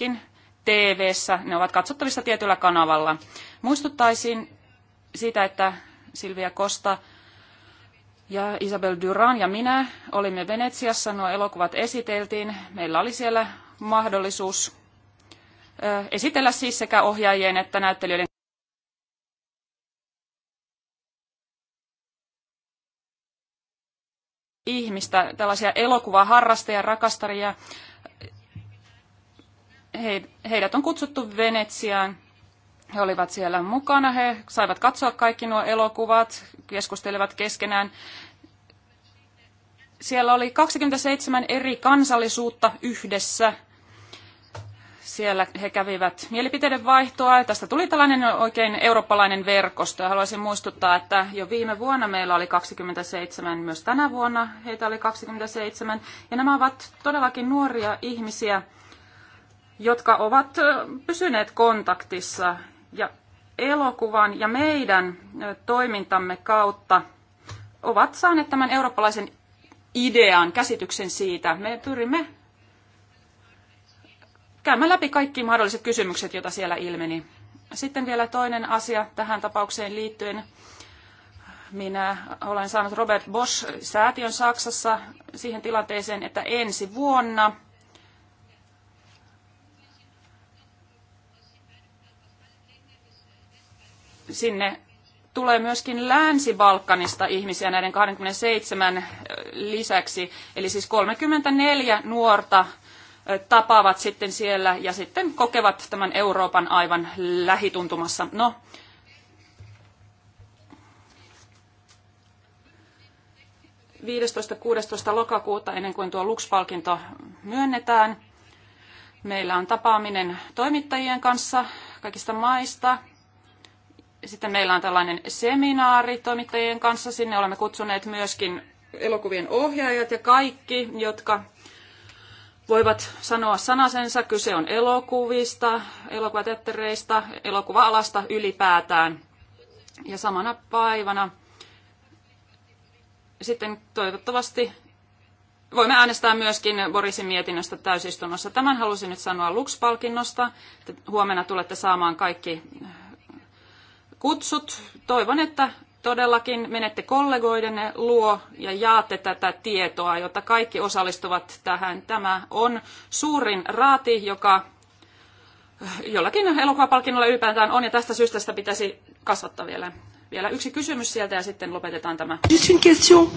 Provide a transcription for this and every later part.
nytkin tv Ne ovat katsottavissa tietyllä kanavalla. Muistuttaisin siitä, että Silvia Kosta ja Isabel Duran ja minä olimme Venetsiassa. Nuo elokuvat esiteltiin. Meillä oli siellä mahdollisuus esitellä siis sekä ohjaajien että näyttelijöiden ihmistä, tällaisia elokuvaharrastajia, rakastaria, heidät on kutsuttu Venetsiaan. He olivat siellä mukana, he saivat katsoa kaikki nuo elokuvat, keskustelevat keskenään. Siellä oli 27 eri kansallisuutta yhdessä. Siellä he kävivät mielipiteiden vaihtoa. Tästä tuli tällainen oikein eurooppalainen verkosto. haluaisin muistuttaa, että jo viime vuonna meillä oli 27, myös tänä vuonna heitä oli 27. Ja nämä ovat todellakin nuoria ihmisiä jotka ovat pysyneet kontaktissa ja elokuvan ja meidän toimintamme kautta ovat saaneet tämän eurooppalaisen idean, käsityksen siitä. Me pyrimme käymään läpi kaikki mahdolliset kysymykset, joita siellä ilmeni. Sitten vielä toinen asia tähän tapaukseen liittyen. Minä olen saanut Robert Bosch-säätiön Saksassa siihen tilanteeseen, että ensi vuonna – sinne tulee myöskin Länsi-Balkanista ihmisiä näiden 27 lisäksi. Eli siis 34 nuorta tapaavat sitten siellä ja sitten kokevat tämän Euroopan aivan lähituntumassa. No, kuudestoista lokakuuta ennen kuin tuo Lux-palkinto myönnetään. Meillä on tapaaminen toimittajien kanssa kaikista maista sitten meillä on tällainen seminaari toimittajien kanssa. Sinne olemme kutsuneet myöskin elokuvien ohjaajat ja kaikki, jotka voivat sanoa sanasensa. Kyse on elokuvista, elokuvateattereista, elokuva-alasta ylipäätään. Ja samana päivänä sitten toivottavasti voimme äänestää myöskin Borisin mietinnöstä täysistunnossa. Tämän halusin nyt sanoa Lux-palkinnosta. Huomenna tulette saamaan kaikki kutsut. Toivon, että todellakin menette kollegoidenne luo ja jaatte tätä tietoa, jotta kaikki osallistuvat tähän. Tämä on suurin raati, joka jollakin elokuvapalkinnolla ylipäätään on, ja tästä syystä sitä pitäisi kasvattaa vielä. Vielä yksi kysymys sieltä ja sitten lopetetaan tämä. Euh,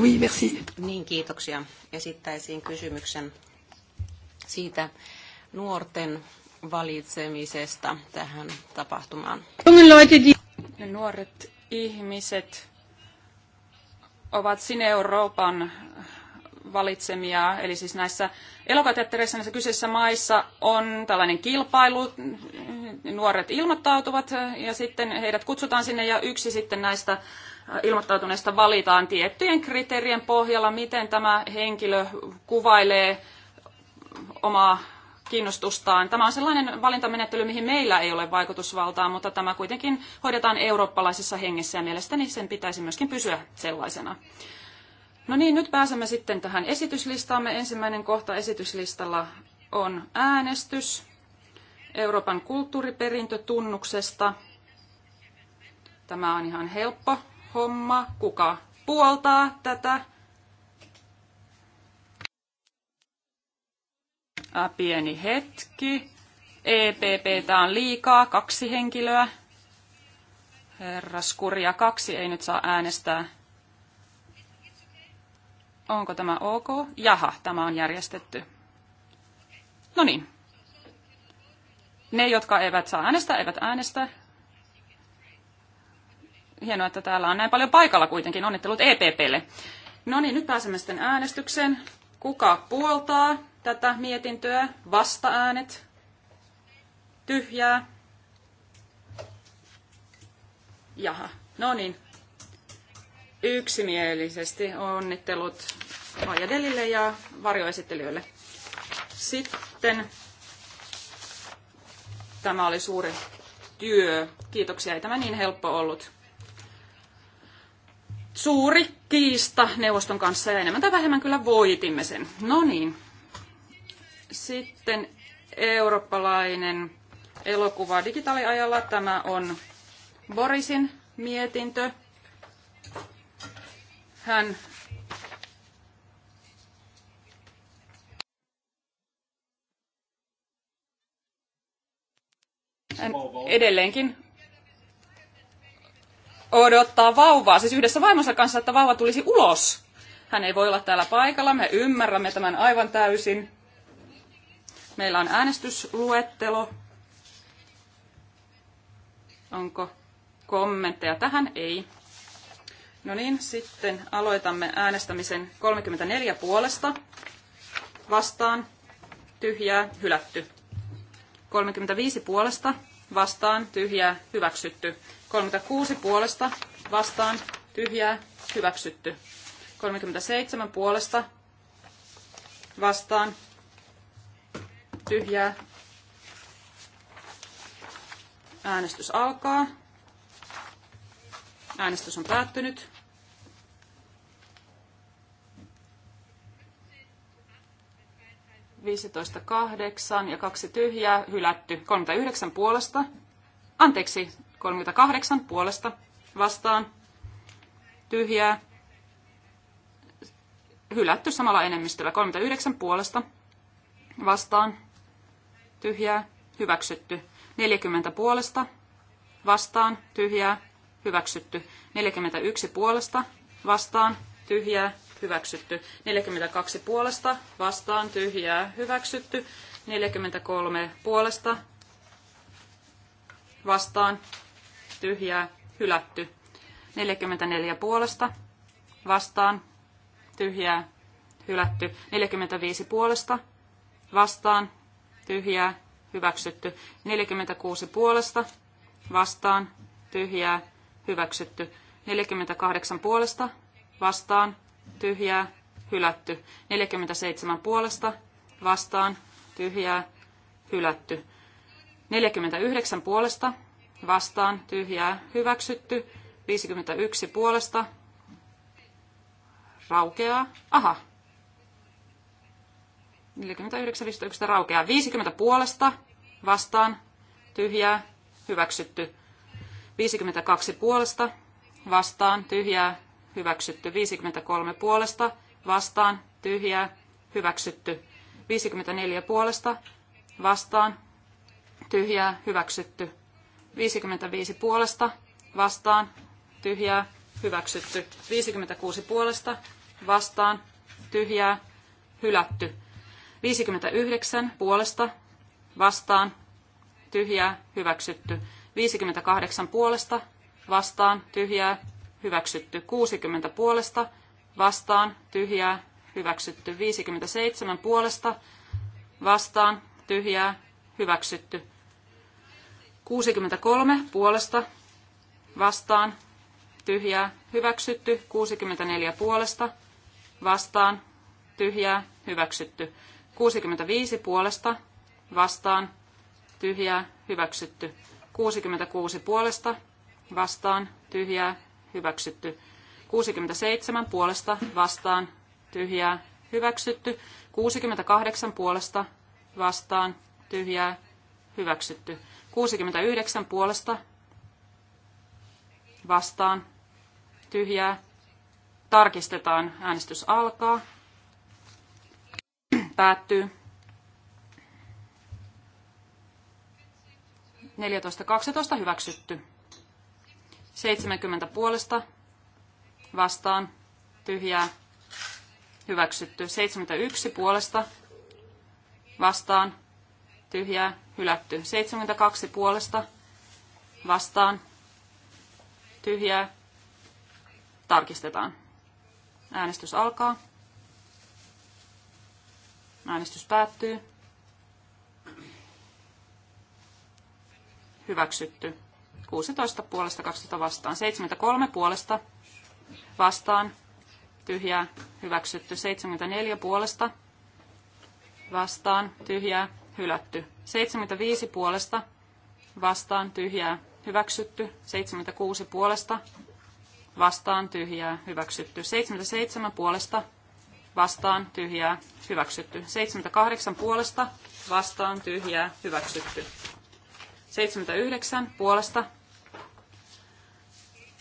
oui, merci. Niin, kiitoksia. Esittäisin kysymyksen siitä nuorten valitsemisesta tähän tapahtumaan. Ne nuoret ihmiset ovat sinne Euroopan valitsemia, eli siis näissä elokuvateattereissa näissä kyseisissä maissa on tällainen kilpailu, nuoret ilmoittautuvat ja sitten heidät kutsutaan sinne ja yksi sitten näistä ilmoittautuneista valitaan tiettyjen kriteerien pohjalla, miten tämä henkilö kuvailee omaa kiinnostustaan. Tämä on sellainen valintamenettely, mihin meillä ei ole vaikutusvaltaa, mutta tämä kuitenkin hoidetaan eurooppalaisessa hengessä ja mielestäni sen pitäisi myöskin pysyä sellaisena. No niin, nyt pääsemme sitten tähän esityslistaamme. Ensimmäinen kohta esityslistalla on äänestys Euroopan kulttuuriperintötunnuksesta. Tämä on ihan helppo homma. Kuka puoltaa tätä Ää, pieni hetki. EPP on liikaa, kaksi henkilöä. Herras kurja kaksi ei nyt saa äänestää. Onko tämä ok? Jaha, tämä on järjestetty. No niin. Ne, jotka eivät saa äänestää, eivät äänestä. Hienoa, että täällä on näin paljon paikalla kuitenkin. Onnittelut EPPlle. No niin, nyt pääsemme sitten äänestykseen. Kuka puoltaa? tätä mietintöä, vastaäänet, tyhjää. Jaha, no niin. Yksimielisesti onnittelut Delille ja varjoesittelijöille. Sitten tämä oli suuri työ. Kiitoksia, ei tämä niin helppo ollut. Suuri kiista neuvoston kanssa ja enemmän tai vähemmän kyllä voitimme sen. No niin, sitten eurooppalainen elokuva digitaaliajalla. Tämä on Borisin mietintö. Hän Hän edelleenkin odottaa vauvaa, siis yhdessä vaimonsa kanssa, että vauva tulisi ulos. Hän ei voi olla täällä paikalla, me ymmärrämme tämän aivan täysin. Meillä on äänestysluettelo. Onko kommentteja tähän? Ei. No niin, sitten aloitamme äänestämisen 34 puolesta. Vastaan, tyhjää, hylätty. 35 puolesta, vastaan, tyhjää, hyväksytty. 36 puolesta, vastaan, tyhjää, hyväksytty. 37 puolesta, vastaan, tyhjää. Äänestys alkaa. Äänestys on päättynyt. Viisitoista kahdeksan ja kaksi tyhjää hylätty. 39 puolesta. Anteeksi, 38 puolesta vastaan. Tyhjää. Hylätty samalla enemmistöllä. 39 puolesta vastaan tyhjää, hyväksytty. 40 puolesta, vastaan, tyhjää, hyväksytty. 41 puolesta, vastaan, tyhjää, hyväksytty. 42 puolesta, vastaan, tyhjää, hyväksytty. 43 puolesta, vastaan, tyhjää, hylätty. 44 puolesta, vastaan, tyhjää, hylätty. 45 puolesta, vastaan, tyhjää, hyväksytty. 46 puolesta, vastaan, tyhjää, hyväksytty. 48 puolesta, vastaan, tyhjää, hylätty. 47 puolesta, vastaan, tyhjää, hylätty. 49 puolesta, vastaan, tyhjää, hyväksytty. 51 puolesta, raukeaa. Aha, 49, 51 raukeaa. 50 puolesta vastaan tyhjää hyväksytty. 52 puolesta vastaan tyhjää hyväksytty. 53 puolesta vastaan tyhjää hyväksytty. 54 puolesta vastaan tyhjää hyväksytty. 55 puolesta vastaan tyhjää hyväksytty. 56 puolesta vastaan tyhjää hylätty. 59 puolesta vastaan tyhjää hyväksytty. 58 puolesta vastaan tyhjää hyväksytty. 60 puolesta vastaan tyhjää hyväksytty. 57 puolesta vastaan tyhjää hyväksytty. 63 puolesta vastaan tyhjää hyväksytty. 64 puolesta vastaan tyhjää hyväksytty. 65 puolesta vastaan tyhjää hyväksytty. 66 puolesta vastaan tyhjää hyväksytty. 67 puolesta vastaan tyhjää hyväksytty. 68 puolesta vastaan tyhjää hyväksytty. 69 puolesta vastaan tyhjää tarkistetaan. Äänestys alkaa päättyy. 14.12 hyväksytty. 70 puolesta vastaan tyhjää hyväksytty. 71 puolesta vastaan tyhjää hylätty. 72 puolesta vastaan tyhjää tarkistetaan. Äänestys alkaa. Äänestys päättyy. Hyväksytty. 16 puolesta, 12 vastaan. 73 puolesta vastaan. Tyhjää. Hyväksytty. 74 puolesta vastaan. Tyhjää. Hylätty. 75 puolesta vastaan. Tyhjää. Hyväksytty. 76 puolesta vastaan. Tyhjää. Hyväksytty. 77 puolesta vastaan vastaan tyhjää hyväksytty. 78 puolesta vastaan tyhjää hyväksytty. 79 puolesta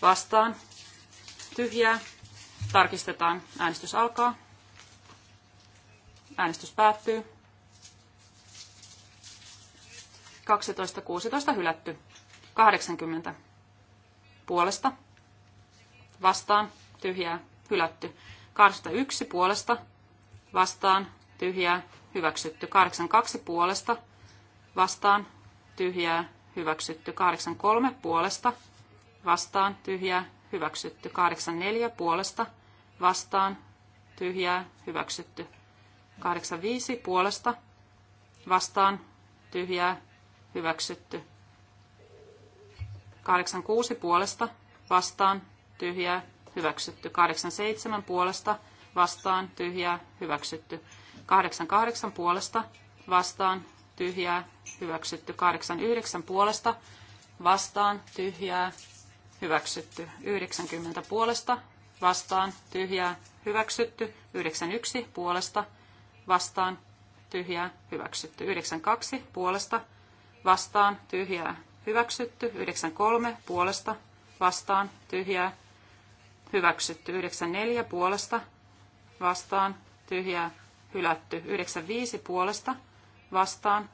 vastaan tyhjää. Tarkistetaan. Äänestys alkaa. Äänestys päättyy. 12.16 hylätty. 80 puolesta vastaan tyhjää hylätty. 81 puolesta vastaan tyhjää hyväksytty. 82 puolesta vastaan tyhjää hyväksytty. 83 puolesta vastaan tyhjää hyväksytty. 84 puolesta vastaan tyhjää hyväksytty. 85 puolesta vastaan tyhjää hyväksytty. 86 puolesta vastaan tyhjää hyväksytty. 87 puolesta vastaan tyhjää hyväksytty. 88 puolesta vastaan tyhjää hyväksytty. 89 puolesta vastaan tyhjää hyväksytty. 90 puolesta vastaan tyhjää hyväksytty. 91 puolesta vastaan tyhjää hyväksytty. 92 puolesta vastaan tyhjää hyväksytty. 93 puolesta vastaan tyhjää hyväksytty. 94 puolesta vastaan tyhjää hylätty. 95 puolesta vastaan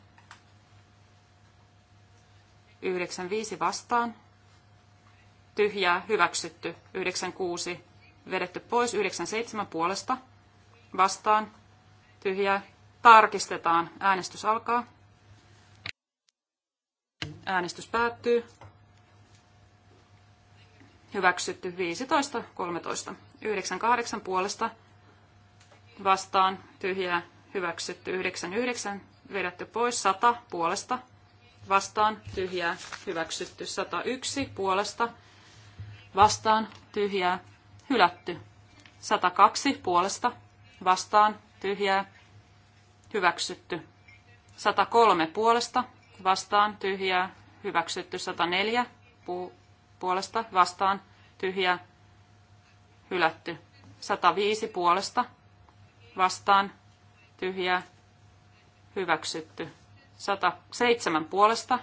95 vastaan tyhjää hyväksytty. 96 vedetty pois. 97 puolesta vastaan tyhjää tarkistetaan. Äänestys alkaa. Äänestys päättyy. Hyväksytty 15, 13. 9, 8 puolesta vastaan tyhjää. Hyväksytty 9, 9. Vedätty pois 100 puolesta vastaan tyhjää. Hyväksytty 101 puolesta vastaan tyhjää. Hylätty 102 puolesta vastaan tyhjää. Hyväksytty 103 puolesta vastaan tyhjää. Hyväksytty 104 puolesta puolesta vastaan tyhjä hylätty. 105 puolesta vastaan tyhjä hyväksytty. 107 puolesta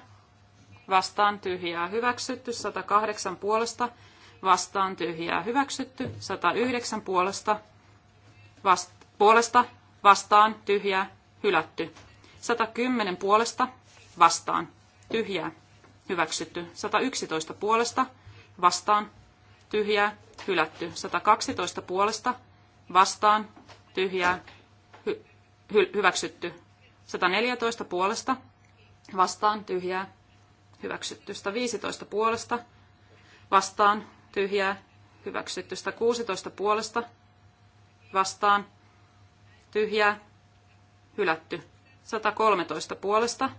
vastaan tyhjää hyväksytty. 108 puolesta vastaan tyhjää hyväksytty. 109 puolesta, vast, puolesta vastaan tyhjää hylätty. 110 puolesta vastaan tyhjää hyväksytty. 111 puolesta, vastaan, tyhjää, hylätty. 112 puolesta, vastaan, tyhjää, hy- hy- hyväksytty. 114 puolesta, vastaan, tyhjää, hyväksytty. 115 puolesta, vastaan, tyhjää, hyväksytty. 116 puolesta, vastaan, tyhjää, hylätty. 113 puolesta,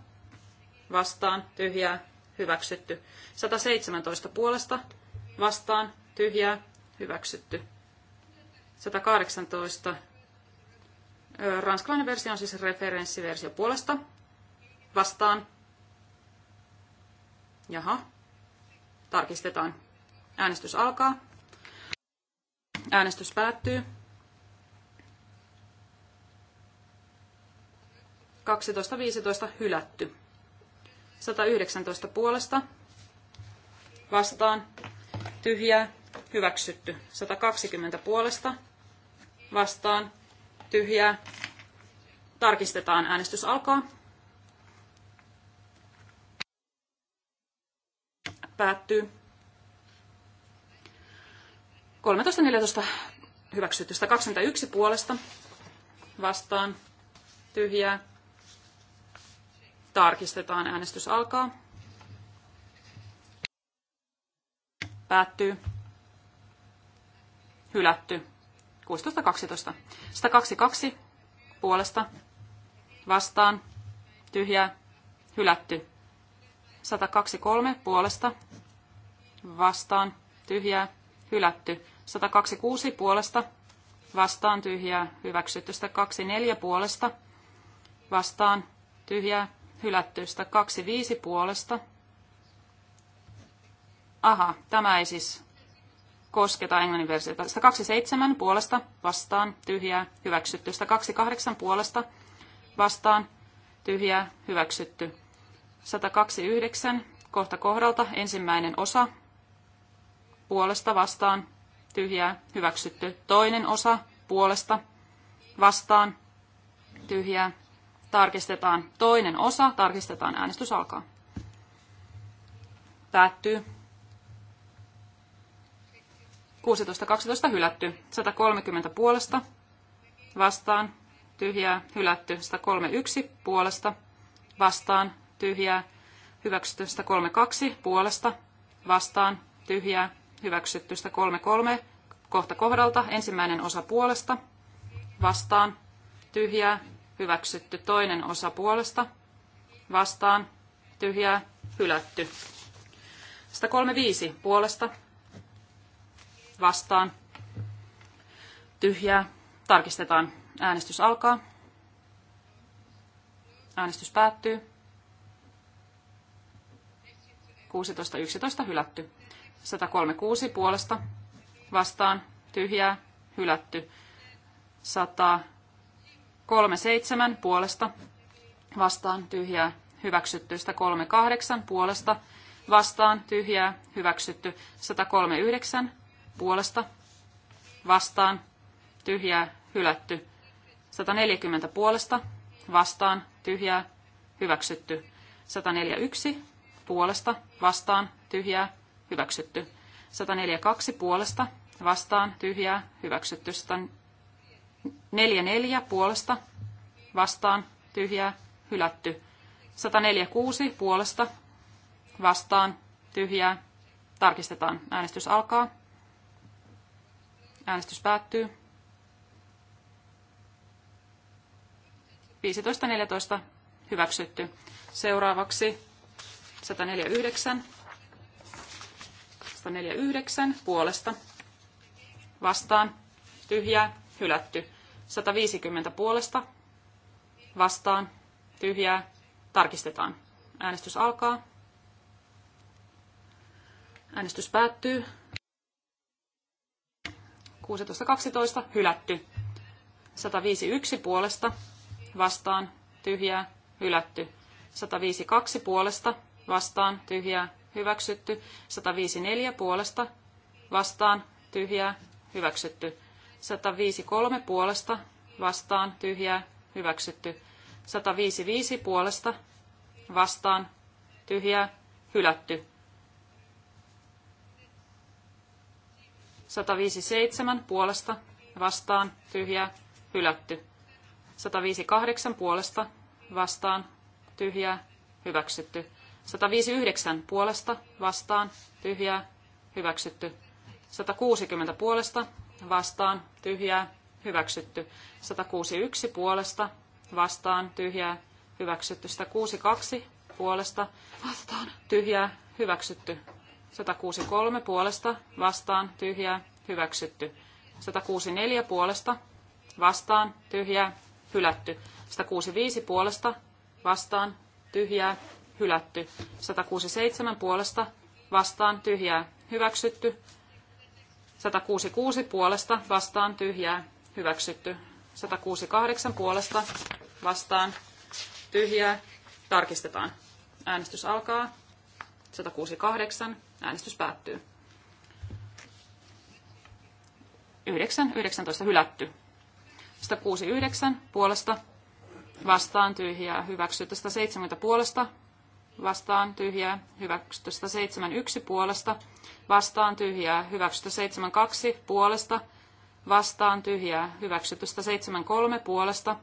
vastaan, tyhjää, hyväksytty. 117 puolesta vastaan tyhjää hyväksytty. 118. Ranskalainen versio on siis referenssiversio puolesta vastaan. Jaha. Tarkistetaan. Äänestys alkaa. Äänestys päättyy. 12.15 hylätty. 119 puolesta vastaan tyhjää hyväksytty. 120 puolesta vastaan tyhjää. Tarkistetaan. Äänestys alkaa. Päättyy. 13.14 hyväksytty. 121 puolesta vastaan tyhjää tarkistetaan. Äänestys alkaa. Päättyy. Hylätty. 16.12. 122 puolesta. Vastaan. Tyhjää. Hylätty. 123 puolesta. Vastaan. Tyhjää. Hylätty. 126 puolesta. Vastaan. Tyhjää. Hyväksytty. 124 puolesta. Vastaan. Tyhjää kaksi viisi puolesta. Aha, tämä ei siis kosketa englannin versiota. 127 puolesta vastaan tyhjää hyväksytty. 128 puolesta vastaan tyhjää hyväksytty. 129 kohta kohdalta ensimmäinen osa puolesta vastaan tyhjää hyväksytty. Toinen osa puolesta vastaan tyhjää Tarkistetaan toinen osa, tarkistetaan äänestys alkaa. Päättyy. 16.12 hylätty, 130 puolesta, vastaan, tyhjää, hylätty, 131 puolesta, vastaan, tyhjää, hyväksytty, 132 puolesta, vastaan, tyhjää, hyväksytty, 133 kohta kohdalta, ensimmäinen osa puolesta, vastaan, tyhjää, hyväksytty. Toinen osa puolesta vastaan tyhjää hylätty. 135 puolesta vastaan tyhjää. Tarkistetaan. Äänestys alkaa. Äänestys päättyy. 16.11 hylätty. 136 puolesta vastaan tyhjää hylätty. 100 37 puolesta vastaan tyhjää hyväksytty. 138 puolesta vastaan tyhjää hyväksytty. 139 puolesta vastaan tyhjää hylätty. 140 puolesta vastaan tyhjää hyväksytty. 141 puolesta vastaan tyhjää hyväksytty. 142 puolesta vastaan tyhjää hyväksytty. 44 4 puolesta vastaan tyhjää hylätty. 146 puolesta vastaan tyhjää. Tarkistetaan. Äänestys alkaa. Äänestys päättyy. 15.14 hyväksytty. Seuraavaksi 149. 149 puolesta vastaan tyhjää hylätty. 150 puolesta vastaan tyhjää tarkistetaan. Äänestys alkaa. Äänestys päättyy. 16.12. Hylätty. yksi puolesta vastaan tyhjää hylätty. kaksi puolesta vastaan tyhjää hyväksytty. neljä puolesta vastaan tyhjää hyväksytty. 105.3 puolesta vastaan tyhjää hyväksytty. 105.5 puolesta vastaan tyhjää hylätty. 157 puolesta vastaan tyhjää hylätty. 158 puolesta vastaan tyhjää hyväksytty. 159 puolesta vastaan tyhjää hyväksytty. 160 puolesta vastaan, tyhjää, hyväksytty. 161 puolesta, vastaan, tyhjää, hyväksytty. 162 puolesta, vastaan, tyhjää, hyväksytty. 163 puolesta, vastaan, tyhjää, hyväksytty. 164 puolesta, vastaan, tyhjää, hylätty. 165 puolesta, vastaan, tyhjää, hylätty. 167 puolesta, vastaan, tyhjää, hyväksytty. 166 puolesta vastaan tyhjää hyväksytty. 168 puolesta vastaan tyhjää. Tarkistetaan. Äänestys alkaa. 168. Äänestys päättyy. 9, 19 hylätty. 169 puolesta vastaan tyhjää hyväksytty. 170 puolesta vastaan tyhjää, hyväksytty 171 puolesta, vastaan tyhjää, hyväksytty 72 puolesta, vastaan tyhjää, hyväksytty 173 puolesta,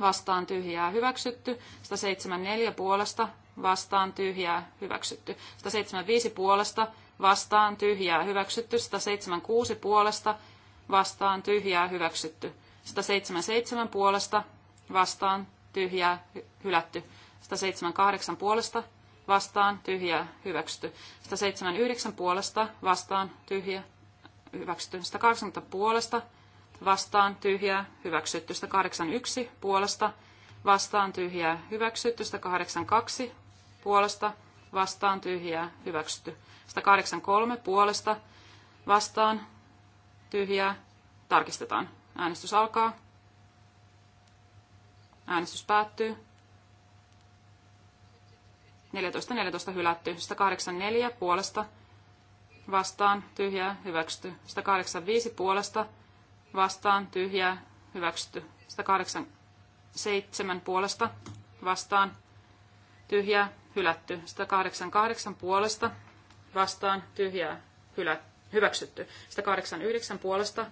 vastaan tyhjää, hyväksytty 174 puolesta, vastaan tyhjää, hyväksytty 175 puolesta, vastaan tyhjää, hyväksytty 176 puolesta, vastaan tyhjää, hyväksytty 177 puolesta, vastaan tyhjää, hylätty 178 puolesta vastaan tyhjää hyväksytty. 179 puolesta vastaan tyhjä hyväksytty. 180 puolesta vastaan tyhjää hyväksytty. 181 puolesta vastaan tyhjää hyväksytty. 182 puolesta vastaan tyhjää hyväksytty. 183 puolesta vastaan tyhjää tarkistetaan. Äänestys alkaa. Äänestys päättyy. 14, 14 hylätty. 184 puolesta vastaan tyhjää hyväksytty. 185 puolesta vastaan tyhjää hyväksytty. 187 puolesta vastaan tyhjää hylätty. 188 puolesta vastaan tyhjää hylä, hyväksytty. 189 puolesta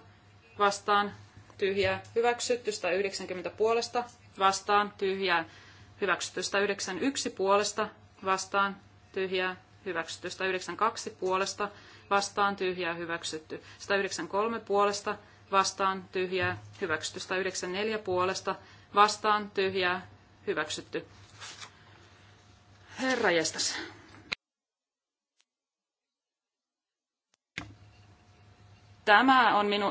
vastaan tyhjää hyväksytty. 190 puolesta vastaan tyhjää hyväksytty. 191 puolesta vastaan tyhjää hyväksytty. 192 puolesta vastaan tyhjää hyväksytty. 193 puolesta vastaan tyhjää hyväksytty. 194 puolesta vastaan tyhjää hyväksytty. Herra jestas. Tämä on minu,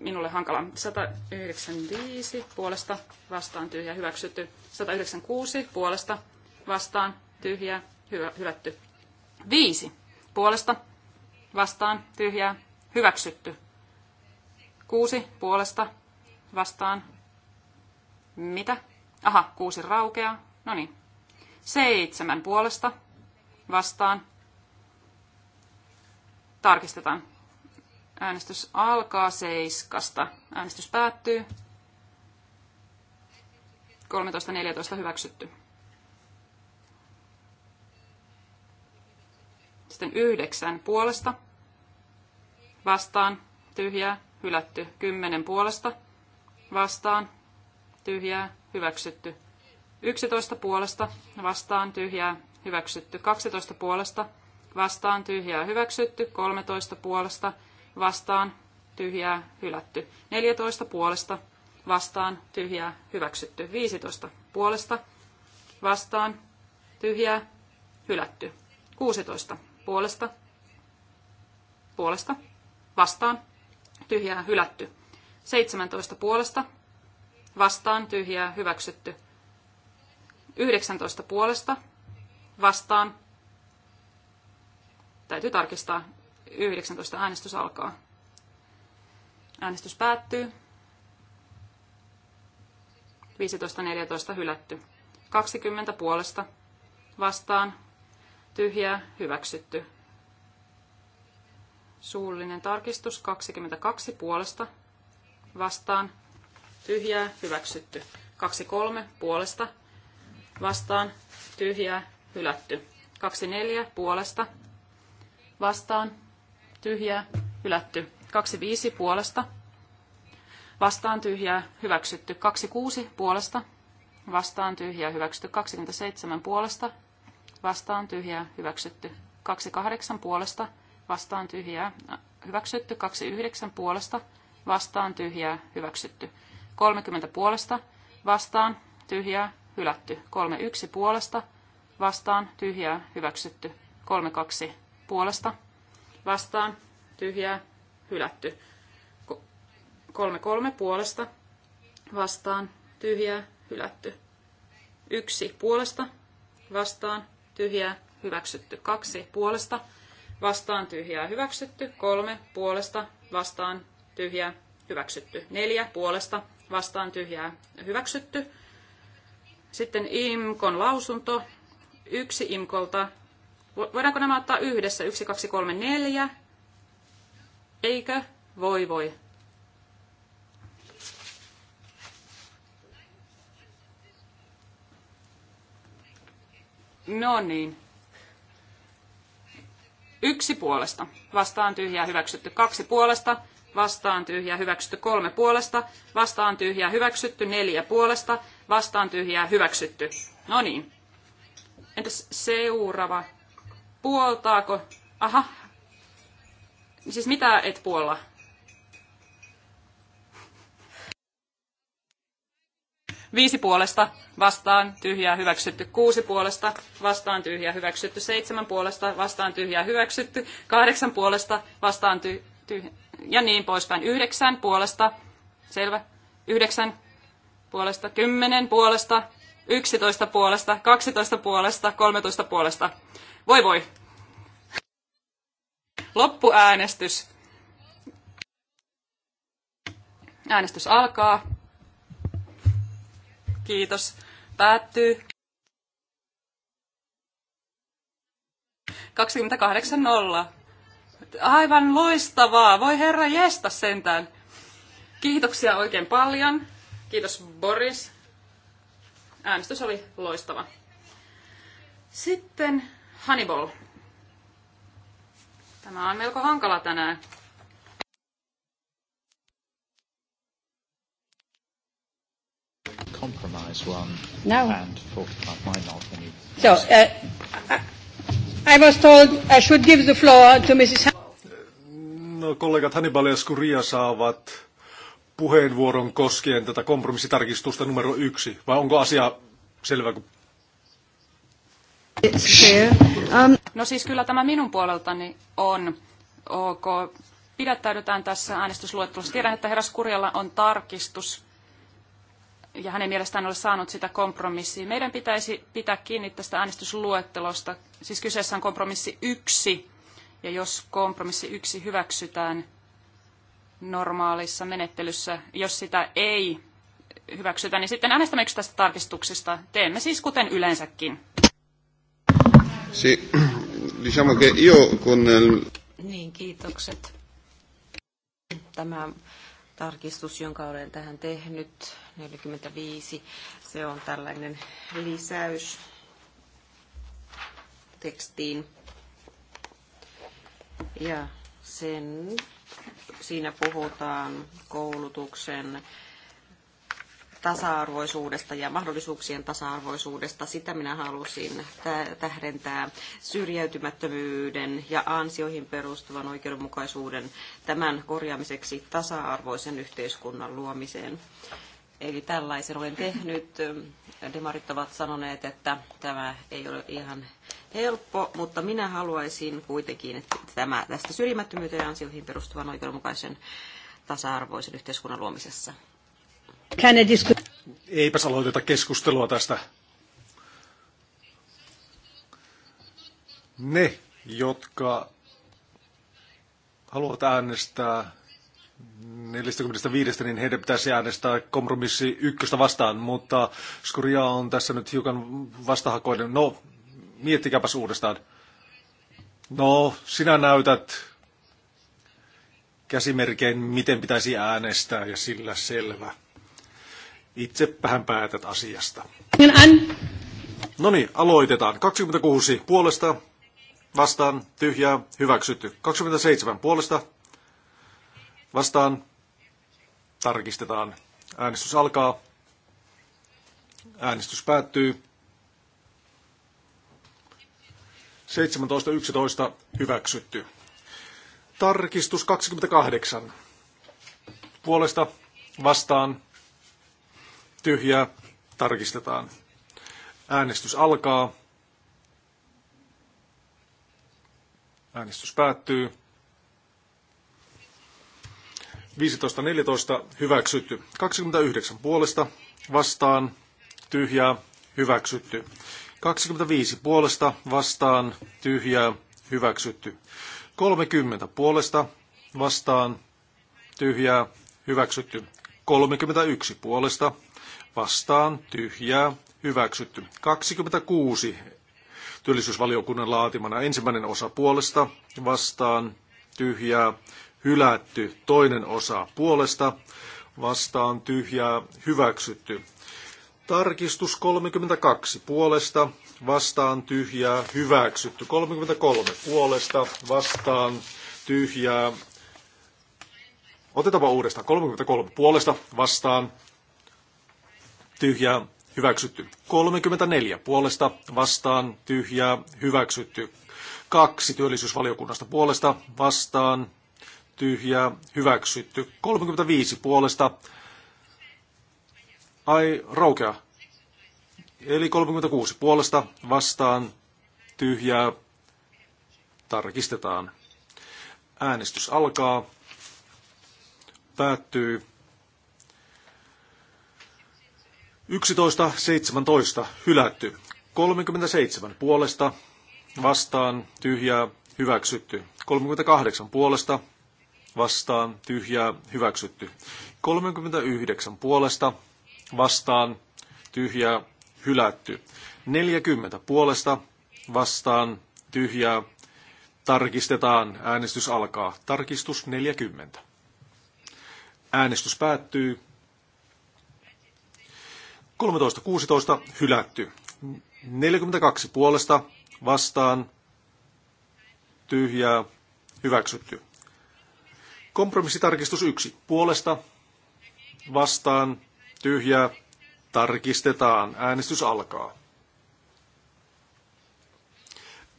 minulle hankala. 195 puolesta vastaan tyhjä hyväksytty. 196 puolesta vastaan tyhjää, hyvä, hylätty. Viisi puolesta, vastaan, tyhjää, hyväksytty. Kuusi puolesta, vastaan, mitä? Aha, kuusi raukeaa, no niin. Seitsemän puolesta, vastaan, tarkistetaan. Äänestys alkaa seiskasta. Äänestys päättyy. 13.14 hyväksytty. Tarkistuksen yhdeksän puolesta. Vastaan. Tyhjää. Hylätty. Kymmenen puolesta. Vastaan. Tyhjää. Hyväksytty. Yksitoista puolesta. Vastaan. Tyhjää. Hyväksytty. Kaksitoista puolesta. Vastaan. Tyhjää. Hyväksytty. Kolmetoista puolesta. Vastaan. Tyhjää. Hylätty. Neljätoista puolesta. Vastaan. Tyhjää. Hyväksytty. Viisitoista puolesta. Vastaan. Tyhjää. Hylätty. 16 puolesta, puolesta, vastaan, tyhjää, hylätty. 17 puolesta, vastaan, tyhjää, hyväksytty. 19 puolesta, vastaan, täytyy tarkistaa, 19 äänestys alkaa. Äänestys päättyy. 15.14 hylätty. 20 puolesta, vastaan, tyhjä hyväksytty. Suullinen tarkistus 22 puolesta, vastaan, tyhjää, hyväksytty. 23 puolesta, vastaan, tyhjää, hylätty. 24 puolesta, vastaan, tyhjää, hylätty. 25 puolesta, vastaan tyhjää, hyväksytty. 26 puolesta, vastaan tyhjää, hyväksytty. 27 puolesta, vastaan tyhjää, hyväksytty. 28 puolesta vastaan tyhjää, hyväksytty. 29 puolesta vastaan tyhjää, hyväksytty. 30 puolesta vastaan tyhjää, hylätty. 31 puolesta vastaan tyhjää, hyväksytty. 32 puolesta vastaan tyhjää, hylätty. 33 puolesta vastaan tyhjää, hylätty. 1 puolesta vastaan tyhjää, hyväksytty. Kaksi puolesta, vastaan tyhjää, hyväksytty. Kolme puolesta, vastaan tyhjää, hyväksytty. Neljä puolesta, vastaan tyhjää, hyväksytty. Sitten IMKon lausunto, yksi IMKolta. Voidaanko nämä ottaa yhdessä? Yksi, kaksi, kolme, neljä. Eikö? Voi, voi. No niin. Yksi puolesta. Vastaan tyhjää hyväksytty. Kaksi puolesta. Vastaan tyhjää hyväksytty. Kolme puolesta. Vastaan tyhjää hyväksytty. Neljä puolesta. Vastaan tyhjää hyväksytty. No niin. Entäs seuraava? Puoltaako? Aha. Siis mitä et puolla? Viisi puolesta vastaan tyhjää hyväksytty. Kuusi puolesta vastaan tyhjää hyväksytty. Seitsemän puolesta vastaan tyhjää hyväksytty. Kahdeksan puolesta vastaan ty- tyhjää. Ja niin poispäin. Yhdeksän puolesta. Selvä. Yhdeksän puolesta. Kymmenen puolesta. Yksitoista puolesta. Kaksitoista puolesta. Kolmetoista puolesta. Voi voi. Loppuäänestys. Äänestys alkaa. Kiitos. Päättyy. 28.0. Aivan loistavaa. Voi herra jesta sentään. Kiitoksia oikein paljon. Kiitos Boris. Äänestys oli loistava. Sitten Hannibal. Tämä on melko hankala tänään. compromise one no. and talk about my not any. So, uh, I was told I should give the floor to Mrs. No, kollegat Hannibal ja Skuria saavat puheenvuoron koskien tätä kompromissitarkistusta numero yksi, vai onko asia selvä Um... No siis kyllä tämä minun puoleltani on ok. Pidättäydytään tässä äänestysluettelossa. Tiedän, että herra Skurjalla on tarkistus ja hänen mielestään ole saanut sitä kompromissia. Meidän pitäisi pitää kiinni tästä äänestysluettelosta. Siis kyseessä on kompromissi yksi, ja jos kompromissi yksi hyväksytään normaalissa menettelyssä, jos sitä ei hyväksytä, niin sitten äänestämme tästä tarkistuksesta. Teemme siis kuten yleensäkin. Si, diciamo che io con... Niin, kiitokset. Tämä tarkistus, jonka olen tähän tehnyt, 45. Se on tällainen lisäys tekstiin. Ja sen, siinä puhutaan koulutuksen tasa-arvoisuudesta ja mahdollisuuksien tasa-arvoisuudesta. Sitä minä halusin tähdentää syrjäytymättömyyden ja ansioihin perustuvan oikeudenmukaisuuden tämän korjaamiseksi tasa-arvoisen yhteiskunnan luomiseen. Eli tällaisen olen tehnyt. Demarit ovat sanoneet, että tämä ei ole ihan helppo, mutta minä haluaisin kuitenkin, että tämä tästä syrjimättömyyteen ja ansioihin perustuvan oikeudenmukaisen tasa-arvoisen yhteiskunnan luomisessa. Eipä aloiteta keskustelua tästä. Ne, jotka haluavat äänestää 45, niin heidän pitäisi äänestää kompromissi ykköstä vastaan, mutta Skuria on tässä nyt hiukan vastahakoinen. No, miettikääpäs uudestaan. No, sinä näytät käsimerkein, miten pitäisi äänestää, ja sillä selvä. Itsepähän päätät asiasta. No niin, aloitetaan. 26 puolesta, vastaan, tyhjää, hyväksytty. 27 puolesta, Vastaan. Tarkistetaan. Äänestys alkaa. Äänestys päättyy. 17.11. Hyväksytty. Tarkistus 28. Puolesta vastaan tyhjää tarkistetaan. Äänestys alkaa. Äänestys päättyy. 15.14 hyväksytty. 29 puolesta vastaan tyhjää hyväksytty. 25 puolesta vastaan tyhjää hyväksytty. 30 puolesta vastaan tyhjää hyväksytty. 31 puolesta vastaan tyhjää hyväksytty. 26 työllisyysvaliokunnan laatimana ensimmäinen osa puolesta vastaan tyhjää hylätty. Toinen osa puolesta vastaan tyhjää hyväksytty. Tarkistus 32 puolesta vastaan tyhjää hyväksytty. 33 puolesta vastaan tyhjää. Otetaanpa uudestaan. 33 puolesta vastaan tyhjää hyväksytty. 34 puolesta vastaan tyhjää hyväksytty. Kaksi työllisyysvaliokunnasta puolesta vastaan tyhjää hyväksytty. 35 puolesta. Ai, raukea. Eli 36 puolesta vastaan tyhjää tarkistetaan. Äänestys alkaa. Päättyy. 11.17 hylätty. 37 puolesta vastaan tyhjää hyväksytty. 38 puolesta vastaan tyhjää hyväksytty. 39 puolesta vastaan tyhjää hylätty. 40 puolesta vastaan tyhjää tarkistetaan. Äänestys alkaa. Tarkistus 40. Äänestys päättyy. 13.16 hylätty. 42 puolesta vastaan tyhjää hyväksytty. Kompromissitarkistus 1. Puolesta vastaan tyhjää tarkistetaan. Äänestys alkaa.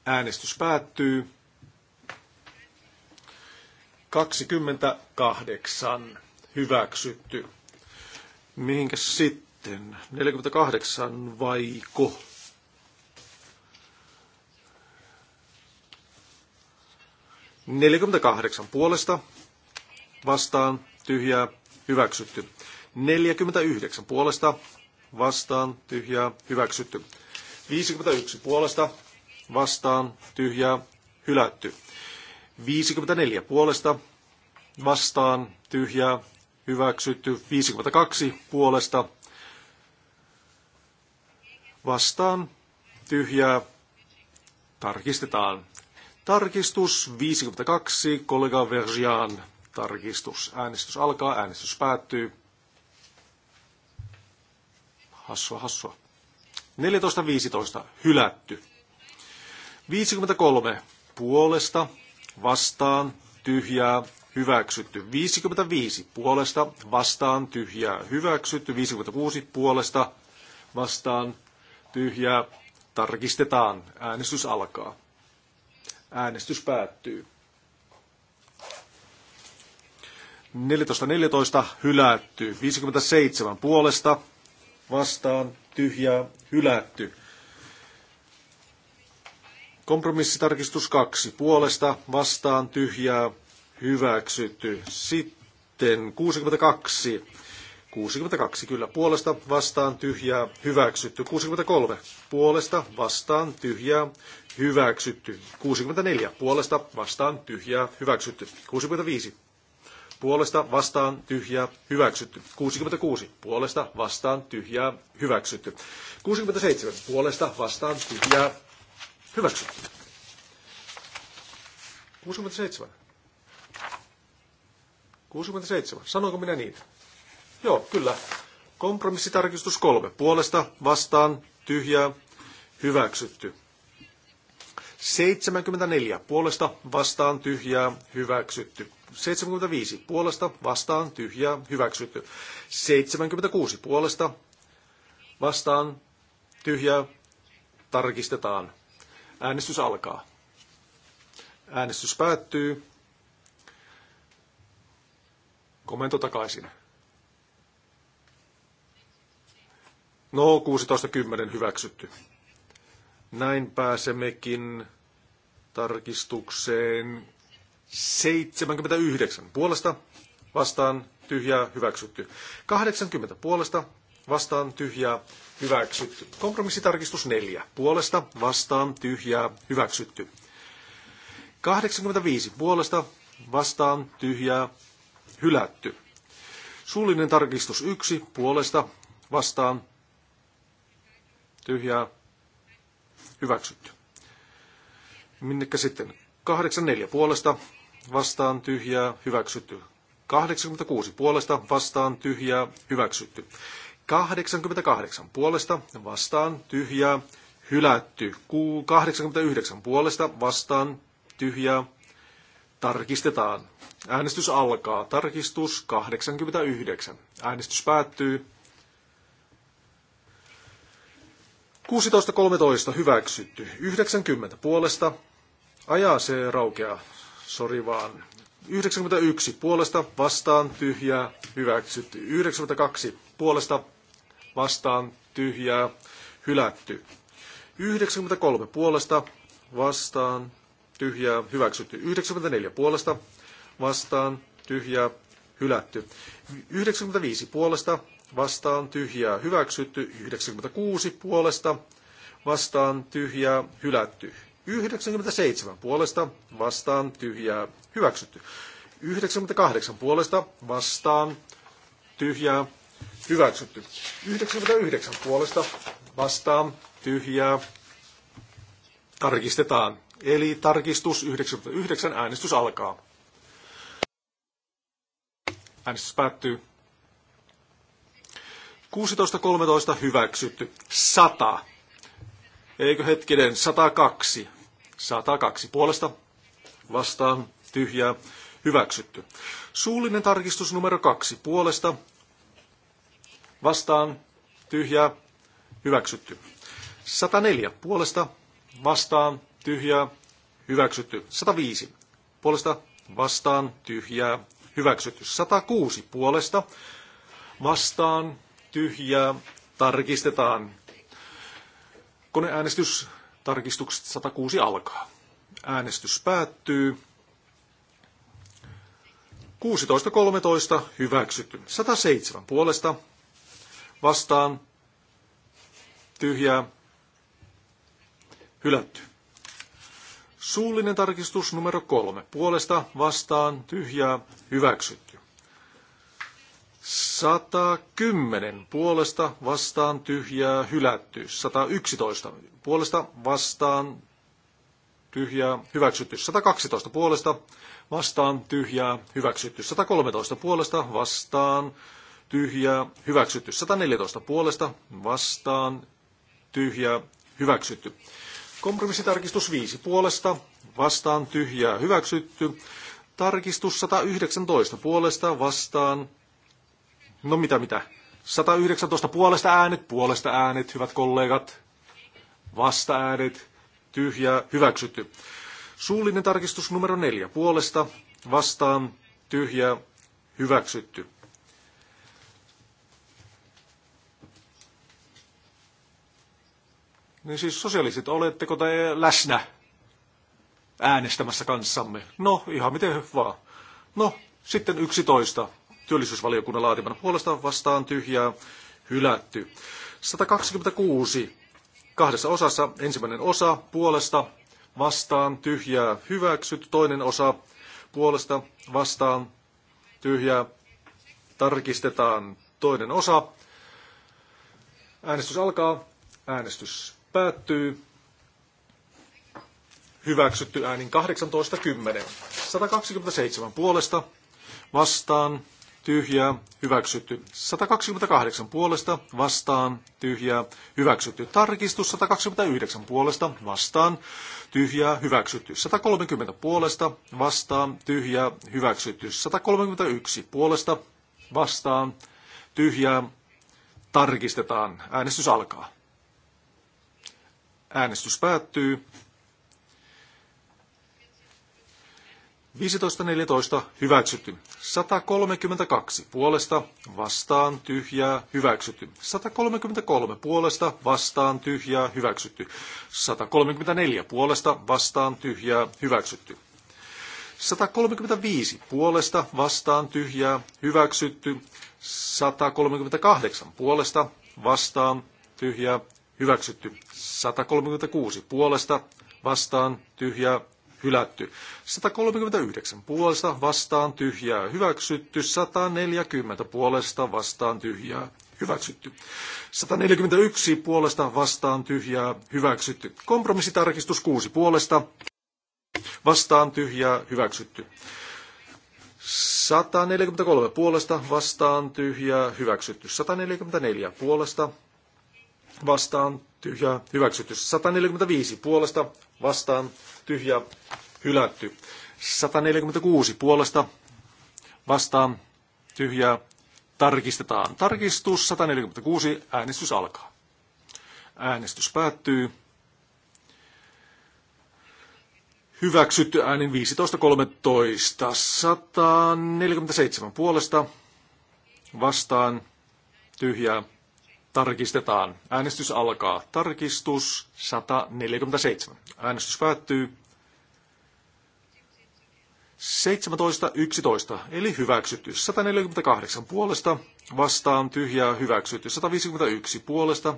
Äänestys päättyy. 28 hyväksytty. Mihinkä sitten? 48 vaiko? Neljäkymmentäkahdeksan puolesta vastaan tyhjää hyväksytty. 49 puolesta vastaan tyhjää hyväksytty. 51 puolesta vastaan tyhjää hylätty. 54 puolesta vastaan tyhjää hyväksytty. 52 puolesta vastaan tyhjää tarkistetaan. Tarkistus 52 kollega Vergian tarkistus. Äänestys alkaa, äänestys päättyy. Hassua, hassua. 14.15. Hylätty. 53. Puolesta, vastaan, tyhjää, hyväksytty. 55. Puolesta, vastaan, tyhjää, hyväksytty. 56. Puolesta, vastaan, tyhjää, tarkistetaan. Äänestys alkaa. Äänestys päättyy. 14.14 14, hylätty. 57 puolesta vastaan tyhjää hylätty. Kompromissitarkistus 2 puolesta vastaan tyhjää hyväksytty. Sitten 62. 62 kyllä puolesta vastaan tyhjää hyväksytty. 63 puolesta vastaan tyhjää hyväksytty. 64 puolesta vastaan tyhjää hyväksytty. 65 puolesta vastaan tyhjää hyväksytty. 66 puolesta vastaan tyhjää hyväksytty. 67 puolesta vastaan tyhjää hyväksytty. 67. 67. Sanoinko minä niin? Joo, kyllä. Kompromissitarkistus kolme. Puolesta vastaan tyhjää hyväksytty. 74. Puolesta vastaan tyhjää hyväksytty. 75 puolesta vastaan tyhjää hyväksytty. 76 puolesta vastaan tyhjää tarkistetaan. Äänestys alkaa. Äänestys päättyy. Komento takaisin. No, 16.10 hyväksytty. Näin pääsemmekin tarkistukseen 79 puolesta vastaan tyhjää hyväksytty. 80 puolesta vastaan tyhjää hyväksytty. Kompromissitarkistus 4 puolesta vastaan tyhjää hyväksytty. 85 puolesta vastaan tyhjää hylätty. Suullinen tarkistus 1 puolesta vastaan tyhjää hyväksytty. Minnekä sitten 84 puolesta vastaan tyhjää hyväksytty. 86 puolesta vastaan tyhjää hyväksytty. 88 puolesta vastaan tyhjää hylätty. 89 puolesta vastaan tyhjää tarkistetaan. Äänestys alkaa. Tarkistus 89. Äänestys päättyy. 16.13 hyväksytty. 90 puolesta. Ajaa se raukeaa sori vaan. 91 puolesta vastaan tyhjää hyväksytty. 92 puolesta vastaan tyhjää hylätty. 93 puolesta vastaan tyhjää hyväksytty. 94 puolesta vastaan tyhjää hylätty. 95 puolesta vastaan tyhjää hyväksytty. 96 puolesta vastaan tyhjää hylätty. 97 puolesta vastaan tyhjää hyväksytty. 98 puolesta vastaan tyhjää hyväksytty. 99 puolesta vastaan tyhjää tarkistetaan. Eli tarkistus 99 äänestys alkaa. Äänestys päättyy. 16.13 hyväksytty. 100 Eikö hetkinen, 102. 102 puolesta vastaan tyhjää hyväksytty. Suullinen tarkistus numero 2 puolesta vastaan tyhjää hyväksytty. 104 puolesta vastaan tyhjää hyväksytty. 105 puolesta vastaan tyhjää hyväksytty. 106 puolesta vastaan tyhjää tarkistetaan. Koneäänestys tarkistukset 106 alkaa. Äänestys päättyy. 16.13 hyväksytty. 107 puolesta vastaan tyhjää hylätty. Suullinen tarkistus numero kolme. Puolesta vastaan tyhjää hyväksytty. 110 puolesta vastaan tyhjää hylätty. 111 puolesta vastaan tyhjää hyväksytty. 112 puolesta vastaan tyhjää hyväksytty. 113 puolesta vastaan tyhjää hyväksytty. 114 puolesta vastaan tyhjää hyväksytty. Kompromissitarkistus 5 puolesta vastaan tyhjää hyväksytty. Tarkistus 119 puolesta vastaan No mitä mitä? 119 puolesta äänet, puolesta äänet, hyvät kollegat. Vasta äänet, tyhjä, hyväksytty. Suullinen tarkistus numero neljä. Puolesta, vastaan, tyhjä, hyväksytty. Niin siis sosiaaliset, oletteko te läsnä äänestämässä kanssamme? No, ihan miten vaan. No, sitten yksitoista työllisyysvaliokunnan laatiman puolesta vastaan tyhjää hylätty. 126 kahdessa osassa. Ensimmäinen osa puolesta vastaan tyhjää hyväksytty. Toinen osa puolesta vastaan tyhjää tarkistetaan. Toinen osa. Äänestys alkaa. Äänestys päättyy. Hyväksytty äänin 18.10. 127 puolesta vastaan tyhjää, hyväksytty. 128 puolesta, vastaan, tyhjää, hyväksytty. Tarkistus 129 puolesta, vastaan, tyhjää, hyväksytty. 130 puolesta, vastaan, tyhjää, hyväksytty. 131 puolesta, vastaan, tyhjää, tarkistetaan. Äänestys alkaa. Äänestys päättyy. 15.14 hyväksytty. 132 puolesta vastaan tyhjää hyväksytty. 133 puolesta vastaan tyhjää hyväksytty. 134 puolesta vastaan tyhjää hyväksytty. 135 puolesta vastaan tyhjää hyväksytty. 138 puolesta vastaan tyhjää hyväksytty. 136 puolesta vastaan tyhjää hylätty. 139 puolesta vastaan tyhjää hyväksytty. 140 puolesta vastaan tyhjää hyväksytty. 141 puolesta vastaan tyhjää hyväksytty. Kompromissitarkistus 6 puolesta vastaan tyhjää hyväksytty. 143 puolesta vastaan tyhjää hyväksytty. 144 puolesta vastaan tyhjää hyväksytty. 145 puolesta vastaan tyhjä hylätty. 146 puolesta vastaan tyhjää tarkistetaan. Tarkistus 146, äänestys alkaa. Äänestys päättyy. Hyväksytty äänin 15.13. 147 puolesta vastaan tyhjää Tarkistetaan. Äänestys alkaa. Tarkistus 147. Äänestys päättyy 17.11, eli hyväksytty. 148 puolesta, vastaan tyhjää, hyväksytty. 151 puolesta,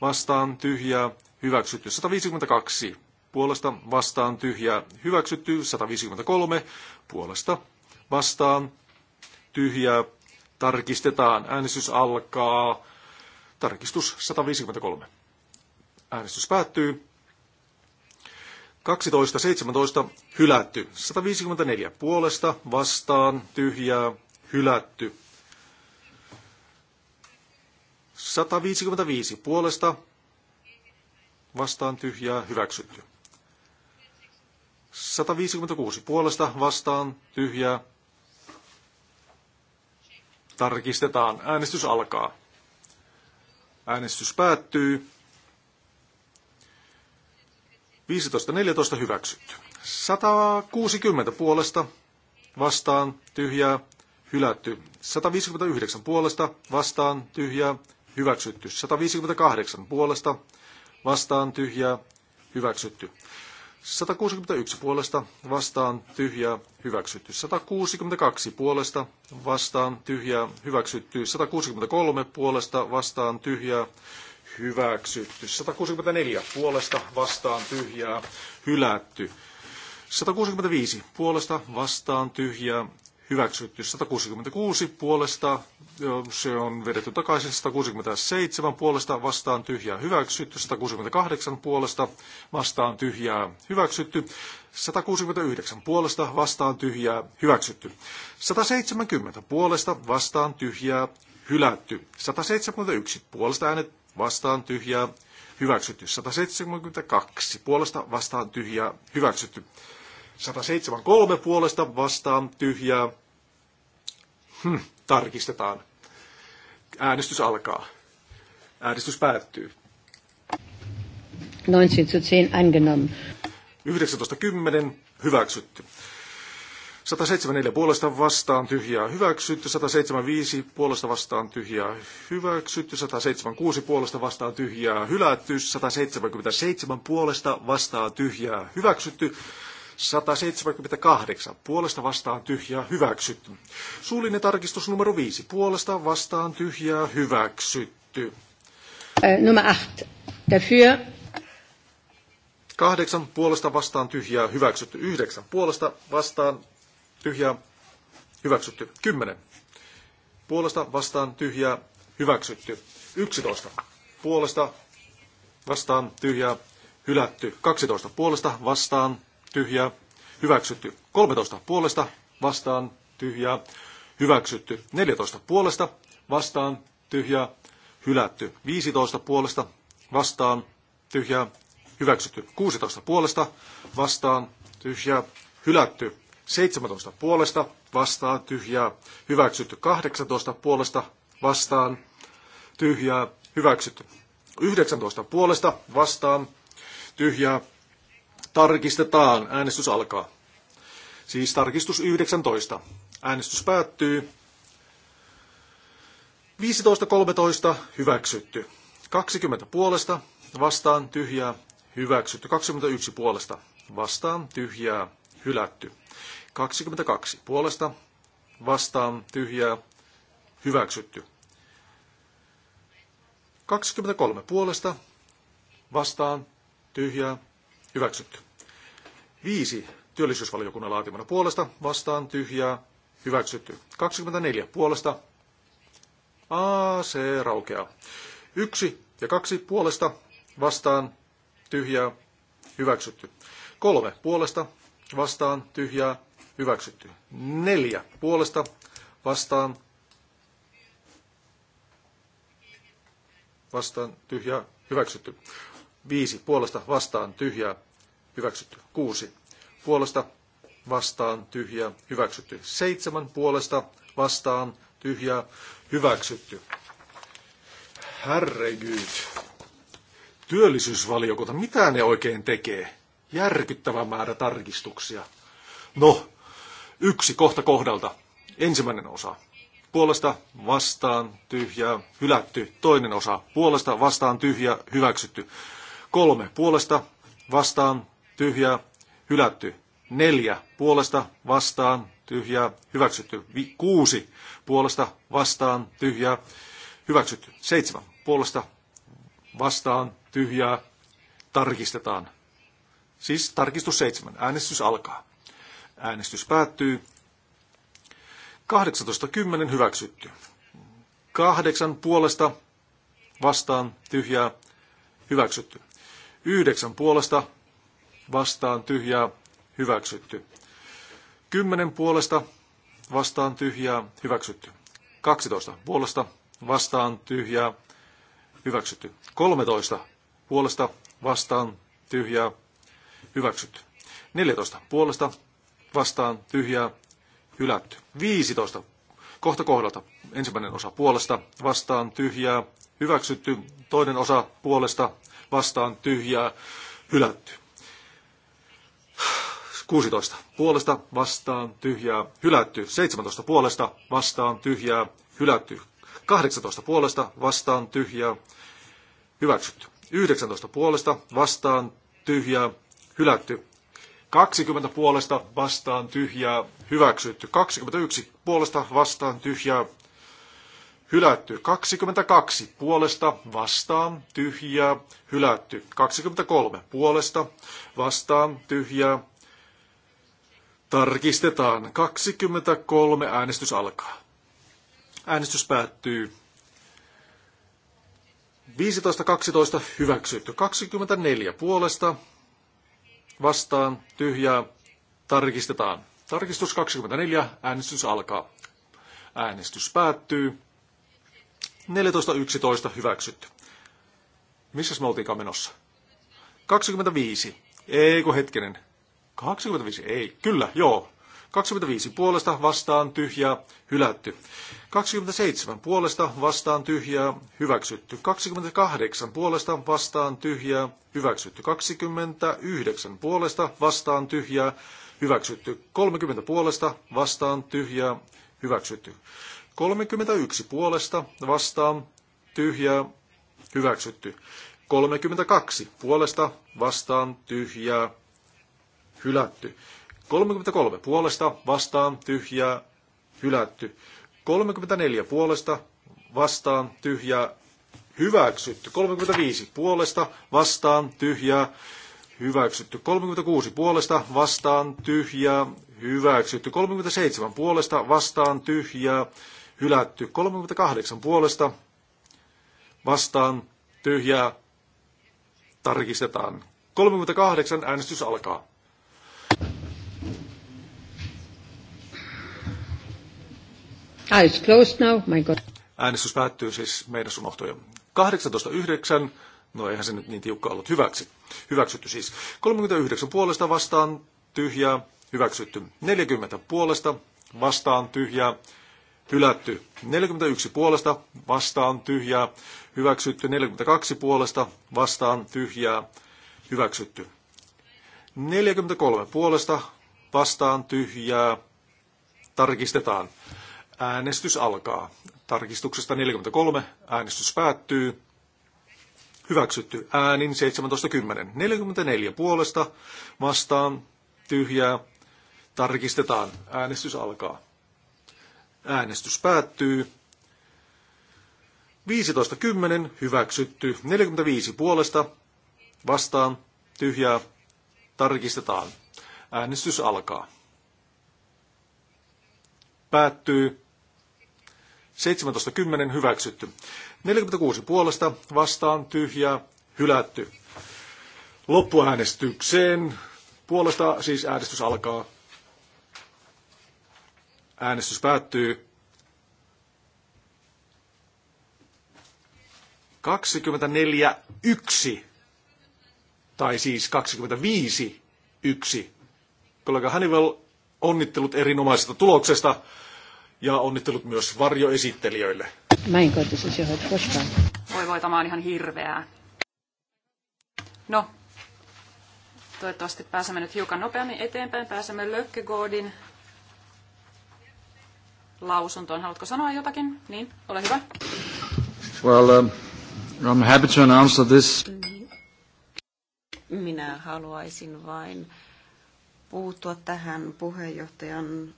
vastaan tyhjää, hyväksytty. 152 puolesta, vastaan tyhjää, hyväksytty. 153 puolesta, vastaan tyhjää, tarkistetaan. Äänestys alkaa. Tarkistus 153. Äänestys päättyy. 12.17 hylätty. 154 puolesta vastaan tyhjää hylätty. 155 puolesta vastaan tyhjää hyväksytty. 156 puolesta vastaan tyhjää. Tarkistetaan. Äänestys alkaa. Äänestys päättyy. 15.14 hyväksytty. 160 puolesta vastaan tyhjää hylätty. 159 puolesta vastaan tyhjää hyväksytty. 158 puolesta vastaan tyhjää hyväksytty. 161 puolesta vastaan tyhjää hyväksytty. 162 puolesta vastaan tyhjää hyväksytty. 163 puolesta vastaan tyhjää hyväksytty. 164 puolesta vastaan tyhjää hylätty. 165 puolesta vastaan tyhjää hyväksytty 166 puolesta, se on vedetty takaisin 167 puolesta, vastaan tyhjää hyväksytty, 168 puolesta, vastaan tyhjää hyväksytty, 169 puolesta, vastaan tyhjää hyväksytty, 170 puolesta, vastaan tyhjää hylätty, 171 puolesta äänet, vastaan tyhjää hyväksytty, 172 puolesta, vastaan tyhjää hyväksytty. 107.3 puolesta vastaan tyhjää. Hm, tarkistetaan. Äänestys alkaa. Äänestys päättyy. 19.10 19.10 hyväksytty. 174 puolesta vastaan tyhjää hyväksytty, 175 puolesta vastaan tyhjää hyväksytty, 176 puolesta vastaan tyhjää hylätty, 177 puolesta vastaan tyhjää hyväksytty, 178. Puolesta vastaan tyhjää hyväksytty. Suullinen tarkistus numero 5. Puolesta vastaan tyhjää hyväksytty. Numero 8. Dafür. Kahdeksan puolesta vastaan tyhjää hyväksytty. Yhdeksän puolesta vastaan tyhjää hyväksytty. Kymmenen puolesta vastaan tyhjää hyväksytty. Yksitoista puolesta vastaan tyhjää hylätty. Kaksitoista puolesta vastaan tyhjää, hyväksytty. 13 puolesta, vastaan, tyhjää, hyväksytty. 14 puolesta, vastaan, tyhjää, hylätty. 15 puolesta, vastaan, tyhjää, hyväksytty. 16 puolesta, vastaan, tyhjää, hylätty. 17 puolesta, vastaan, tyhjää, hyväksytty. 18 puolesta, vastaan, tyhjää, hyväksytty. 19 puolesta, vastaan, tyhjää, Tarkistetaan. Äänestys alkaa. Siis tarkistus 19. Äänestys päättyy. 15.13 hyväksytty. 20 puolesta vastaan tyhjää hyväksytty. 21 puolesta vastaan tyhjää hylätty. 22 puolesta vastaan tyhjää hyväksytty. 23 puolesta vastaan tyhjää hyväksytty. 5 työllisyysvaliokunnan laatimana puolesta vastaan tyhjää hyväksytty. 24 puolesta A, C raukeaa. 1 ja 2 puolesta vastaan tyhjää hyväksytty. 3 puolesta vastaan tyhjää hyväksytty. 4 puolesta vastaan vastaan tyhjää hyväksytty. 5 puolesta vastaan tyhjää hyväksytty. Kuusi puolesta vastaan tyhjä hyväksytty. Seitsemän puolesta vastaan tyhjä hyväksytty. Herregyyt. Työllisyysvaliokunta, mitä ne oikein tekee? Järkyttävä määrä tarkistuksia. No, yksi kohta kohdalta. Ensimmäinen osa. Puolesta vastaan tyhjä hylätty. Toinen osa. Puolesta vastaan tyhjä hyväksytty. Kolme. Puolesta vastaan tyhjää, hylätty. Neljä puolesta vastaan, tyhjää, hyväksytty. Vi- kuusi puolesta vastaan, tyhjää, hyväksytty. Seitsemän puolesta vastaan, tyhjää, tarkistetaan. Siis tarkistus seitsemän. Äänestys alkaa. Äänestys päättyy. 18.10 hyväksytty. Kahdeksan puolesta vastaan tyhjää hyväksytty. Yhdeksän puolesta vastaan tyhjää hyväksytty. Kymmenen puolesta vastaan tyhjää hyväksytty. 12 puolesta vastaan tyhjää hyväksytty. 13 puolesta vastaan tyhjää hyväksytty. 14 puolesta vastaan tyhjää hylätty. 15 kohta kohdalta ensimmäinen osa puolesta vastaan tyhjää hyväksytty. Toinen osa puolesta vastaan tyhjää hylätty. 16 puolesta vastaan tyhjää hylätty. 17 puolesta vastaan tyhjää hylätty. 18 puolesta vastaan tyhjää hyväksytty. 19 puolesta vastaan tyhjää hylätty. 20 puolesta vastaan tyhjää hyväksytty. 21 puolesta vastaan tyhjää hylätty. 22 puolesta vastaan tyhjää hylätty. 23 puolesta vastaan tyhjää Tarkistetaan. 23 äänestys alkaa. Äänestys päättyy. 15.12 hyväksytty. 24 puolesta vastaan tyhjää tarkistetaan. Tarkistus 24. Äänestys alkaa. Äänestys päättyy. 14.11 hyväksytty. Missä me oltiinkaan menossa? 25. Eikö hetkinen? 25, ei, kyllä, joo. 25 puolesta vastaan tyhjää, hylätty. 27 puolesta vastaan tyhjää, hyväksytty. 28 puolesta vastaan tyhjää, hyväksytty. 29 puolesta vastaan tyhjää, hyväksytty. 30 puolesta vastaan tyhjää, hyväksytty. 31 puolesta vastaan tyhjää, hyväksytty. 32 puolesta vastaan tyhjää, hylätty. 33 puolesta vastaan tyhjää hylätty. 34 puolesta vastaan tyhjää hyväksytty. 35 puolesta vastaan tyhjää hyväksytty. 36 puolesta vastaan tyhjää hyväksytty. 37 puolesta vastaan tyhjää hylätty. 38 puolesta vastaan tyhjää tarkistetaan. 38 äänestys alkaa. Eyes ah, closed now, my god. Äänestys päättyy siis meidän sun 18.9. No eihän se nyt niin tiukka ollut hyväksi. Hyväksytty siis. 39 puolesta vastaan tyhjää, hyväksytty. 40 puolesta vastaan tyhjää, hylätty. 41 puolesta vastaan tyhjää, hyväksytty. 42 puolesta vastaan tyhjää, hyväksytty. 43 puolesta vastaan tyhjää, tarkistetaan. Äänestys alkaa. Tarkistuksesta 43 äänestys päättyy. Hyväksytty äänin 17.10. 44 puolesta vastaan tyhjää. Tarkistetaan. Äänestys alkaa. Äänestys päättyy. 15.10. Hyväksytty. 45 puolesta vastaan tyhjää. Tarkistetaan. Äänestys alkaa. Päättyy. 17.10 hyväksytty. 46 puolesta vastaan tyhjää hylätty. Loppuäänestykseen puolesta siis äänestys alkaa. Äänestys päättyy. 24.1 tai siis 25.1. Kollega Hannibal, onnittelut erinomaisesta tuloksesta. Ja onnittelut myös varjoesittelijöille. Mä en koitaisi koskaan. Voi voi, tämä on ihan hirveää. No, toivottavasti pääsemme nyt hiukan nopeammin eteenpäin. Pääsemme Lökkegoodin lausuntoon. Haluatko sanoa jotakin? Niin, ole hyvä. Well, um, I'm happy to announce this... Minä haluaisin vain puuttua tähän puheenjohtajan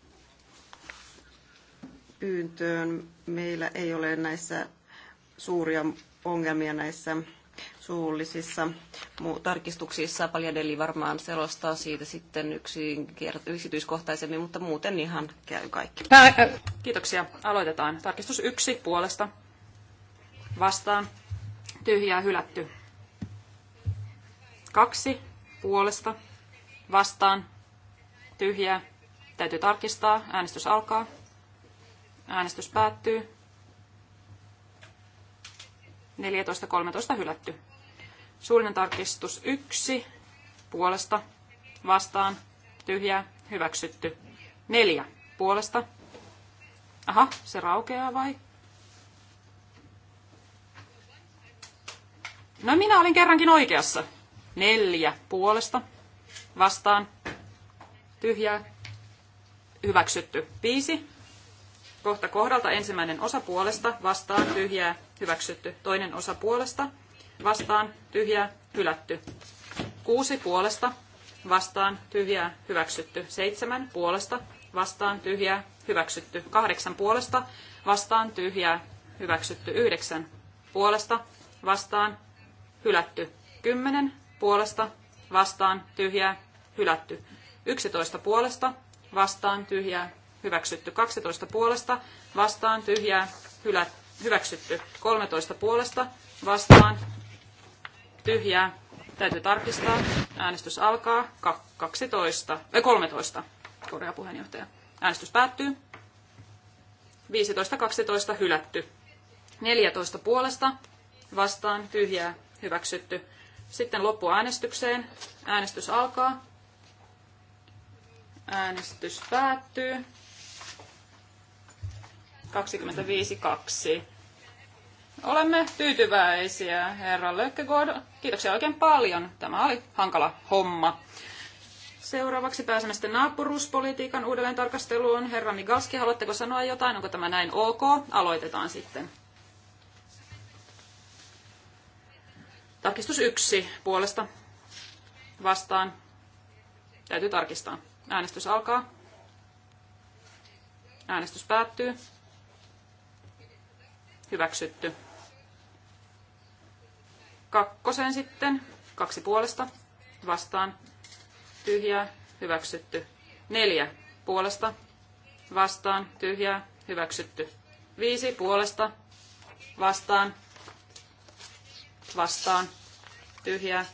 pyyntöön. Meillä ei ole näissä suuria ongelmia näissä suullisissa tarkistuksissa. Paljadeli varmaan selostaa siitä sitten yksityiskohtaisemmin, mutta muuten ihan käy kaikki. Äh. Kiitoksia. Aloitetaan. Tarkistus yksi puolesta. Vastaan. Tyhjää hylätty. Kaksi puolesta. Vastaan. Tyhjää. Täytyy tarkistaa. Äänestys alkaa. Äänestys päättyy. 14.13 hylätty. Suullinen tarkistus 1 puolesta vastaan tyhjää hyväksytty. 4 puolesta. Aha, se raukeaa vai? No minä olin kerrankin oikeassa. 4. puolesta vastaan tyhjää hyväksytty. 5 kohta kohdalta ensimmäinen osa puolesta, vastaan, tyhjää, hyväksytty. Toinen osa puolesta, vastaan, tyhjää, hylätty. Kuusi puolesta, vastaan, tyhjää, hyväksytty. Seitsemän puolesta, vastaan, tyhjää, hyväksytty. Kahdeksan puolesta, vastaan, tyhjää, hyväksytty. Yhdeksän puolesta, vastaan, hylätty. Kymmenen puolesta, vastaan, tyhjää, hylätty. Yksitoista puolesta, vastaan, tyhjää, hyväksytty. 12 puolesta vastaan tyhjää hylä, hyväksytty. 13 puolesta vastaan tyhjää. Täytyy tarkistaa. Äänestys alkaa 12, äh 13, korjaa puheenjohtaja. Äänestys päättyy. 15-12 hylätty. 14 puolesta vastaan tyhjää hyväksytty. Sitten loppuäänestykseen. Äänestys alkaa. Äänestys päättyy. 25.2. Olemme tyytyväisiä, herra Lökkegård. Kiitoksia oikein paljon. Tämä oli hankala homma. Seuraavaksi pääsemme sitten naapuruuspolitiikan uudelleen tarkasteluun. Herra Migalski, haluatteko sanoa jotain? Onko tämä näin ok? Aloitetaan sitten. Tarkistus yksi puolesta vastaan. Täytyy tarkistaa. Äänestys alkaa. Äänestys päättyy. Hyväksytty. Kakkosen sitten. Kaksi puolesta. Vastaan. Tyhjää. Hyväksytty. Neljä puolesta. Vastaan. Tyhjää. Hyväksytty. Viisi puolesta. Vastaan. Vastaan. Tyhjää.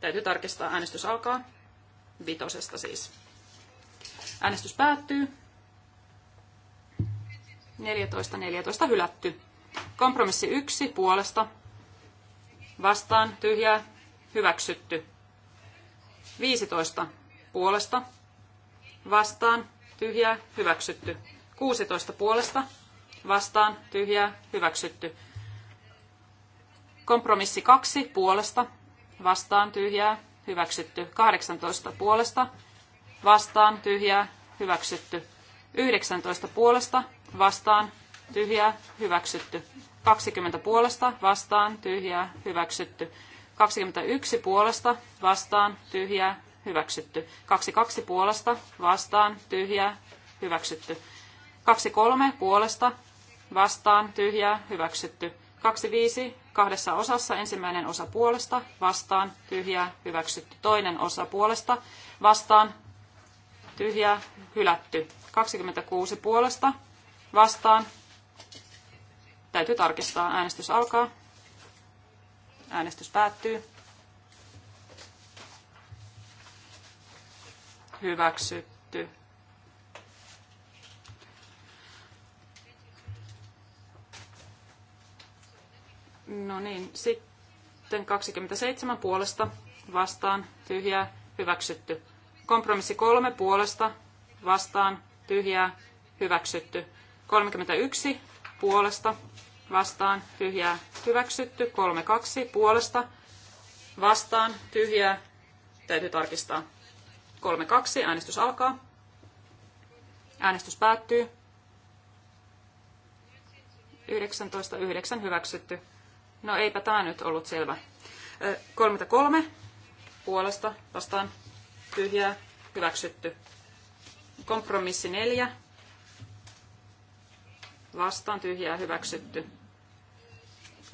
Täytyy tarkistaa. Äänestys alkaa. Vitosesta siis. Äänestys päättyy. 14, 14 hylätty. Kompromissi yksi puolesta. Vastaan tyhjää. Hyväksytty. 15 puolesta. Vastaan tyhjää. Hyväksytty. 16 puolesta. Vastaan tyhjää. Hyväksytty. Kompromissi kaksi puolesta. Vastaan tyhjää. Hyväksytty. 18 puolesta. Vastaan tyhjää. Hyväksytty. 19 puolesta. Vastaan tyhjää, hyväksytty. 20 puolesta, vastaan, tyhjää, hyväksytty. 21 puolesta, vastaan, tyhjää, hyväksytty. 22 puolesta, vastaan, tyhjää, hyväksytty. 23 puolesta, vastaan, tyhjää, hyväksytty. 25 kahdessa osassa, ensimmäinen osa puolesta, vastaan, tyhjää, hyväksytty. Toinen osa puolesta, vastaan, tyhjää, hylätty. 26 puolesta, vastaan, Täytyy tarkistaa. Äänestys alkaa. Äänestys päättyy. Hyväksytty. No niin, sitten 27 puolesta vastaan tyhjää hyväksytty. Kompromissi kolme puolesta vastaan tyhjää hyväksytty. 31 puolesta vastaan, tyhjää, hyväksytty. 3-2 puolesta, vastaan, tyhjää, täytyy tarkistaa. 3-2, äänestys alkaa. Äänestys päättyy. yhdeksän hyväksytty. No eipä tämä nyt ollut selvä. 33 puolesta vastaan tyhjää hyväksytty. Kompromissi 4 vastaan tyhjää hyväksytty.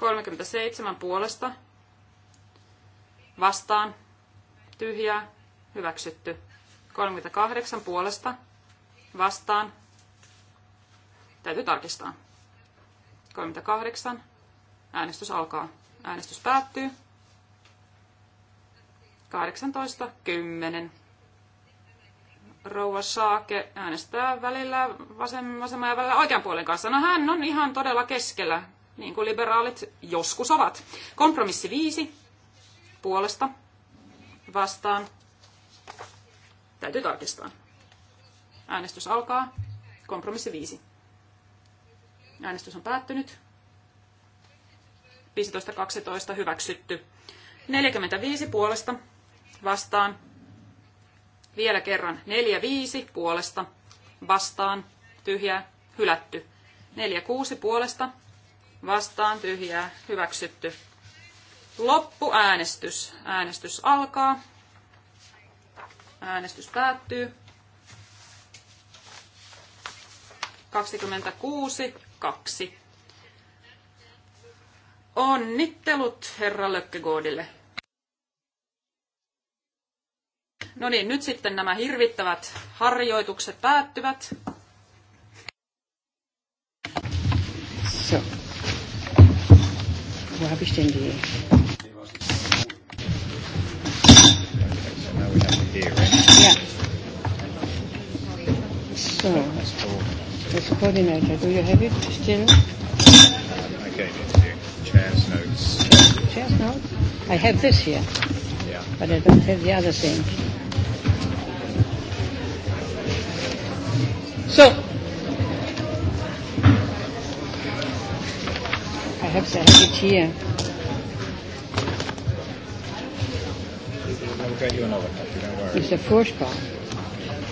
37 puolesta vastaan tyhjää hyväksytty. 38 puolesta vastaan täytyy tarkistaa. 38 äänestys alkaa. Äänestys päättyy. 18, kymmenen Rouva Saake äänestää välillä vasemman ja välillä oikean puolen kanssa. No hän on ihan todella keskellä niin kuin liberaalit joskus ovat. Kompromissi viisi puolesta vastaan. Täytyy tarkistaa. Äänestys alkaa. Kompromissi viisi. Äänestys on päättynyt. 15.12 hyväksytty. 45 puolesta vastaan. Vielä kerran 45 puolesta vastaan. Tyhjää hylätty. 46 puolesta vastaan tyhjää hyväksytty. Loppuäänestys. Äänestys alkaa. Äänestys päättyy. 26, 2. Onnittelut herra Lökkegoodille. No niin, nyt sitten nämä hirvittävät harjoitukset päättyvät. Wo habe ich denn die? Ja. So, das coordinator. Do you have it still? I gave it to you. Chair's notes. Chair's notes? I have this here. Yeah. But I don't have the other thing. So, have to have it here. We'll get you another copy, don't worry. Mr. Forsbaum.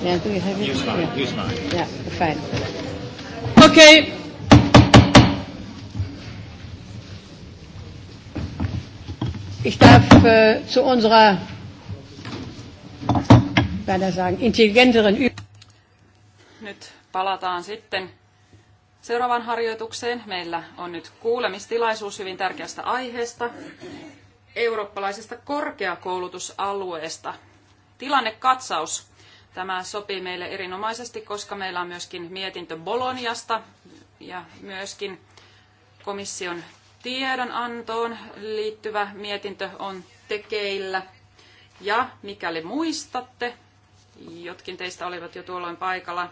Yeah, do you have it? Use mine. Yeah. Use mine. Yeah, fine. Okay. Ich darf äh, zu unserer, beinahe sagen, intelligenteren Übung. Nyt palataan sitten Seuraavaan harjoitukseen meillä on nyt kuulemistilaisuus hyvin tärkeästä aiheesta, eurooppalaisesta korkeakoulutusalueesta. Tilannekatsaus. Tämä sopii meille erinomaisesti, koska meillä on myöskin mietintö Boloniasta ja myöskin komission tiedonantoon liittyvä mietintö on tekeillä. Ja mikäli muistatte, jotkin teistä olivat jo tuolloin paikalla,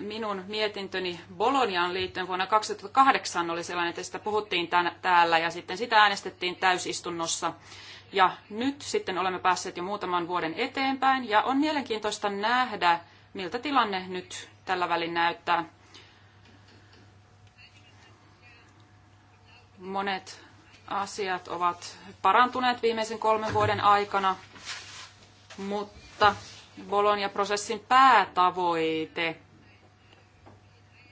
minun mietintöni Boloniaan liittyen vuonna 2008 oli sellainen, että sitä puhuttiin täällä ja sitten sitä äänestettiin täysistunnossa. Ja nyt sitten olemme päässeet jo muutaman vuoden eteenpäin ja on mielenkiintoista nähdä, miltä tilanne nyt tällä välin näyttää. Monet asiat ovat parantuneet viimeisen kolmen vuoden aikana, mutta Bologna-prosessin päätavoite –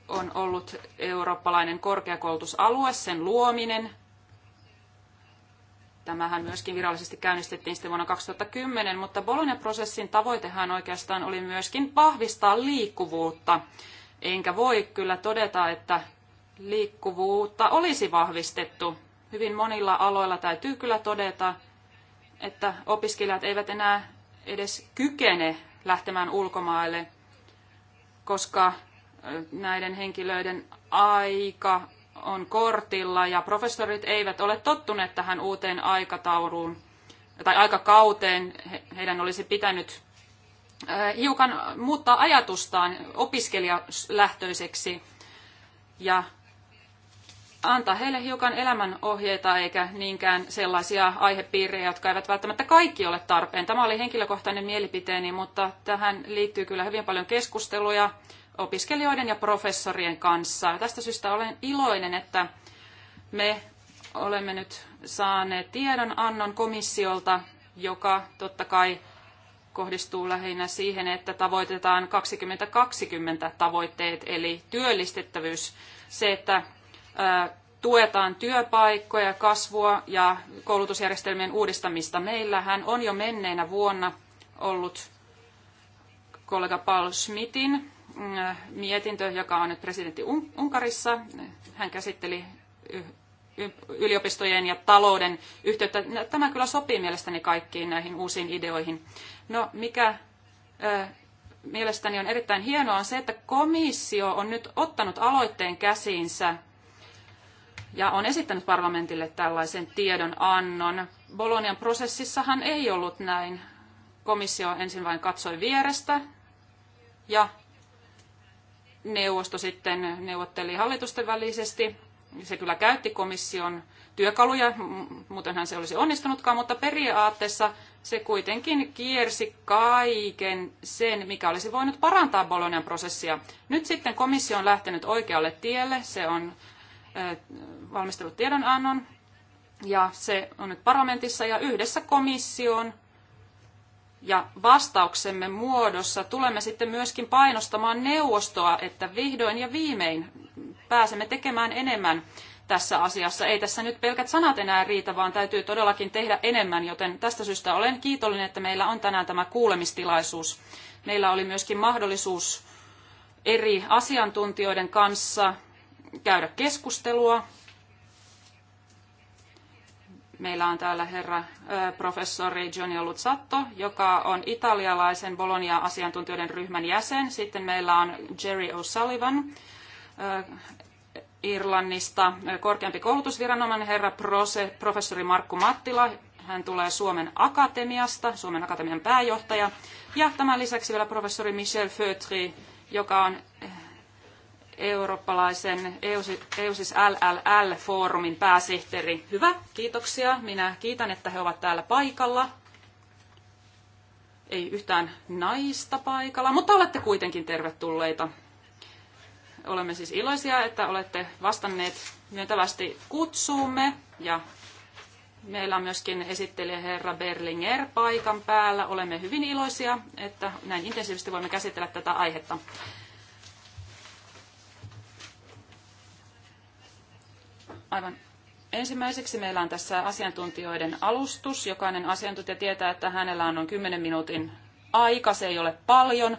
on ollut eurooppalainen korkeakoulutusalue, sen luominen. Tämähän myöskin virallisesti käynnistettiin sitten vuonna 2010, mutta Bologna-prosessin tavoitehan oikeastaan oli myöskin vahvistaa liikkuvuutta. Enkä voi kyllä todeta, että liikkuvuutta olisi vahvistettu. Hyvin monilla aloilla täytyy kyllä todeta, että opiskelijat eivät enää edes kykene lähtemään ulkomaille, koska näiden henkilöiden aika on kortilla ja professorit eivät ole tottuneet tähän uuteen aikatauluun tai aikakauteen. Heidän olisi pitänyt äh, hiukan muuttaa ajatustaan opiskelijalähtöiseksi ja antaa heille hiukan elämänohjeita eikä niinkään sellaisia aihepiirejä, jotka eivät välttämättä kaikki ole tarpeen. Tämä oli henkilökohtainen mielipiteeni, mutta tähän liittyy kyllä hyvin paljon keskusteluja opiskelijoiden ja professorien kanssa. Tästä syystä olen iloinen, että me olemme nyt saaneet tiedonannon komissiolta, joka totta kai kohdistuu lähinnä siihen, että tavoitetaan 2020 tavoitteet, eli työllistettävyys. Se, että tuetaan työpaikkoja, kasvua ja koulutusjärjestelmien uudistamista. Meillähän on jo menneenä vuonna ollut kollega Paul Schmidtin mietintö, joka on nyt presidentti Unkarissa. Hän käsitteli yliopistojen ja talouden yhteyttä. No, tämä kyllä sopii mielestäni kaikkiin näihin uusiin ideoihin. No mikä mielestäni on erittäin hienoa on se, että komissio on nyt ottanut aloitteen käsiinsä ja on esittänyt parlamentille tällaisen tiedonannon. Bolonian prosessissahan ei ollut näin. Komissio ensin vain katsoi vierestä ja neuvosto sitten neuvotteli hallitusten välisesti. Se kyllä käytti komission työkaluja, muutenhan se olisi onnistunutkaan, mutta periaatteessa se kuitenkin kiersi kaiken sen, mikä olisi voinut parantaa Bolonian prosessia. Nyt sitten komissio on lähtenyt oikealle tielle, se on valmistellut tiedonannon ja se on nyt parlamentissa ja yhdessä komission ja vastauksemme muodossa tulemme sitten myöskin painostamaan neuvostoa, että vihdoin ja viimein pääsemme tekemään enemmän tässä asiassa. Ei tässä nyt pelkät sanat enää riitä, vaan täytyy todellakin tehdä enemmän, joten tästä syystä olen kiitollinen, että meillä on tänään tämä kuulemistilaisuus. Meillä oli myöskin mahdollisuus eri asiantuntijoiden kanssa käydä keskustelua Meillä on täällä herra professori Gianni Luzzatto, joka on italialaisen Bologna-asiantuntijoiden ryhmän jäsen. Sitten meillä on Jerry O'Sullivan, Irlannista korkeampi koulutusviranomainen herra professori Markku Mattila. Hän tulee Suomen Akatemiasta, Suomen Akatemian pääjohtaja. Ja tämän lisäksi vielä professori Michel Feutry, joka on eurooppalaisen EU, EU LLL-foorumin pääsihteeri. Hyvä, kiitoksia. Minä kiitän, että he ovat täällä paikalla. Ei yhtään naista paikalla, mutta olette kuitenkin tervetulleita. Olemme siis iloisia, että olette vastanneet myöntävästi kutsuumme ja Meillä on myöskin esittelijä herra Berlinger paikan päällä. Olemme hyvin iloisia, että näin intensiivisesti voimme käsitellä tätä aihetta. Aivan ensimmäiseksi meillä on tässä asiantuntijoiden alustus. Jokainen asiantuntija tietää, että hänellä on noin 10 minuutin aika, se ei ole paljon.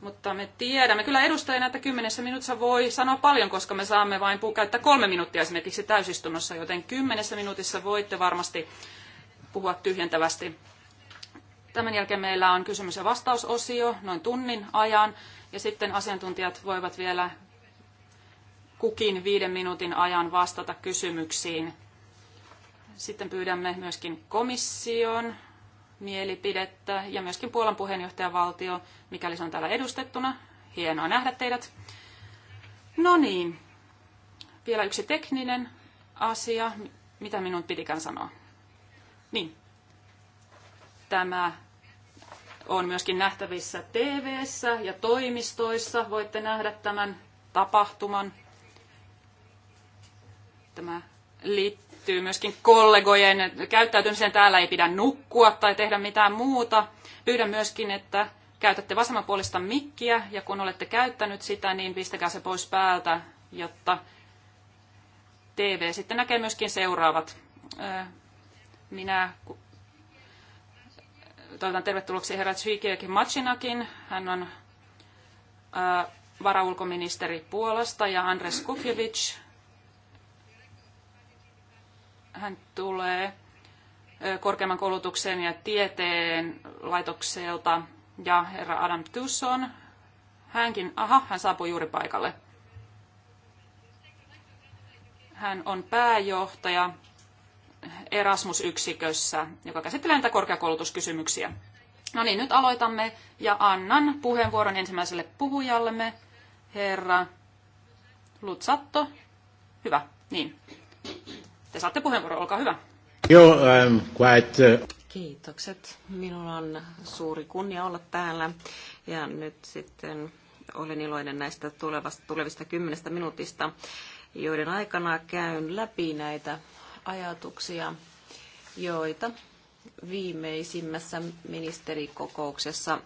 Mutta me tiedämme kyllä edustajina, että kymmenessä minuutissa voi sanoa paljon, koska me saamme vain käyttää kolme minuuttia esimerkiksi täysistunnossa, joten kymmenessä minuutissa voitte varmasti puhua tyhjentävästi. Tämän jälkeen meillä on kysymys- ja vastausosio noin tunnin ajan, ja sitten asiantuntijat voivat vielä kukin viiden minuutin ajan vastata kysymyksiin. Sitten pyydämme myöskin komission mielipidettä ja myöskin Puolan puheenjohtajavaltio, mikäli se on täällä edustettuna. Hienoa nähdä teidät. No niin, vielä yksi tekninen asia, mitä minun pitikään sanoa. Niin, tämä on myöskin nähtävissä tv ja toimistoissa. Voitte nähdä tämän tapahtuman. Tämä liittyy myöskin kollegojen käyttäytymiseen. Täällä ei pidä nukkua tai tehdä mitään muuta. Pyydän myöskin, että käytätte vasemmanpuolista mikkiä ja kun olette käyttänyt sitä, niin pistäkää se pois päältä, jotta TV sitten näkee myöskin seuraavat. Minä toivotan tervetulleeksi herra Tsyikiökin Machinakin. Hän on varaulkoministeri Puolasta ja Andres Kukjevic hän tulee korkeamman koulutuksen ja tieteen laitokselta ja herra Adam Tusson, hänkin, aha, hän saapui juuri paikalle. Hän on pääjohtaja Erasmus-yksikössä, joka käsittelee näitä korkeakoulutuskysymyksiä. No niin, nyt aloitamme ja annan puheenvuoron ensimmäiselle puhujallemme, herra Lutsatto. Hyvä, niin. Te saatte puheenvuoron, olkaa hyvä. Joo, um, quite, uh... Kiitokset. Minulla on suuri kunnia olla täällä. Ja nyt sitten olen iloinen näistä tulevasta, tulevista kymmenestä minuutista, joiden aikana käyn läpi näitä ajatuksia, joita viimeisimmässä ministerikokouksessa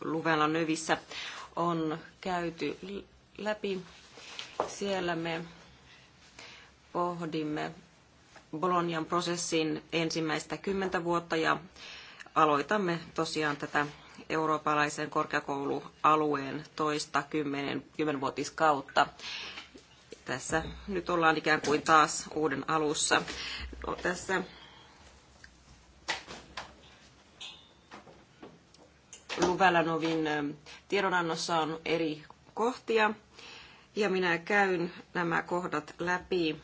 Luvella Nyvissä on käyty läpi. Siellä me pohdimme Bolonian prosessin ensimmäistä kymmentä vuotta ja aloitamme tosiaan tätä eurooppalaisen korkeakoulualueen toista kymmenen, kymmenvuotiskautta. Tässä nyt ollaan ikään kuin taas uuden alussa. No, tässä Luvälänovin tiedonannossa on eri kohtia ja minä käyn nämä kohdat läpi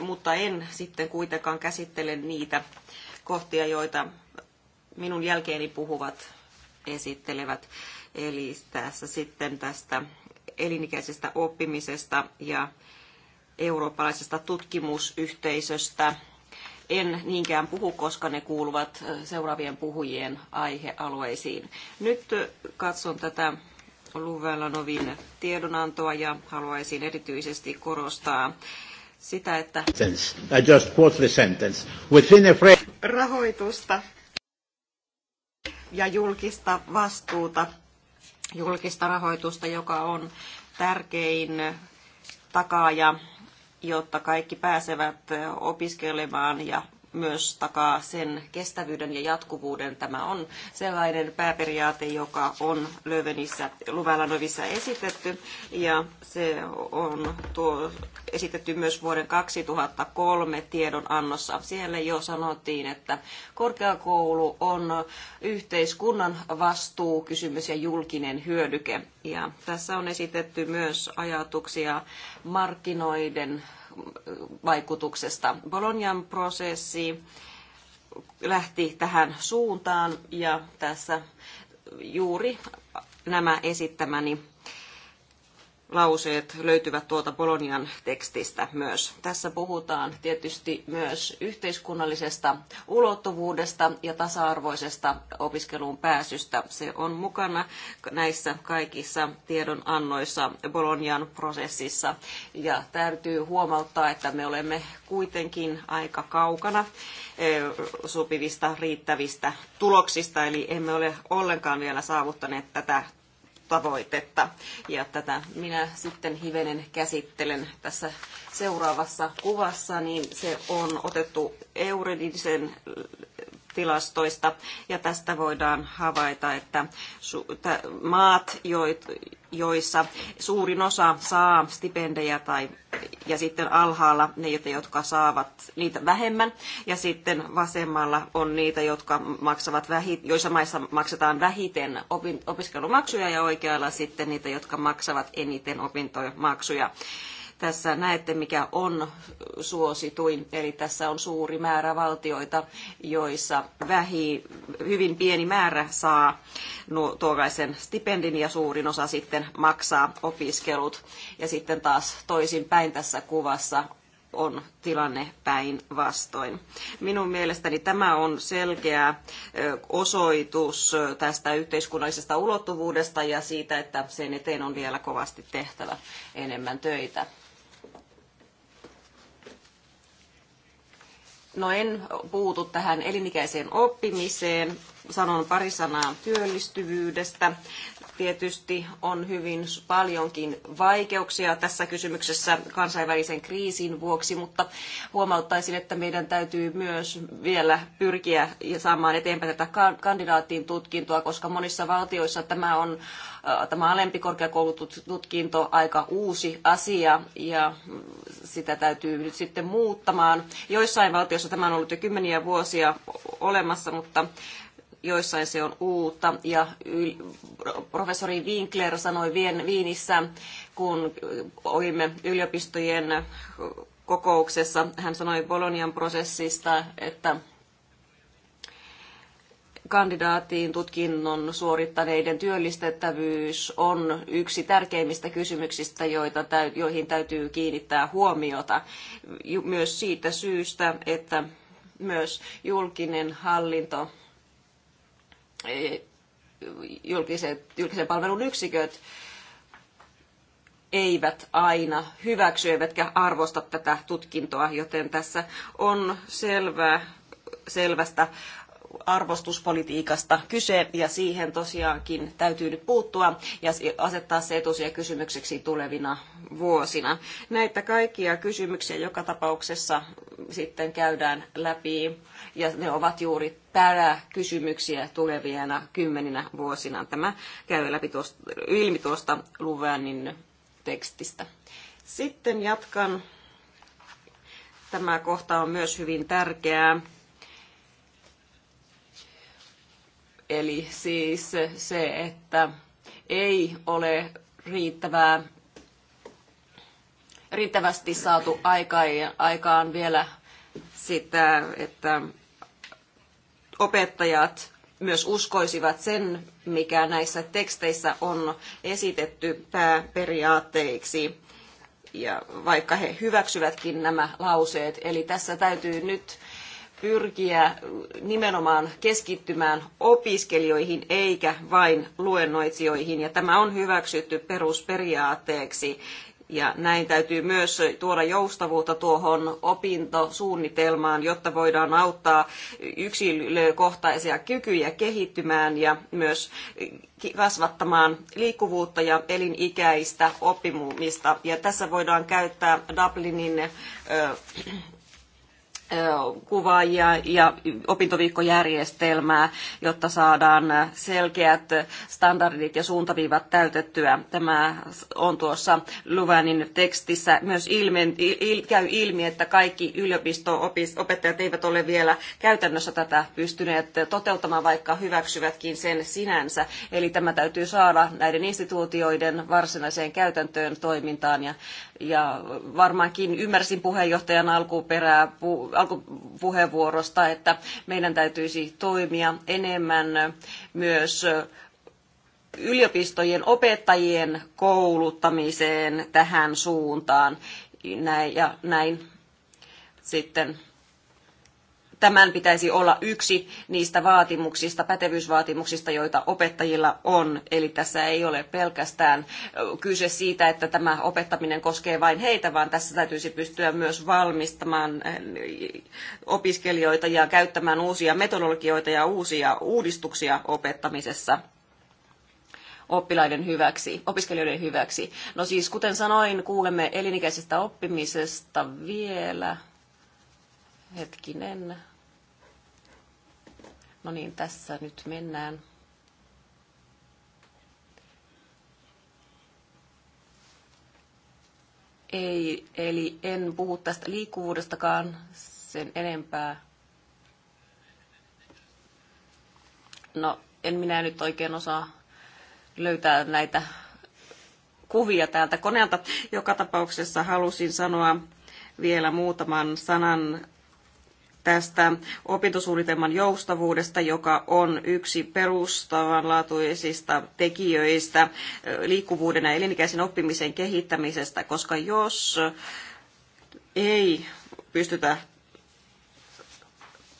mutta en sitten kuitenkaan käsittele niitä kohtia, joita minun jälkeeni puhuvat esittelevät. Eli tässä sitten tästä elinikäisestä oppimisesta ja eurooppalaisesta tutkimusyhteisöstä en niinkään puhu, koska ne kuuluvat seuraavien puhujien aihealueisiin. Nyt katson tätä Luvelanovin tiedonantoa ja haluaisin erityisesti korostaa sitä, että I just quote the sentence. Within a frame... rahoitusta ja julkista vastuuta, julkista rahoitusta, joka on tärkein takaaja, jotta kaikki pääsevät opiskelemaan ja myös takaa sen kestävyyden ja jatkuvuuden. Tämä on sellainen pääperiaate, joka on Lövenissä Luvälanovissa esitetty ja se on tuo, esitetty myös vuoden 2003 tiedonannossa. Siellä jo sanottiin, että korkeakoulu on yhteiskunnan vastuukysymys ja julkinen hyödyke. Ja tässä on esitetty myös ajatuksia markkinoiden vaikutuksesta. Bolognan prosessi lähti tähän suuntaan ja tässä juuri nämä esittämäni lauseet löytyvät tuolta Polonian tekstistä myös. Tässä puhutaan tietysti myös yhteiskunnallisesta ulottuvuudesta ja tasa-arvoisesta opiskeluun pääsystä. Se on mukana näissä kaikissa tiedonannoissa Bolonian prosessissa. Ja täytyy huomauttaa, että me olemme kuitenkin aika kaukana eh, sopivista riittävistä tuloksista, eli emme ole ollenkaan vielä saavuttaneet tätä tavoitetta. Ja tätä minä sitten hivenen käsittelen tässä seuraavassa kuvassa, niin se on otettu Euridisen tilastoista. Ja tästä voidaan havaita, että maat, joissa suurin osa saa stipendejä tai, ja sitten alhaalla niitä, jotka saavat niitä vähemmän. Ja sitten vasemmalla on niitä, jotka maksavat vähi, joissa maissa maksetaan vähiten opiskelumaksuja ja oikealla sitten niitä, jotka maksavat eniten opintomaksuja. Tässä näette, mikä on suosituin, eli tässä on suuri määrä valtioita, joissa vähi, hyvin pieni määrä saa no, tuokaisen stipendin ja suurin osa sitten maksaa opiskelut. Ja sitten taas toisinpäin tässä kuvassa on tilanne päinvastoin. Minun mielestäni tämä on selkeä osoitus tästä yhteiskunnallisesta ulottuvuudesta ja siitä, että sen eteen on vielä kovasti tehtävä enemmän töitä. No en puutu tähän elinikäiseen oppimiseen. Sanon pari sanaa työllistyvyydestä tietysti on hyvin paljonkin vaikeuksia tässä kysymyksessä kansainvälisen kriisin vuoksi, mutta huomauttaisin, että meidän täytyy myös vielä pyrkiä saamaan eteenpäin tätä kandidaatin tutkintoa, koska monissa valtioissa tämä on äh, tämä alempi korkeakoulututkinto aika uusi asia ja sitä täytyy nyt sitten muuttamaan. Joissain valtioissa tämä on ollut jo kymmeniä vuosia olemassa, mutta joissain se on uutta. Ja professori Winkler sanoi Viinissä, kun olimme yliopistojen kokouksessa, hän sanoi Bolonian prosessista, että kandidaatiin tutkinnon suorittaneiden työllistettävyys on yksi tärkeimmistä kysymyksistä, joita, joihin täytyy kiinnittää huomiota. Myös siitä syystä, että myös julkinen hallinto Eh, julkiset, julkisen palvelun yksiköt eivät aina hyväksy eivätkä arvosta tätä tutkintoa, joten tässä on selvää selvästä arvostuspolitiikasta kyse ja siihen tosiaankin täytyy nyt puuttua ja asettaa se etusia kysymykseksi tulevina vuosina. Näitä kaikkia kysymyksiä joka tapauksessa sitten käydään läpi ja ne ovat juuri pääkysymyksiä tulevina kymmeninä vuosina. Tämä käy läpi tuosta, ilmi tuosta Luvanin tekstistä. Sitten jatkan. Tämä kohta on myös hyvin tärkeää Eli siis se, että ei ole riittävää, riittävästi saatu aikaan vielä sitä, että opettajat myös uskoisivat sen, mikä näissä teksteissä on esitetty pääperiaatteiksi, ja vaikka he hyväksyvätkin nämä lauseet. Eli tässä täytyy nyt pyrkiä nimenomaan keskittymään opiskelijoihin eikä vain luennoitsijoihin. Ja tämä on hyväksytty perusperiaatteeksi. Ja näin täytyy myös tuoda joustavuutta tuohon opintosuunnitelmaan, jotta voidaan auttaa yksilökohtaisia kykyjä kehittymään ja myös kasvattamaan liikkuvuutta ja elinikäistä oppimista. Ja tässä voidaan käyttää Dublinin kuvaajia ja opintoviikkojärjestelmää, jotta saadaan selkeät standardit ja suuntaviivat täytettyä. Tämä on tuossa Luvanin tekstissä myös ilmen, il, käy ilmi, että kaikki yliopisto-opettajat eivät ole vielä käytännössä tätä pystyneet toteuttamaan, vaikka hyväksyvätkin sen sinänsä. Eli tämä täytyy saada näiden instituutioiden varsinaiseen käytäntöön toimintaan ja, ja varmaankin ymmärsin puheenjohtajan alkuperää pu, alkupuheenvuorosta, että meidän täytyisi toimia enemmän myös yliopistojen opettajien kouluttamiseen tähän suuntaan. Näin, ja näin sitten tämän pitäisi olla yksi niistä vaatimuksista, pätevyysvaatimuksista, joita opettajilla on. Eli tässä ei ole pelkästään kyse siitä, että tämä opettaminen koskee vain heitä, vaan tässä täytyisi pystyä myös valmistamaan opiskelijoita ja käyttämään uusia metodologioita ja uusia uudistuksia opettamisessa oppilaiden hyväksi, opiskelijoiden hyväksi. No siis, kuten sanoin, kuulemme elinikäisestä oppimisesta vielä. Hetkinen. No niin, tässä nyt mennään. Ei, eli en puhu tästä liikkuvuudestakaan sen enempää. No, en minä nyt oikein osaa löytää näitä kuvia täältä koneelta. Joka tapauksessa halusin sanoa vielä muutaman sanan tästä opintosuunnitelman joustavuudesta, joka on yksi perustavanlaatuisista tekijöistä liikkuvuuden ja elinikäisen oppimisen kehittämisestä, koska jos ei pystytä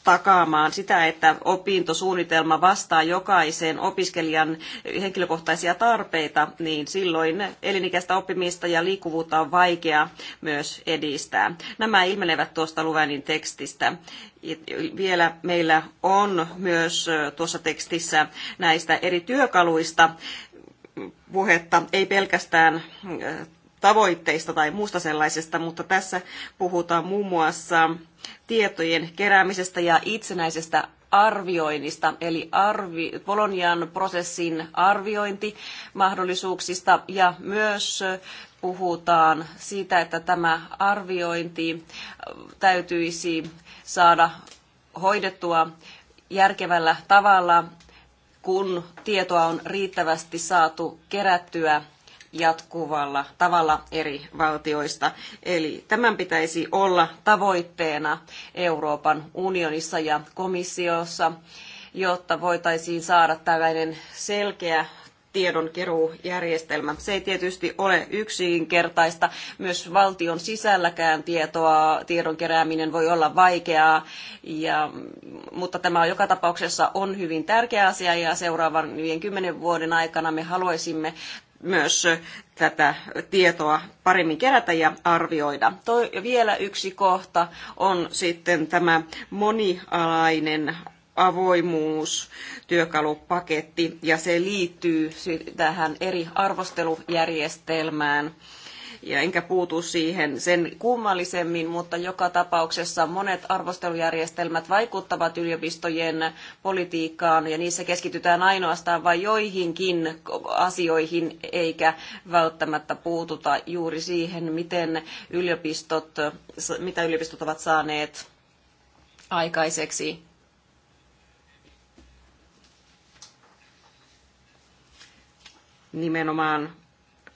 takaamaan sitä, että opintosuunnitelma vastaa jokaisen opiskelijan henkilökohtaisia tarpeita, niin silloin elinikäistä oppimista ja liikkuvuutta on vaikea myös edistää. Nämä ilmenevät tuosta Luvänin tekstistä. Vielä meillä on myös tuossa tekstissä näistä eri työkaluista puhetta, ei pelkästään tavoitteista tai muusta sellaisesta, mutta tässä puhutaan muun muassa tietojen keräämisestä ja itsenäisestä arvioinnista, eli arvi, Polonian prosessin arviointimahdollisuuksista ja myös puhutaan siitä, että tämä arviointi täytyisi saada hoidettua järkevällä tavalla, kun tietoa on riittävästi saatu kerättyä jatkuvalla tavalla eri valtioista. Eli tämän pitäisi olla tavoitteena Euroopan unionissa ja komissiossa, jotta voitaisiin saada tällainen selkeä tiedonkeruujärjestelmä. Se ei tietysti ole yksinkertaista. Myös valtion sisälläkään tietoa, tiedon kerääminen voi olla vaikeaa, ja, mutta tämä on joka tapauksessa on hyvin tärkeä asia ja seuraavan 50 vuoden aikana me haluaisimme myös tätä tietoa paremmin kerätä ja arvioida. Toi, vielä yksi kohta on sitten tämä monialainen avoimuus, työkalupaketti, ja se liittyy tähän eri arvostelujärjestelmään ja enkä puutu siihen sen kummallisemmin, mutta joka tapauksessa monet arvostelujärjestelmät vaikuttavat yliopistojen politiikkaan ja niissä keskitytään ainoastaan vain joihinkin asioihin eikä välttämättä puututa juuri siihen, miten yliopistot, mitä yliopistot ovat saaneet aikaiseksi nimenomaan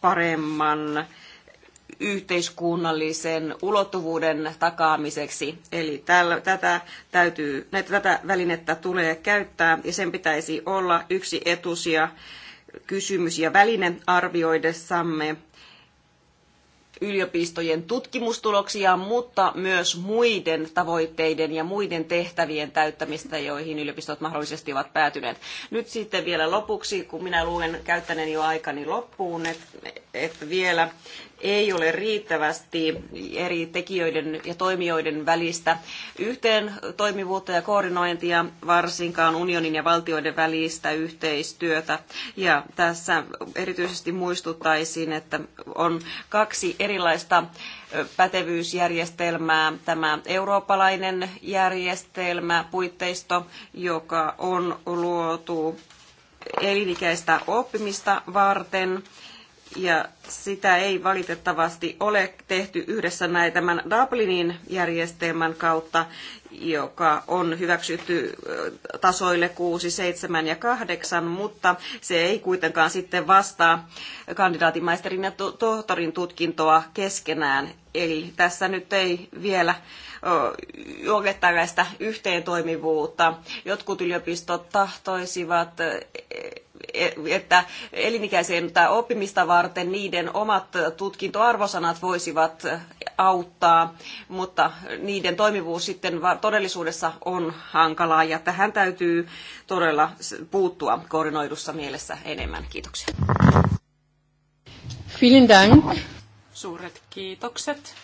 paremman yhteiskunnallisen ulottuvuuden takaamiseksi. Eli tällä, tätä, täytyy, näitä, tätä välinettä tulee käyttää ja sen pitäisi olla yksi etusia kysymys ja väline arvioidessamme yliopistojen tutkimustuloksia, mutta myös muiden tavoitteiden ja muiden tehtävien täyttämistä, joihin yliopistot mahdollisesti ovat päätyneet. Nyt sitten vielä lopuksi, kun minä luulen käyttäneen jo aikani loppuun, että vielä ei ole riittävästi eri tekijöiden ja toimijoiden välistä yhteen toimivuutta ja koordinointia, varsinkaan unionin ja valtioiden välistä yhteistyötä. Ja tässä erityisesti muistuttaisin, että on kaksi erilaista pätevyysjärjestelmää, tämä eurooppalainen järjestelmä, puitteisto, joka on luotu elinikäistä oppimista varten ja sitä ei valitettavasti ole tehty yhdessä näin tämän Dublinin järjestelmän kautta, joka on hyväksytty tasoille 6, 7 ja 8, mutta se ei kuitenkaan sitten vastaa kandidaatimaisterin ja tohtorin tutkintoa keskenään. Eli tässä nyt ei vielä ole tällaista yhteentoimivuutta. Jotkut yliopistot tahtoisivat että elinikäiseen tai oppimista varten niiden omat tutkintoarvosanat voisivat auttaa, mutta niiden toimivuus sitten todellisuudessa on hankalaa ja tähän täytyy todella puuttua koordinoidussa mielessä enemmän. Kiitoksia. Vielen Dank. Suuret kiitokset.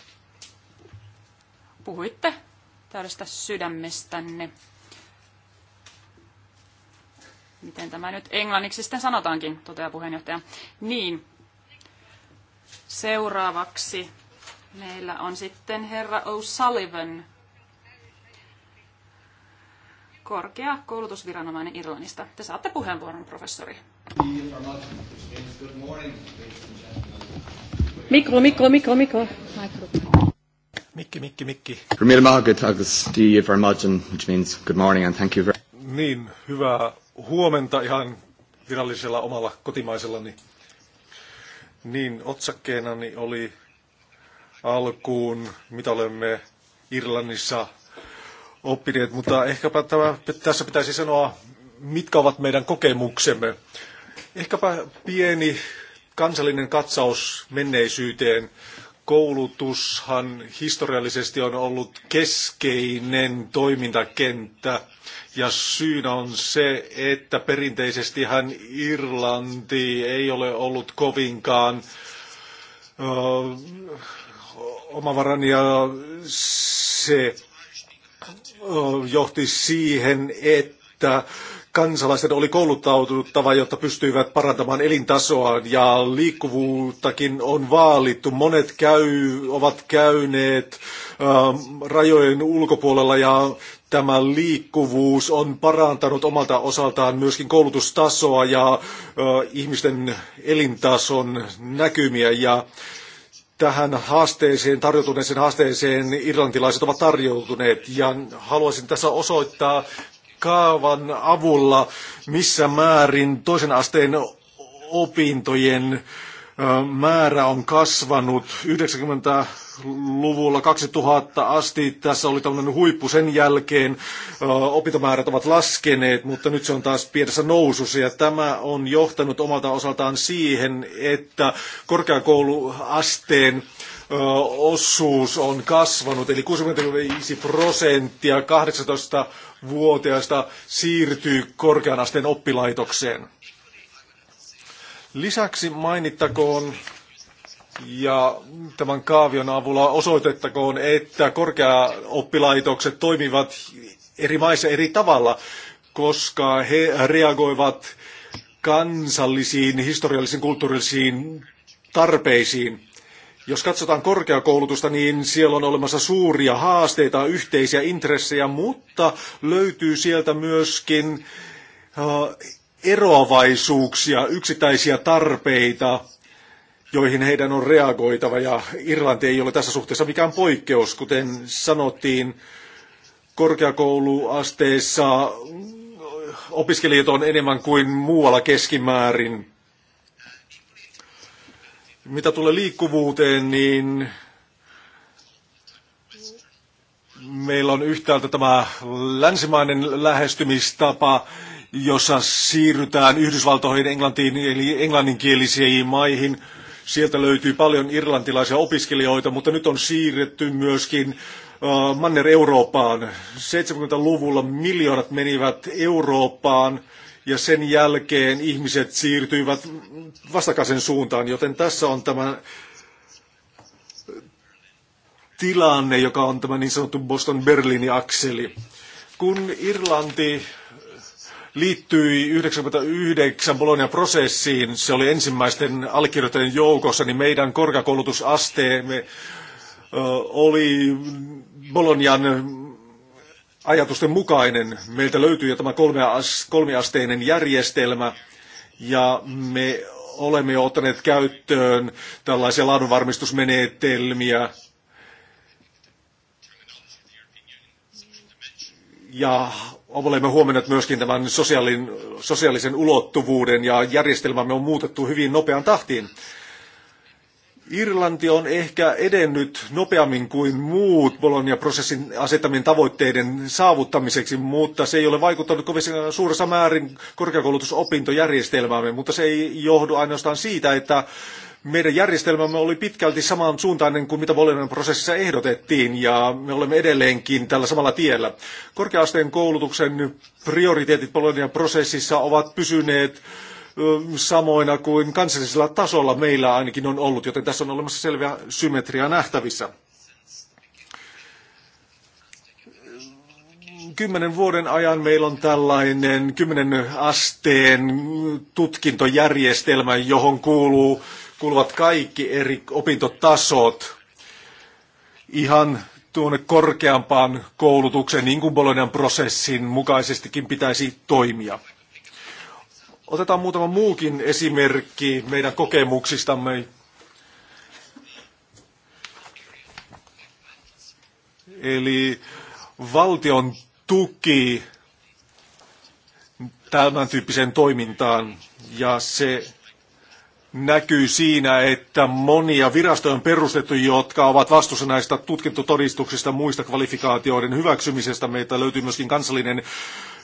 Puhuitte täydestä sydämestänne. Miten tämä nyt englanniksi sitten sanotaankin, toteaa puheenjohtaja. Niin, seuraavaksi meillä on sitten herra O'Sullivan, korkea koulutusviranomainen Irlannista. Te saatte puheenvuoron, professori. Mikro, mikro, mikro, mikro. Mikki, mikki, mikki. Good morning, thank you very which means and Niin, hyvää huomenta ihan virallisella omalla kotimaisellani. Niin, otsakkeeni oli alkuun, mitä olemme Irlannissa oppineet, mutta ehkäpä tämä, tässä pitäisi sanoa, mitkä ovat meidän kokemuksemme. Ehkäpä pieni kansallinen katsaus menneisyyteen koulutushan historiallisesti on ollut keskeinen toimintakenttä ja syynä on se, että perinteisesti hän Irlanti ei ole ollut kovinkaan ö, omavaran ja se ö, johti siihen, että kansalaisten oli kouluttaututtava, jotta pystyivät parantamaan elintasoaan ja liikkuvuuttakin on vaalittu. Monet käy, ovat käyneet äh, rajojen ulkopuolella ja tämä liikkuvuus on parantanut omalta osaltaan myöskin koulutustasoa ja äh, ihmisten elintason näkymiä ja tähän haasteeseen, tarjoutuneeseen haasteeseen irlantilaiset ovat tarjoutuneet. Ja haluaisin tässä osoittaa kaavan avulla, missä määrin toisen asteen opintojen määrä on kasvanut 90-luvulla 2000 asti. Tässä oli tämmöinen huippu sen jälkeen. Opintomäärät ovat laskeneet, mutta nyt se on taas pienessä nousussa ja tämä on johtanut omalta osaltaan siihen, että korkeakouluasteen osuus on kasvanut, eli 65 prosenttia 18 vuotiaista siirtyy korkean asteen oppilaitokseen. Lisäksi mainittakoon ja tämän kaavion avulla osoitettakoon, että korkeaoppilaitokset toimivat eri maissa eri tavalla, koska he reagoivat kansallisiin, historiallisiin, kulttuurillisiin tarpeisiin. Jos katsotaan korkeakoulutusta, niin siellä on olemassa suuria haasteita, yhteisiä intressejä, mutta löytyy sieltä myöskin äh, eroavaisuuksia, yksittäisiä tarpeita, joihin heidän on reagoitava, ja Irlanti ei ole tässä suhteessa mikään poikkeus, kuten sanottiin korkeakouluasteessa opiskelijat on enemmän kuin muualla keskimäärin. Mitä tulee liikkuvuuteen, niin meillä on yhtäältä tämä länsimainen lähestymistapa, jossa siirrytään Yhdysvaltoihin, Englantiin, eli englanninkielisiin maihin. Sieltä löytyy paljon irlantilaisia opiskelijoita, mutta nyt on siirretty myöskin äh, Manner-Eurooppaan. 70-luvulla miljoonat menivät Eurooppaan ja sen jälkeen ihmiset siirtyivät vastakkaisen suuntaan, joten tässä on tämä tilanne, joka on tämä niin sanottu Boston-Berliini-akseli. Kun Irlanti liittyi 99 Bolognan prosessiin, se oli ensimmäisten allekirjoittajien joukossa, niin meidän korkeakoulutusasteemme oli Bolonian ajatusten mukainen. Meiltä löytyy jo tämä kolmiasteinen järjestelmä ja me olemme jo ottaneet käyttöön tällaisia laadunvarmistusmenetelmiä. Ja olemme huomanneet myöskin tämän sosiaalin, sosiaalisen ulottuvuuden ja järjestelmämme on muutettu hyvin nopean tahtiin. Irlanti on ehkä edennyt nopeammin kuin muut Bologna-prosessin asettamien tavoitteiden saavuttamiseksi, mutta se ei ole vaikuttanut kovin suuressa määrin korkeakoulutusopintojärjestelmäämme, mutta se ei johdu ainoastaan siitä, että meidän järjestelmämme oli pitkälti samansuuntainen kuin mitä Bolognan prosessissa ehdotettiin ja me olemme edelleenkin tällä samalla tiellä. Korkeasteen koulutuksen prioriteetit Bolognan prosessissa ovat pysyneet samoina kuin kansallisella tasolla meillä ainakin on ollut, joten tässä on olemassa selviä symmetria nähtävissä. kymmenen vuoden ajan meillä on tällainen kymmenen asteen tutkintojärjestelmä, johon kuuluu, kuuluvat kaikki eri opintotasot ihan tuonne korkeampaan koulutukseen, niin kuin Bolognan prosessin mukaisestikin pitäisi toimia. Otetaan muutama muukin esimerkki meidän kokemuksistamme. Eli valtion tuki tämän tyyppiseen toimintaan ja se näkyy siinä, että monia virastoja on perustettu, jotka ovat vastuussa näistä tutkintotodistuksista, muista kvalifikaatioiden hyväksymisestä. Meitä löytyy myöskin kansallinen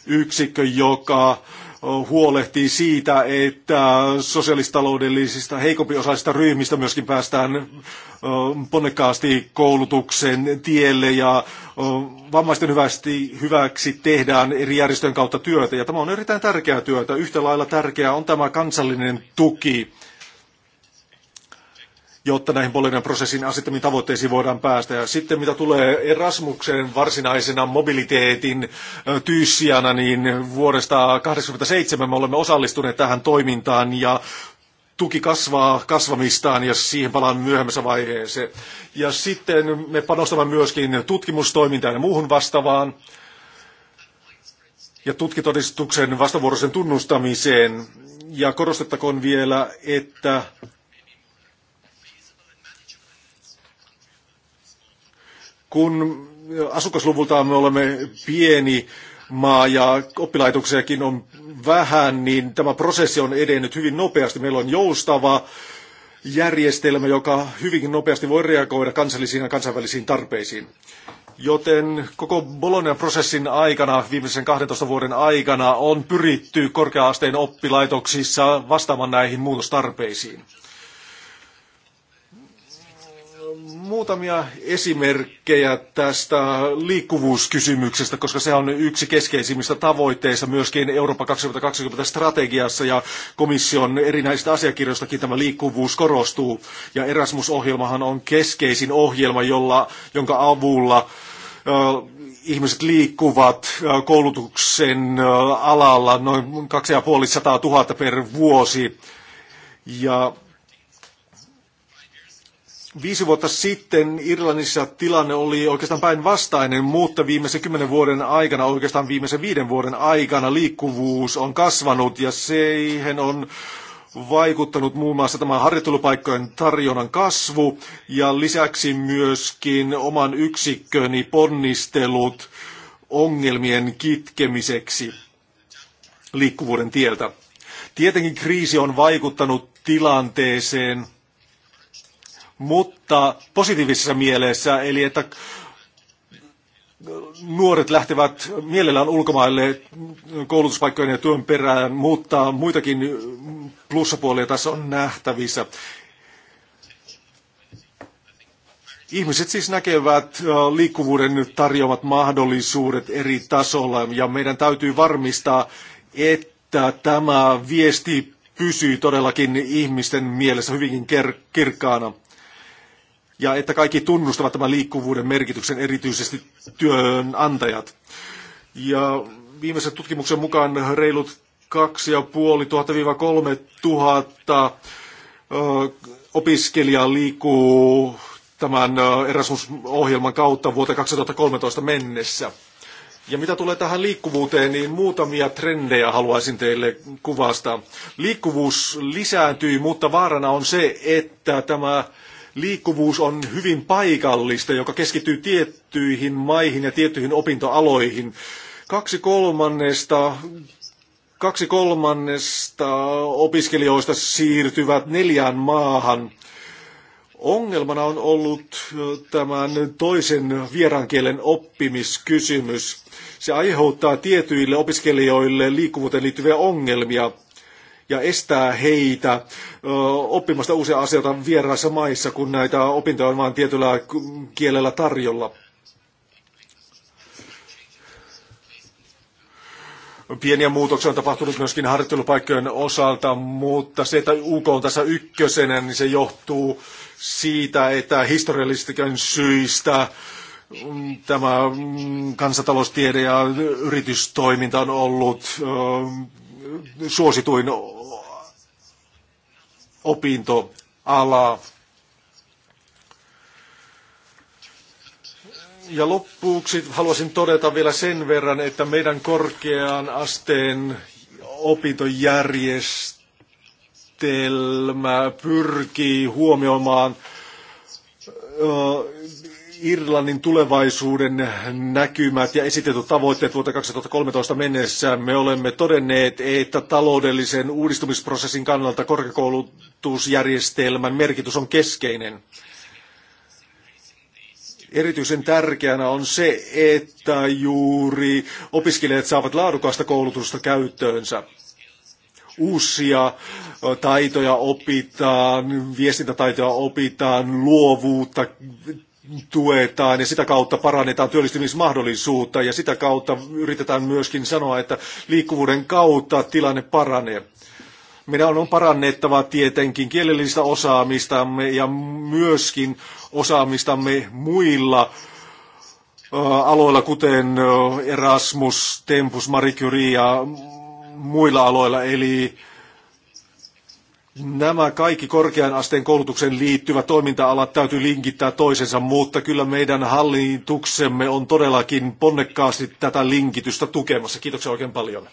yksikkö, joka huolehtii siitä, että sosiaalistaloudellisista heikompiosaisista osaisista ryhmistä myöskin päästään ponnekkaasti koulutuksen tielle ja vammaisten hyvästi, hyväksi tehdään eri järjestöjen kautta työtä. Ja tämä on erittäin tärkeää työtä. Yhtä lailla tärkeää on tämä kansallinen tuki jotta näihin Bolognan prosessin asettamiin tavoitteisiin voidaan päästä. Ja sitten mitä tulee Erasmuksen varsinaisena mobiliteetin tyyssijana, niin vuodesta 1987 me olemme osallistuneet tähän toimintaan ja tuki kasvaa kasvamistaan ja siihen palaan myöhemmässä vaiheessa. Ja sitten me panostamme myöskin tutkimustoimintaan ja muuhun vastaavaan ja tutkitodistuksen vastavuoroisen tunnustamiseen. Ja korostettakoon vielä, että Kun asukasluvultaan me olemme pieni maa ja oppilaitoksiakin on vähän, niin tämä prosessi on edennyt hyvin nopeasti. Meillä on joustava järjestelmä, joka hyvinkin nopeasti voi reagoida kansallisiin ja kansainvälisiin tarpeisiin. Joten koko Bolognan prosessin aikana, viimeisen 12 vuoden aikana, on pyritty korkea-asteen oppilaitoksissa vastaamaan näihin muutostarpeisiin. muutamia esimerkkejä tästä liikkuvuuskysymyksestä, koska se on yksi keskeisimmistä tavoitteista myöskin Eurooppa 2020 strategiassa ja komission erinäisistä asiakirjoistakin tämä liikkuvuus korostuu. Ja Erasmus-ohjelmahan on keskeisin ohjelma, jolla, jonka avulla ihmiset liikkuvat koulutuksen alalla noin 250 000 per vuosi. Ja viisi vuotta sitten Irlannissa tilanne oli oikeastaan päinvastainen, mutta viimeisen kymmenen vuoden aikana, oikeastaan viimeisen viiden vuoden aikana liikkuvuus on kasvanut ja siihen on vaikuttanut muun muassa tämä harjoittelupaikkojen tarjonnan kasvu ja lisäksi myöskin oman yksikköni ponnistelut ongelmien kitkemiseksi liikkuvuuden tieltä. Tietenkin kriisi on vaikuttanut tilanteeseen – mutta positiivisessa mielessä, eli että nuoret lähtevät mielellään ulkomaille koulutuspaikkojen ja työn perään, mutta muitakin plussapuolia tässä on nähtävissä. Ihmiset siis näkevät äh, liikkuvuuden tarjoamat mahdollisuudet eri tasolla ja meidän täytyy varmistaa, että tämä viesti pysyy todellakin ihmisten mielessä hyvinkin kirkkaana ja että kaikki tunnustavat tämän liikkuvuuden merkityksen, erityisesti työnantajat. Ja viimeisen tutkimuksen mukaan reilut 2500-3000 opiskelijaa liikkuu tämän Erasmus-ohjelman kautta vuoteen 2013 mennessä. Ja mitä tulee tähän liikkuvuuteen, niin muutamia trendejä haluaisin teille kuvasta. Liikkuvuus lisääntyy, mutta vaarana on se, että tämä liikkuvuus on hyvin paikallista, joka keskittyy tiettyihin maihin ja tiettyihin opintoaloihin. Kaksi kolmannesta, kaksi kolmannesta opiskelijoista siirtyvät neljään maahan. Ongelmana on ollut tämän toisen vierankielen oppimiskysymys. Se aiheuttaa tietyille opiskelijoille liikkuvuuteen liittyviä ongelmia – ja estää heitä oppimasta uusia asioita vieraissa maissa, kun näitä opintoja on vain tietyllä kielellä tarjolla. Pieniä muutoksia on tapahtunut myöskin harjoittelupaikkojen osalta, mutta se, että UK on tässä ykkösenä, niin se johtuu siitä, että historiallistikin syistä mm, tämä mm, kansantaloustiede ja yritystoiminta on ollut suosituin opintoalaa. Ja loppuksi haluaisin todeta vielä sen verran, että meidän korkean asteen opintojärjestelmä pyrkii huomioimaan Irlannin tulevaisuuden näkymät ja esitetyt tavoitteet vuoteen 2013 mennessä. Me olemme todenneet, että taloudellisen uudistumisprosessin kannalta korkeakoulutusjärjestelmän merkitys on keskeinen. Erityisen tärkeänä on se, että juuri opiskelijat saavat laadukasta koulutusta käyttöönsä uusia taitoja opitaan, viestintätaitoja opitaan, luovuutta, tuetaan ja sitä kautta parannetaan työllistymismahdollisuutta ja sitä kautta yritetään myöskin sanoa, että liikkuvuuden kautta tilanne paranee. Meidän on parannettava tietenkin kielellistä osaamistamme ja myöskin osaamistamme muilla aloilla, kuten Erasmus, Tempus, Marie Curie ja muilla aloilla, eli Nämä kaikki korkean asteen koulutukseen liittyvät toiminta-alat täytyy linkittää toisensa, mutta kyllä meidän hallituksemme on todellakin ponnekkaasti tätä linkitystä tukemassa. Kiitoksia oikein paljon.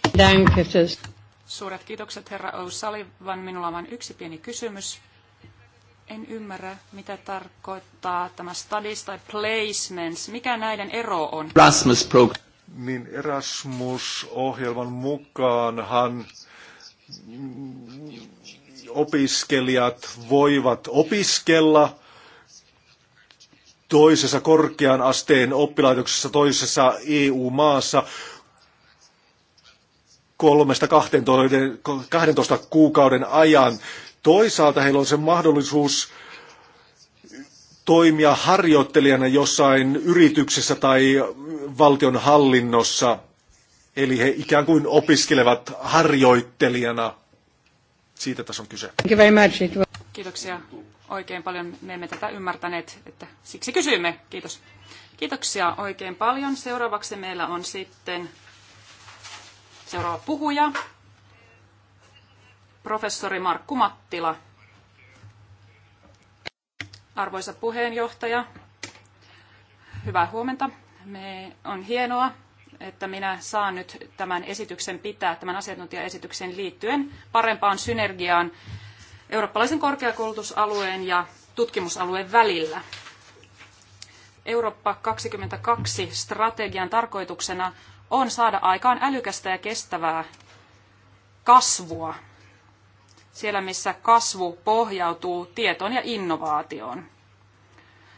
Suuret kiitokset herra O'Sullivan. Minulla on vain yksi pieni kysymys. En ymmärrä, mitä tarkoittaa tämä studies tai placements. Mikä näiden ero on? Erasmus niin Erasmus-ohjelman mukaanhan opiskelijat voivat opiskella toisessa korkean asteen oppilaitoksessa, toisessa EU-maassa, 3-12 kuukauden ajan. Toisaalta heillä on se mahdollisuus toimia harjoittelijana jossain yrityksessä tai valtionhallinnossa Eli he ikään kuin opiskelevat harjoittelijana. Siitä tässä on kyse. Kiitoksia oikein paljon. Me emme tätä ymmärtäneet, että siksi kysymme. Kiitos. Kiitoksia oikein paljon. Seuraavaksi meillä on sitten seuraava puhuja, professori Markku Mattila. Arvoisa puheenjohtaja, hyvää huomenta. Me on hienoa, että minä saan nyt tämän esityksen pitää, tämän asiantuntijaesityksen liittyen parempaan synergiaan eurooppalaisen korkeakoulutusalueen ja tutkimusalueen välillä. Eurooppa 22 strategian tarkoituksena on saada aikaan älykästä ja kestävää kasvua. Siellä, missä kasvu pohjautuu tietoon ja innovaatioon.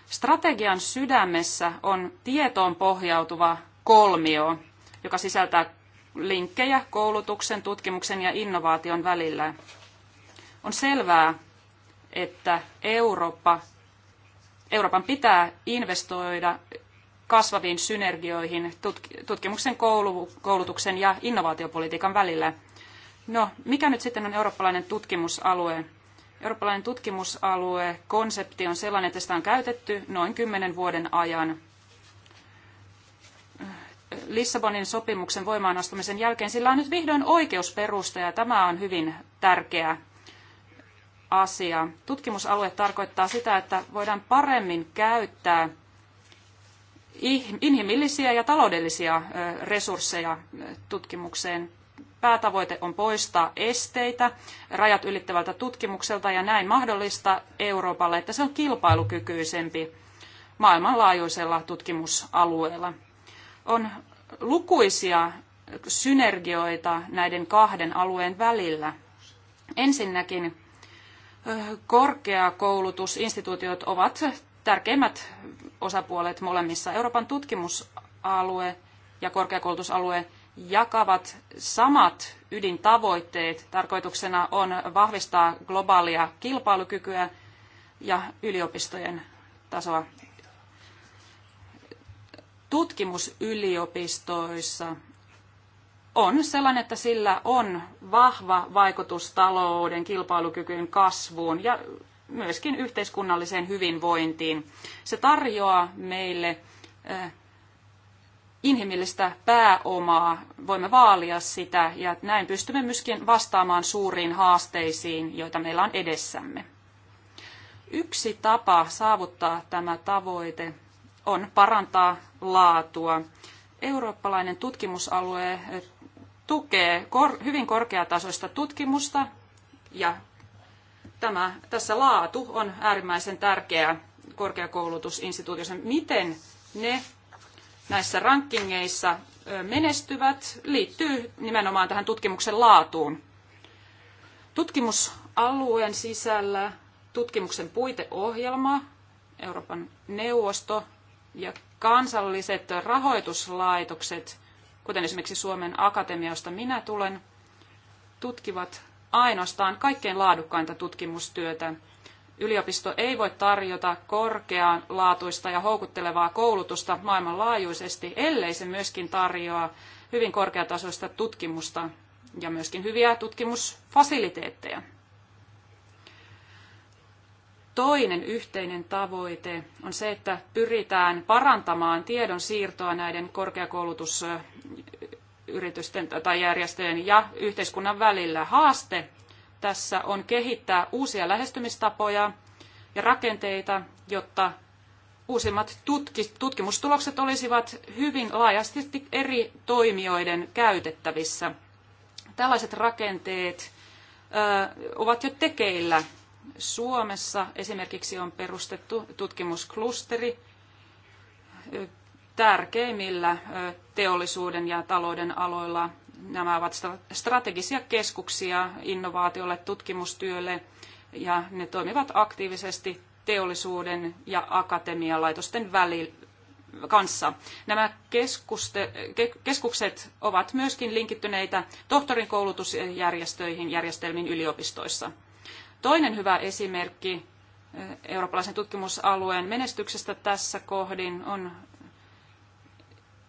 Strategian sydämessä on tietoon pohjautuva kolmio, joka sisältää linkkejä koulutuksen, tutkimuksen ja innovaation välillä. On selvää, että Eurooppa, Euroopan pitää investoida kasvaviin synergioihin tutkimuksen, koulutuksen ja innovaatiopolitiikan välillä. No, mikä nyt sitten on eurooppalainen tutkimusalue? Eurooppalainen tutkimusalue, konsepti on sellainen, että sitä on käytetty noin kymmenen vuoden ajan. Lissabonin sopimuksen voimaanastumisen jälkeen sillä on nyt vihdoin oikeusperusta ja tämä on hyvin tärkeä asia. Tutkimusalue tarkoittaa sitä, että voidaan paremmin käyttää inhimillisiä ja taloudellisia resursseja tutkimukseen. Päätavoite on poistaa esteitä rajat ylittävältä tutkimukselta ja näin mahdollista Euroopalle, että se on kilpailukykyisempi maailmanlaajuisella tutkimusalueella. On lukuisia synergioita näiden kahden alueen välillä. Ensinnäkin korkeakoulutusinstituutiot ovat tärkeimmät osapuolet molemmissa. Euroopan tutkimusalue ja korkeakoulutusalue jakavat samat ydintavoitteet. Tarkoituksena on vahvistaa globaalia kilpailukykyä ja yliopistojen tasoa tutkimusyliopistoissa on sellainen, että sillä on vahva vaikutus talouden, kilpailukykyyn, kasvuun ja myöskin yhteiskunnalliseen hyvinvointiin. Se tarjoaa meille eh, inhimillistä pääomaa, voimme vaalia sitä ja näin pystymme myöskin vastaamaan suuriin haasteisiin, joita meillä on edessämme. Yksi tapa saavuttaa tämä tavoite on parantaa laatua. Eurooppalainen tutkimusalue eh, tukee kor- hyvin korkeatasoista tutkimusta ja tämä, tässä laatu on äärimmäisen tärkeä korkeakoulutusinstituutiossa. Miten ne näissä rankingeissa eh, menestyvät liittyy nimenomaan tähän tutkimuksen laatuun. Tutkimusalueen sisällä tutkimuksen puiteohjelma, Euroopan neuvosto ja kansalliset rahoituslaitokset, kuten esimerkiksi Suomen Akatemia, josta minä tulen, tutkivat ainoastaan kaikkein laadukkainta tutkimustyötä. Yliopisto ei voi tarjota laatuista ja houkuttelevaa koulutusta maailmanlaajuisesti, ellei se myöskin tarjoa hyvin korkeatasoista tutkimusta ja myöskin hyviä tutkimusfasiliteetteja. Toinen yhteinen tavoite on se, että pyritään parantamaan tiedon siirtoa näiden korkeakoulutusyritysten tai järjestöjen ja yhteiskunnan välillä. Haaste tässä on kehittää uusia lähestymistapoja ja rakenteita, jotta uusimmat tutkimustulokset olisivat hyvin laajasti eri toimijoiden käytettävissä. Tällaiset rakenteet ovat jo tekeillä Suomessa esimerkiksi on perustettu tutkimusklusteri tärkeimmillä teollisuuden ja talouden aloilla. Nämä ovat strategisia keskuksia innovaatiolle, tutkimustyölle ja ne toimivat aktiivisesti teollisuuden ja akatemialaitosten välillä kanssa. Nämä keskuste, keskukset ovat myöskin linkittyneitä tohtorin koulutusjärjestöihin, järjestelmiin yliopistoissa. Toinen hyvä esimerkki eh, eurooppalaisen tutkimusalueen menestyksestä tässä kohdin on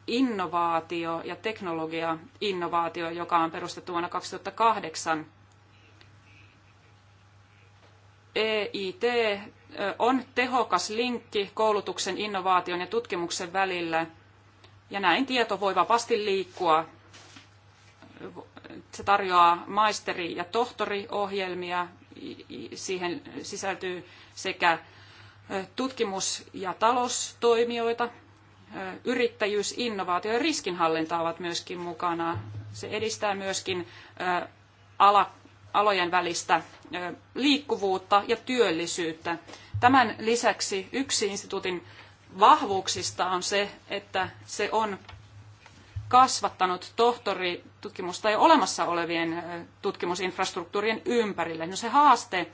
innovaatio ja teknologia-innovaatio, joka on perustettu vuonna 2008. EIT eh, on tehokas linkki koulutuksen, innovaation ja tutkimuksen välillä, ja näin tieto voi vapaasti liikkua. Se tarjoaa maisteri- ja tohtoriohjelmia siihen sisältyy sekä tutkimus- ja taloustoimijoita, yrittäjyys, innovaatio ja riskinhallinta ovat myöskin mukana. Se edistää myöskin ala, alojen välistä liikkuvuutta ja työllisyyttä. Tämän lisäksi yksi instituutin vahvuuksista on se, että se on kasvattanut tohtori, tutkimusta jo olemassa olevien tutkimusinfrastruktuurien ympärille. No se haaste,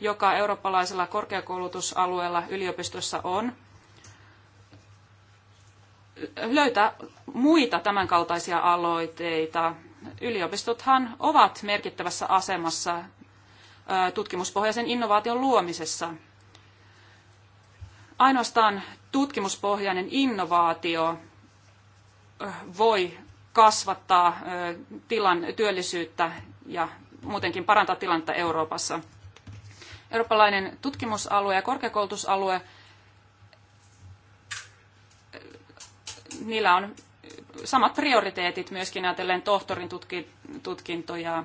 joka eurooppalaisella korkeakoulutusalueella yliopistossa on, löytää muita tämänkaltaisia aloitteita. Yliopistothan ovat merkittävässä asemassa tutkimuspohjaisen innovaation luomisessa. Ainoastaan tutkimuspohjainen innovaatio voi kasvattaa tilan työllisyyttä ja muutenkin parantaa tilannetta Euroopassa. Eurooppalainen tutkimusalue ja korkeakoulutusalue, niillä on samat prioriteetit myöskin ajatellen tohtorin tutkintoja.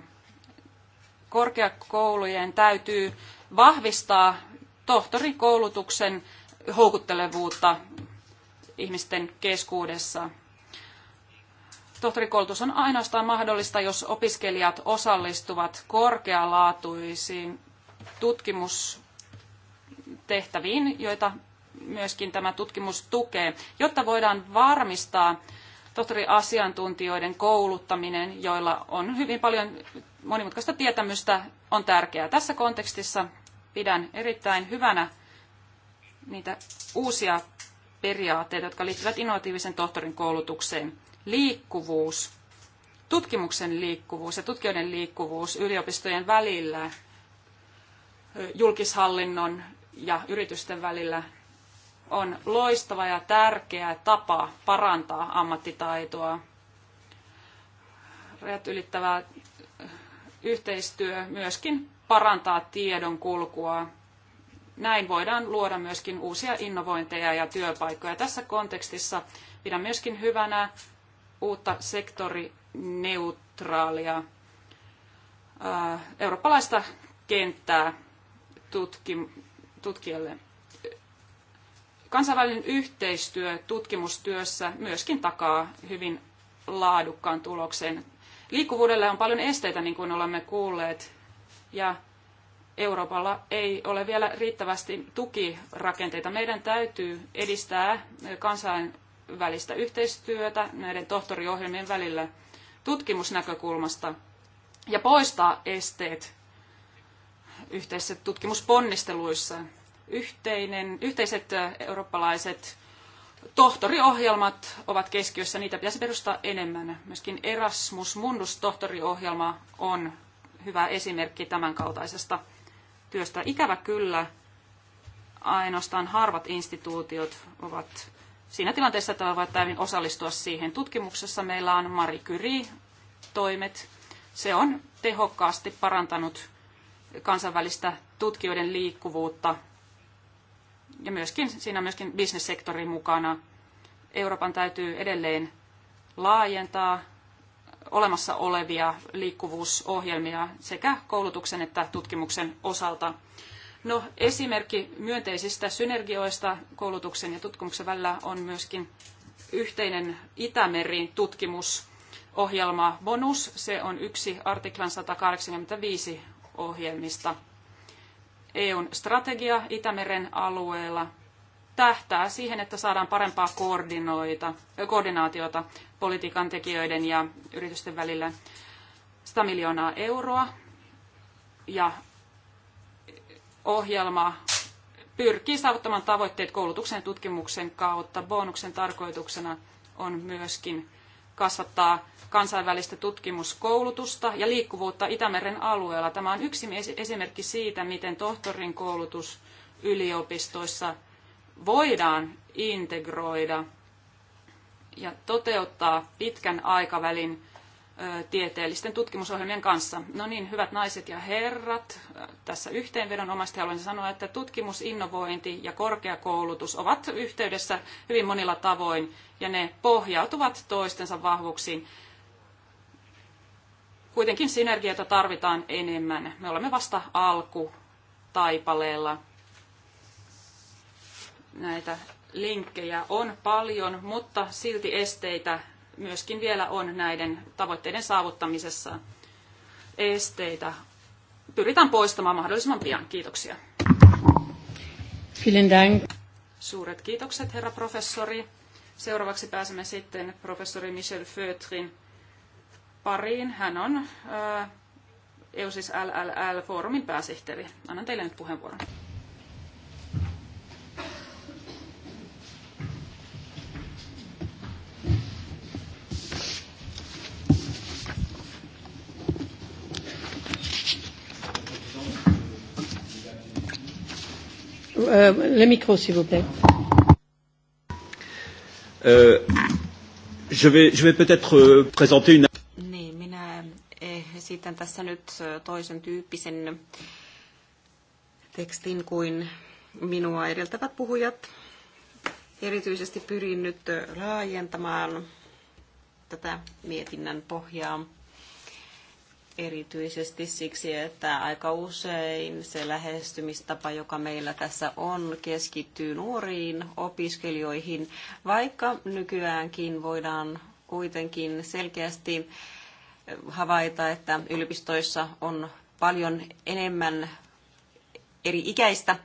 Korkeakoulujen täytyy vahvistaa tohtorikoulutuksen houkuttelevuutta ihmisten keskuudessa – tohtorikoulutus on ainoastaan mahdollista, jos opiskelijat osallistuvat korkealaatuisiin tutkimustehtäviin, joita myöskin tämä tutkimus tukee, jotta voidaan varmistaa tohtoriasiantuntijoiden kouluttaminen, joilla on hyvin paljon monimutkaista tietämystä, on tärkeää. Tässä kontekstissa pidän erittäin hyvänä niitä uusia periaatteita, jotka liittyvät innovatiivisen tohtorin koulutukseen liikkuvuus, tutkimuksen liikkuvuus ja tutkijoiden liikkuvuus yliopistojen välillä, julkishallinnon ja yritysten välillä on loistava ja tärkeä tapa parantaa ammattitaitoa. Rajat ylittävä yhteistyö myöskin parantaa tiedon kulkua. Näin voidaan luoda myöskin uusia innovointeja ja työpaikkoja. Tässä kontekstissa pidän myöskin hyvänä uutta sektorineutraalia äh, eurooppalaista kenttää tutki, tutkijalle. Kansainvälinen yhteistyö tutkimustyössä myöskin takaa hyvin laadukkaan tuloksen. Liikkuvuudelle on paljon esteitä, niin kuin olemme kuulleet, ja Euroopalla ei ole vielä riittävästi tukirakenteita. Meidän täytyy edistää kansain, välistä yhteistyötä näiden tohtoriohjelmien välillä tutkimusnäkökulmasta ja poistaa esteet yhteisissä tutkimusponnisteluissa. Yhteinen, yhteiset eurooppalaiset tohtoriohjelmat ovat keskiössä, niitä pitäisi perustaa enemmän. Myöskin Erasmus Mundus tohtoriohjelma on hyvä esimerkki tämän kaltaisesta työstä. Ikävä kyllä ainoastaan harvat instituutiot ovat siinä tilanteessa, että voit täysin osallistua siihen. Tutkimuksessa meillä on Marie Curie-toimet. Se on tehokkaasti parantanut kansainvälistä tutkijoiden liikkuvuutta ja myöskin, siinä on myöskin bisnessektori mukana. Euroopan täytyy edelleen laajentaa olemassa olevia liikkuvuusohjelmia sekä koulutuksen että tutkimuksen osalta. No, esimerkki myönteisistä synergioista koulutuksen ja tutkimuksen välillä on myöskin yhteinen Itämerin tutkimusohjelma Bonus. Se on yksi artiklan 185 ohjelmista. EUn strategia Itämeren alueella tähtää siihen, että saadaan parempaa koordinaatiota politiikan tekijöiden ja yritysten välillä 100 miljoonaa euroa. Ja ohjelma pyrkii saavuttamaan tavoitteet koulutuksen ja tutkimuksen kautta. Bonuksen tarkoituksena on myöskin kasvattaa kansainvälistä tutkimuskoulutusta ja liikkuvuutta Itämeren alueella. Tämä on yksi esimerkki siitä, miten tohtorin koulutus yliopistoissa voidaan integroida ja toteuttaa pitkän aikavälin tieteellisten tutkimusohjelmien kanssa. No niin, hyvät naiset ja herrat, tässä yhteenvedonomaisesti haluan sanoa, että tutkimus, innovointi ja korkeakoulutus ovat yhteydessä hyvin monilla tavoin ja ne pohjautuvat toistensa vahvuuksiin. Kuitenkin synergioita tarvitaan enemmän. Me olemme vasta alkutaipaleella. Näitä linkkejä on paljon, mutta silti esteitä myöskin vielä on näiden tavoitteiden saavuttamisessa esteitä. Pyritään poistamaan mahdollisimman pian. Kiitoksia. Vielen Dank. Suuret kiitokset, herra professori. Seuraavaksi pääsemme sitten professori Michel Fötrin pariin. Hän on ää, äh, EUSIS LLL-foorumin pääsihteeri. Annan teille nyt puheenvuoron. Euh, le micro, s'il vous plaît. Euh, je vais, je vais peut-être euh, présenter une... Niin, minä eh, esitän tässä nyt toisen tyyppisen tekstin kuin minua edeltävät puhujat. Erityisesti pyrin nyt laajentamaan tätä mietinnän pohjaa erityisesti siksi, että aika usein se lähestymistapa, joka meillä tässä on, keskittyy nuoriin opiskelijoihin, vaikka nykyäänkin voidaan kuitenkin selkeästi havaita, että yliopistoissa on paljon enemmän eri ikäistä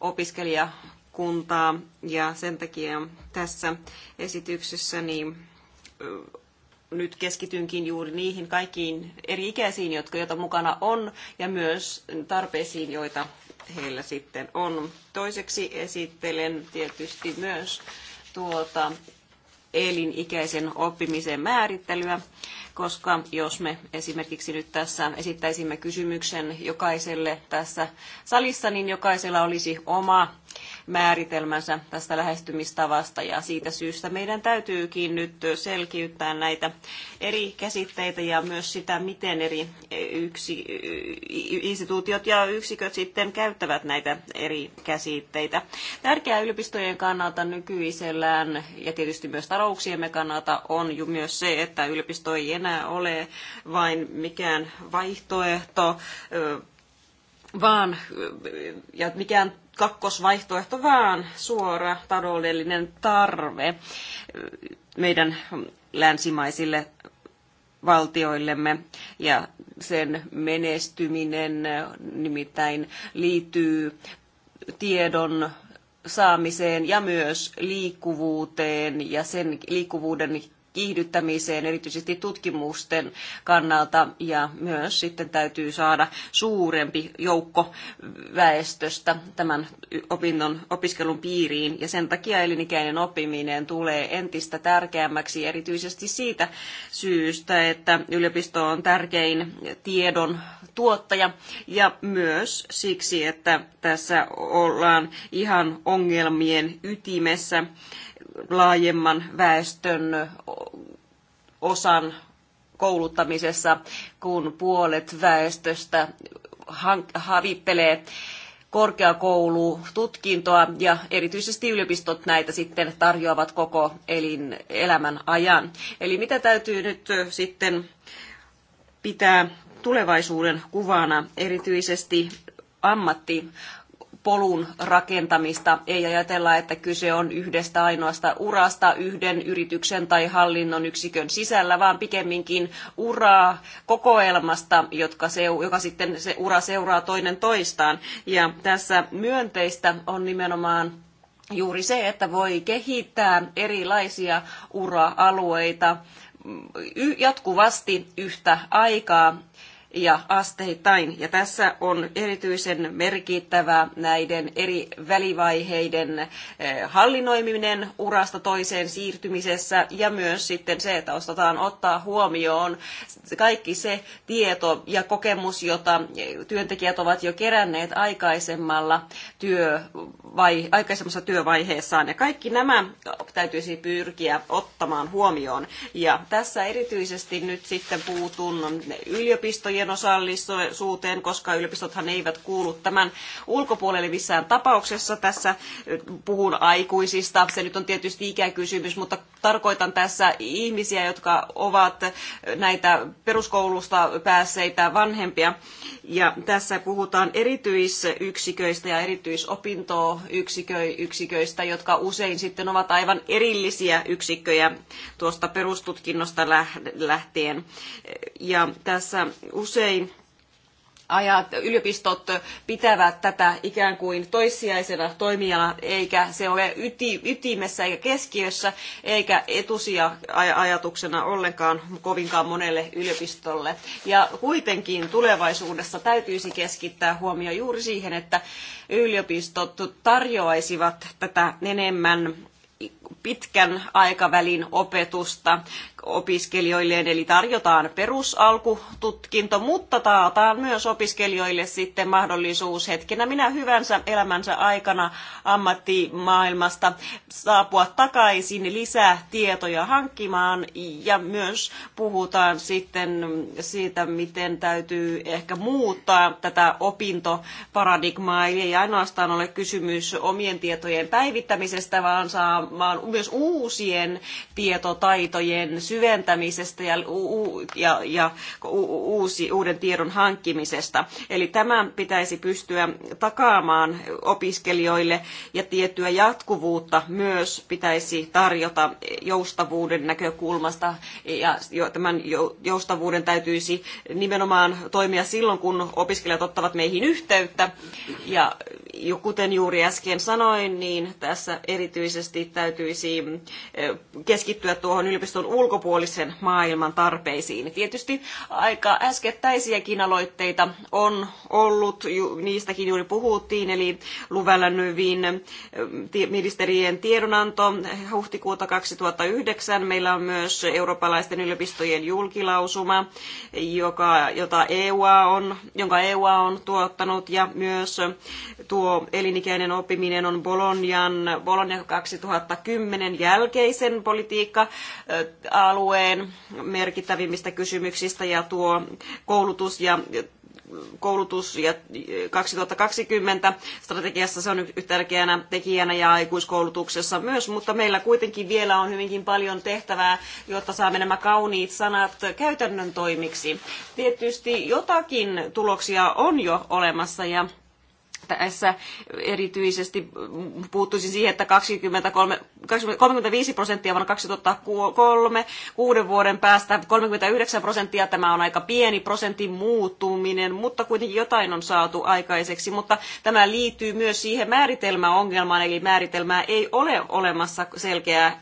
opiskelijakuntaa ja sen takia tässä esityksessä niin nyt keskitynkin juuri niihin kaikkiin eri ikäisiin, jotka joita mukana on, ja myös tarpeisiin, joita heillä sitten on. Toiseksi esittelen tietysti myös tuota elinikäisen oppimisen määrittelyä, koska jos me esimerkiksi nyt tässä esittäisimme kysymyksen jokaiselle tässä salissa, niin jokaisella olisi oma määritelmänsä tästä lähestymistavasta ja siitä syystä meidän täytyykin nyt selkiyttää näitä eri käsitteitä ja myös sitä, miten eri yksi, instituutiot ja yksiköt sitten käyttävät näitä eri käsitteitä. Tärkeää yliopistojen kannalta nykyisellään ja tietysti myös talouksiemme kannalta on jo myös se, että yliopisto ei enää ole vain mikään vaihtoehto vaan ja mikään kakkosvaihtoehto, vaan suora taloudellinen tarve meidän länsimaisille valtioillemme ja sen menestyminen nimittäin liittyy tiedon saamiseen ja myös liikkuvuuteen ja sen liikkuvuuden kiihdyttämiseen, erityisesti tutkimusten kannalta, ja myös sitten täytyy saada suurempi joukko väestöstä tämän opinnon, opiskelun piiriin, ja sen takia elinikäinen oppiminen tulee entistä tärkeämmäksi, erityisesti siitä syystä, että yliopisto on tärkein tiedon tuottaja, ja myös siksi, että tässä ollaan ihan ongelmien ytimessä laajemman väestön osan kouluttamisessa, kun puolet väestöstä havittelee korkeakoulututkintoa ja erityisesti yliopistot näitä sitten tarjoavat koko elin, elämän ajan. Eli mitä täytyy nyt sitten pitää tulevaisuuden kuvana erityisesti ammatti polun rakentamista. Ei ajatella, että kyse on yhdestä ainoasta urasta yhden yrityksen tai hallinnon yksikön sisällä, vaan pikemminkin uraa kokoelmasta, jotka se, joka sitten se ura seuraa toinen toistaan. Ja tässä myönteistä on nimenomaan juuri se, että voi kehittää erilaisia ura-alueita mm, jatkuvasti yhtä aikaa ja asteittain. Ja tässä on erityisen merkittävä näiden eri välivaiheiden eh, hallinnoiminen urasta toiseen siirtymisessä ja myös sitten se, että osataan ottaa huomioon kaikki se tieto ja kokemus, jota työntekijät ovat jo keränneet aikaisemmalla työvai- aikaisemmassa työvaiheessaan. Ja kaikki nämä täytyisi pyrkiä ottamaan huomioon. Ja tässä erityisesti nyt sitten puutun yliopistojen yliopistojen osallisuuteen, koska yliopistothan eivät kuulu tämän ulkopuolelle missään tapauksessa. Tässä puhun aikuisista. Se nyt on tietysti ikäkysymys, mutta tarkoitan tässä ihmisiä, jotka ovat näitä peruskoulusta päässeitä vanhempia. Ja tässä puhutaan erityisyksiköistä ja erityisopintoyksiköistä, jotka usein sitten ovat aivan erillisiä yksikköjä tuosta perustutkinnosta lähtien. Ja tässä usein ajat, yliopistot pitävät tätä ikään kuin toissijaisena toimijana, eikä se ole yti, ytimessä eikä keskiössä, eikä etusia ajatuksena ollenkaan kovinkaan monelle yliopistolle. Ja kuitenkin tulevaisuudessa täytyisi keskittää huomio juuri siihen, että yliopistot tarjoaisivat tätä enemmän pitkän aikavälin opetusta opiskelijoille, eli tarjotaan perusalkututkinto, mutta taataan myös opiskelijoille sitten mahdollisuus hetkenä minä hyvänsä elämänsä aikana ammattimaailmasta saapua takaisin lisää tietoja hankkimaan ja myös puhutaan sitten siitä, miten täytyy ehkä muuttaa tätä opintoparadigmaa, eli ei ainoastaan ole kysymys omien tietojen päivittämisestä, vaan saa puhutaan myös uusien tietotaitojen syventämisestä ja, u, ja, ja u, uusi, uuden tiedon hankkimisesta. Eli tämä pitäisi pystyä takaamaan opiskelijoille ja tiettyä jatkuvuutta myös pitäisi tarjota joustavuuden näkökulmasta ja tämän joustavuuden täytyisi nimenomaan toimia silloin, kun opiskelijat ottavat meihin yhteyttä. Ja kuten juuri äsken sanoin, niin tässä erityisesti täytyy täytyisi eh, keskittyä tuohon yliopiston ulkopuolisen maailman tarpeisiin. Tietysti aika äskettäisiäkin aloitteita on ollut, niistäkin juuri puhuttiin, eli Luvälänyvin eh, ministerien tiedonanto huhtikuuta 2009. Meillä on myös eurooppalaisten yliopistojen julkilausuma, joka, jota EUA on, jonka EU on tuottanut, ja myös tuo elinikäinen oppiminen on Bolognan, Bologna 2010 2010 jälkeisen politiikka-alueen merkittävimmistä kysymyksistä ja tuo koulutus ja koulutus ja 2020 strategiassa se on tärkeänä tekijänä ja aikuiskoulutuksessa myös, mutta meillä kuitenkin vielä on hyvinkin paljon tehtävää, jotta saamme nämä kauniit sanat käytännön toimiksi. Tietysti jotakin tuloksia on jo olemassa ja tässä erityisesti puuttuisin siihen, että 23, 35 prosenttia vuonna 2003, kuuden vuoden päästä 39 prosenttia, tämä on aika pieni prosentin muuttuminen, mutta kuitenkin jotain on saatu aikaiseksi, mutta tämä liittyy myös siihen määritelmäongelmaan, eli määritelmää ei ole olemassa selkeää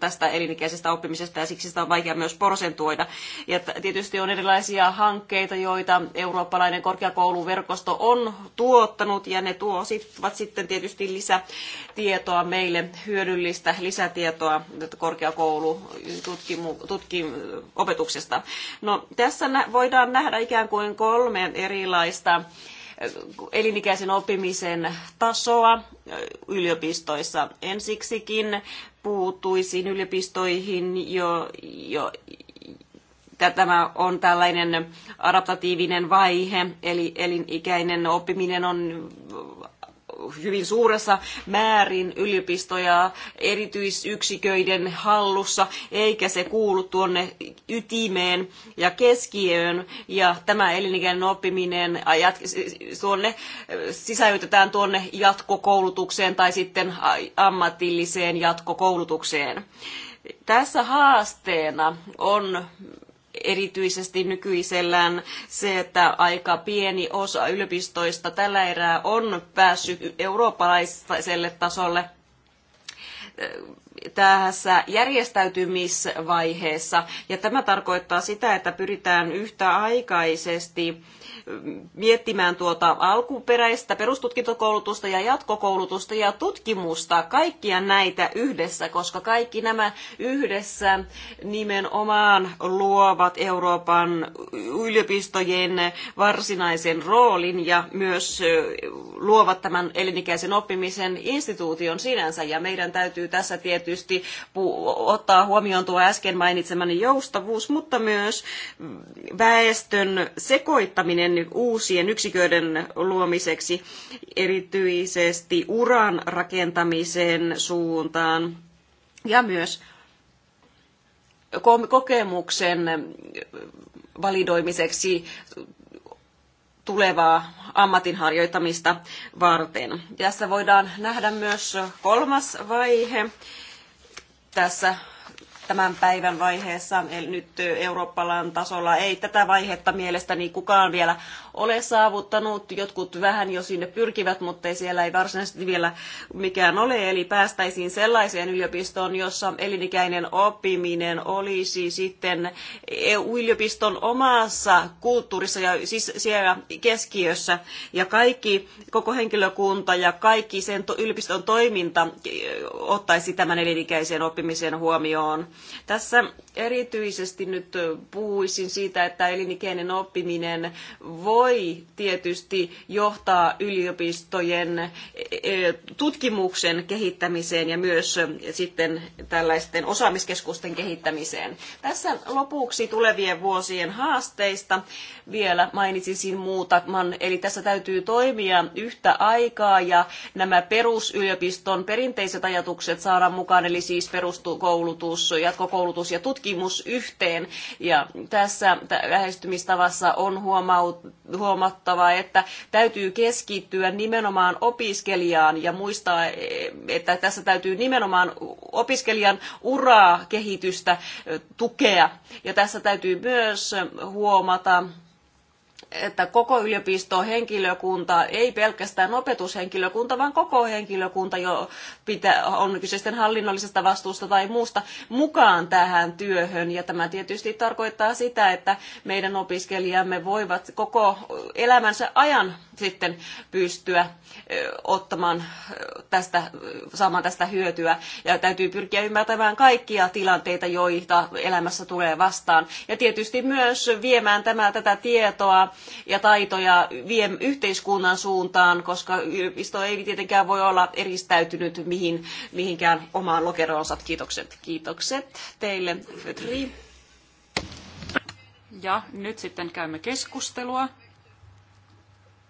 tästä elinikäisestä oppimisesta, ja siksi sitä on vaikea myös prosentuoida. Ja tietysti on erilaisia hankkeita, joita eurooppalainen korkeakouluverkosto on tuottanut, koostunut ja ne tuovat sitten tietysti lisätietoa meille, hyödyllistä lisätietoa korkeakouluopetuksesta. No, tässä voidaan nähdä ikään kuin kolme erilaista eh, elinikäisen oppimisen tasoa eh, yliopistoissa. Ensiksikin puutuisiin yliopistoihin, jo, jo, tämä on tällainen adaptatiivinen vaihe, eli elinikäinen oppiminen on hyvin suuressa määrin yliopistoja erityisyksiköiden hallussa, eikä se kuulu tuonne ytimeen ja keskiöön. Ja tämä elinikäinen oppiminen ajat, tuonne, sisäytetään tuonne jatkokoulutukseen tai sitten ammatilliseen jatkokoulutukseen. Tässä haasteena on erityisesti nykyisellään se, että aika pieni osa yliopistoista tällä erää on päässyt eurooppalaiselle tasolle eh, tässä järjestäytymisvaiheessa. Ja tämä tarkoittaa sitä, että pyritään yhtäaikaisesti miettimään tuota alkuperäistä perustutkintokoulutusta ja jatkokoulutusta ja tutkimusta, kaikkia näitä yhdessä, koska kaikki nämä yhdessä nimenomaan luovat Euroopan yliopistojen varsinaisen roolin ja myös luovat tämän elinikäisen oppimisen instituution sinänsä. Ja meidän täytyy tässä tietysti ottaa huomioon tuo äsken mainitsemani joustavuus, mutta myös väestön sekoittaminen uusien yksiköiden luomiseksi, erityisesti uran rakentamisen suuntaan ja myös kokemuksen validoimiseksi tulevaa ammatinharjoittamista varten. Tässä voidaan nähdä myös kolmas vaihe tässä tämän päivän vaiheessa, eli nyt Euroopan tasolla ei tätä vaihetta mielestäni kukaan vielä ole saavuttanut. Jotkut vähän jo sinne pyrkivät, mutta ei siellä ei varsinaisesti vielä mikään ole. Eli päästäisiin sellaiseen yliopistoon, jossa elinikäinen oppiminen olisi sitten yliopiston omassa kulttuurissa ja siis siellä keskiössä. Ja kaikki, koko henkilökunta ja kaikki sen yliopiston toiminta ottaisi tämän elinikäisen oppimisen huomioon. Tässä erityisesti nyt puhuisin siitä, että elinikäinen oppiminen voi voi tietysti johtaa yliopistojen e, e, tutkimuksen kehittämiseen ja myös e, sitten tällaisten osaamiskeskusten kehittämiseen. Tässä lopuksi tulevien vuosien haasteista vielä mainitsisin muutaman. Eli tässä täytyy toimia yhtä aikaa ja nämä perusyliopiston perinteiset ajatukset saada mukaan, eli siis peruskoulutus, jatkokoulutus ja tutkimus yhteen. Ja tässä lähestymistavassa on huomautettu, huomattava, että täytyy keskittyä nimenomaan opiskelijaan ja muistaa, että tässä täytyy nimenomaan opiskelijan uraa kehitystä tukea. Ja tässä täytyy myös huomata, että koko henkilökunta, ei pelkästään opetushenkilökunta, vaan koko henkilökunta jo pitää, on kyse sitten hallinnollisesta vastuusta tai muusta mukaan tähän työhön. Ja tämä tietysti tarkoittaa sitä, että meidän opiskelijamme voivat koko elämänsä ajan sitten pystyä ottamaan tästä, saamaan tästä hyötyä. Ja täytyy pyrkiä ymmärtämään kaikkia tilanteita, joita elämässä tulee vastaan. Ja tietysti myös viemään tämä, tätä tietoa ja taitoja vie yhteiskunnan suuntaan, koska yliopisto ei tietenkään voi olla eristäytynyt mihin, mihinkään omaan lokeroonsa. Kiitokset. Kiitokset teille, Fötri. Ja nyt sitten käymme keskustelua.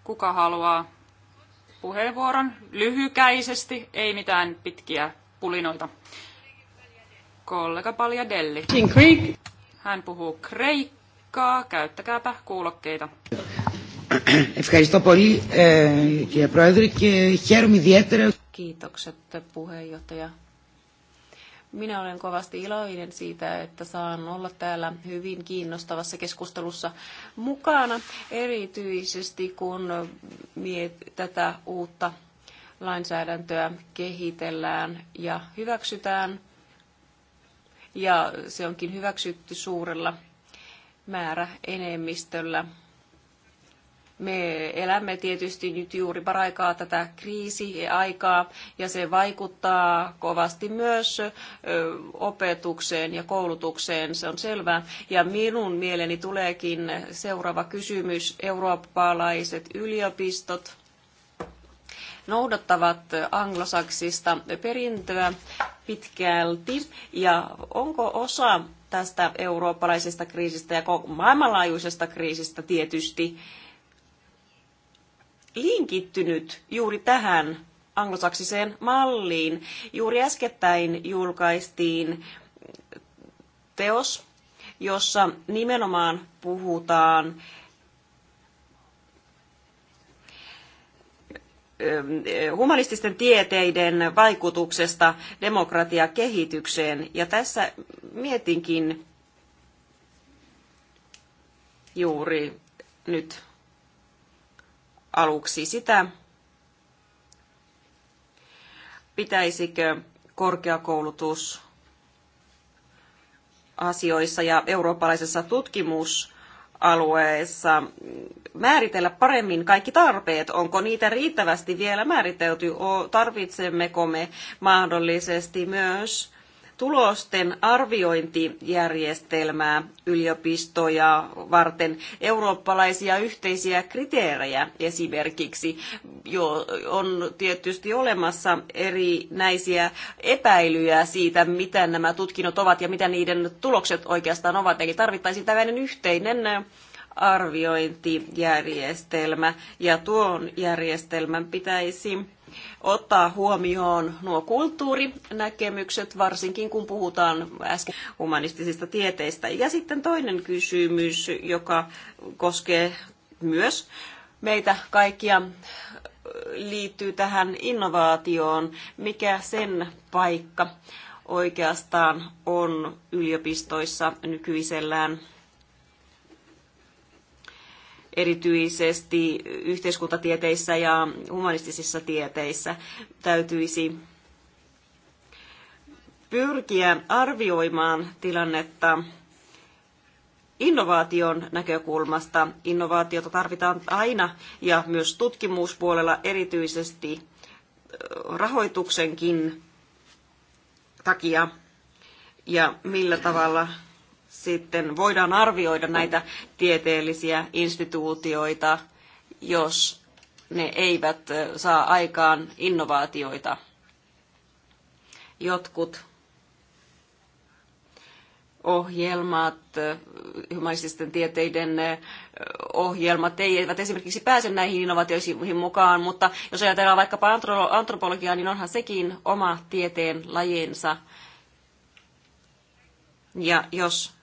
Kuka haluaa puheenvuoron lyhykäisesti, ei mitään pitkiä pulinoita. Kollega Paljadelli. Hän puhuu kreikkaa aikaa, käyttäkääpä kuulokkeita. Kiitokset, puheenjohtaja. Minä olen kovasti iloinen siitä, että saan olla täällä hyvin kiinnostavassa keskustelussa mukana, erityisesti kun miet- tätä uutta lainsäädäntöä kehitellään ja hyväksytään. Ja se onkin hyväksytty suurella määrä enemmistöllä. Me elämme tietysti nyt juuri paraikaa tätä kriisiaikaa ja se vaikuttaa kovasti myös opetukseen ja koulutukseen, se on selvää. Ja minun mieleni tuleekin seuraava kysymys, eurooppalaiset yliopistot noudattavat anglosaksista perintöä pitkälti, ja onko osa tästä eurooppalaisesta kriisistä ja maailmanlaajuisesta kriisistä tietysti linkittynyt juuri tähän anglosaksiseen malliin. Juuri äskettäin julkaistiin teos, jossa nimenomaan puhutaan Ähm, humanististen tieteiden vaikutuksesta demokratiakehitykseen. Ja tässä mietinkin juuri nyt aluksi sitä, pitäisikö korkeakoulutus asioissa ja eurooppalaisessa tutkimus alueessa määritellä paremmin kaikki tarpeet? Onko niitä riittävästi vielä määritelty? Tarvitsemmeko me mahdollisesti myös tulosten arviointijärjestelmää yliopistoja varten, eurooppalaisia yhteisiä kriteerejä esimerkiksi. Jo on tietysti olemassa erinäisiä epäilyjä siitä, mitä nämä tutkinnot ovat ja mitä niiden tulokset oikeastaan ovat. Eli tarvittaisiin tällainen yhteinen arviointijärjestelmä ja tuon järjestelmän pitäisi ottaa huomioon nuo kulttuurinäkemykset, varsinkin kun puhutaan äsken humanistisista tieteistä. Ja sitten toinen kysymys, joka koskee myös meitä kaikkia liittyy tähän innovaatioon. Mikä sen paikka oikeastaan on yliopistoissa nykyisellään? erityisesti yhteiskuntatieteissä ja humanistisissa tieteissä täytyisi pyrkiä arvioimaan tilannetta innovaation näkökulmasta. Innovaatiota tarvitaan aina ja myös tutkimuspuolella erityisesti rahoituksenkin takia ja millä tavalla sitten voidaan arvioida näitä tieteellisiä instituutioita, jos ne eivät saa aikaan innovaatioita. Jotkut ohjelmat, humanististen tieteiden ohjelmat eivät esimerkiksi pääse näihin innovaatioihin mukaan, mutta jos ajatellaan vaikkapa antropologiaa, niin onhan sekin oma tieteen lajinsa. Ja jos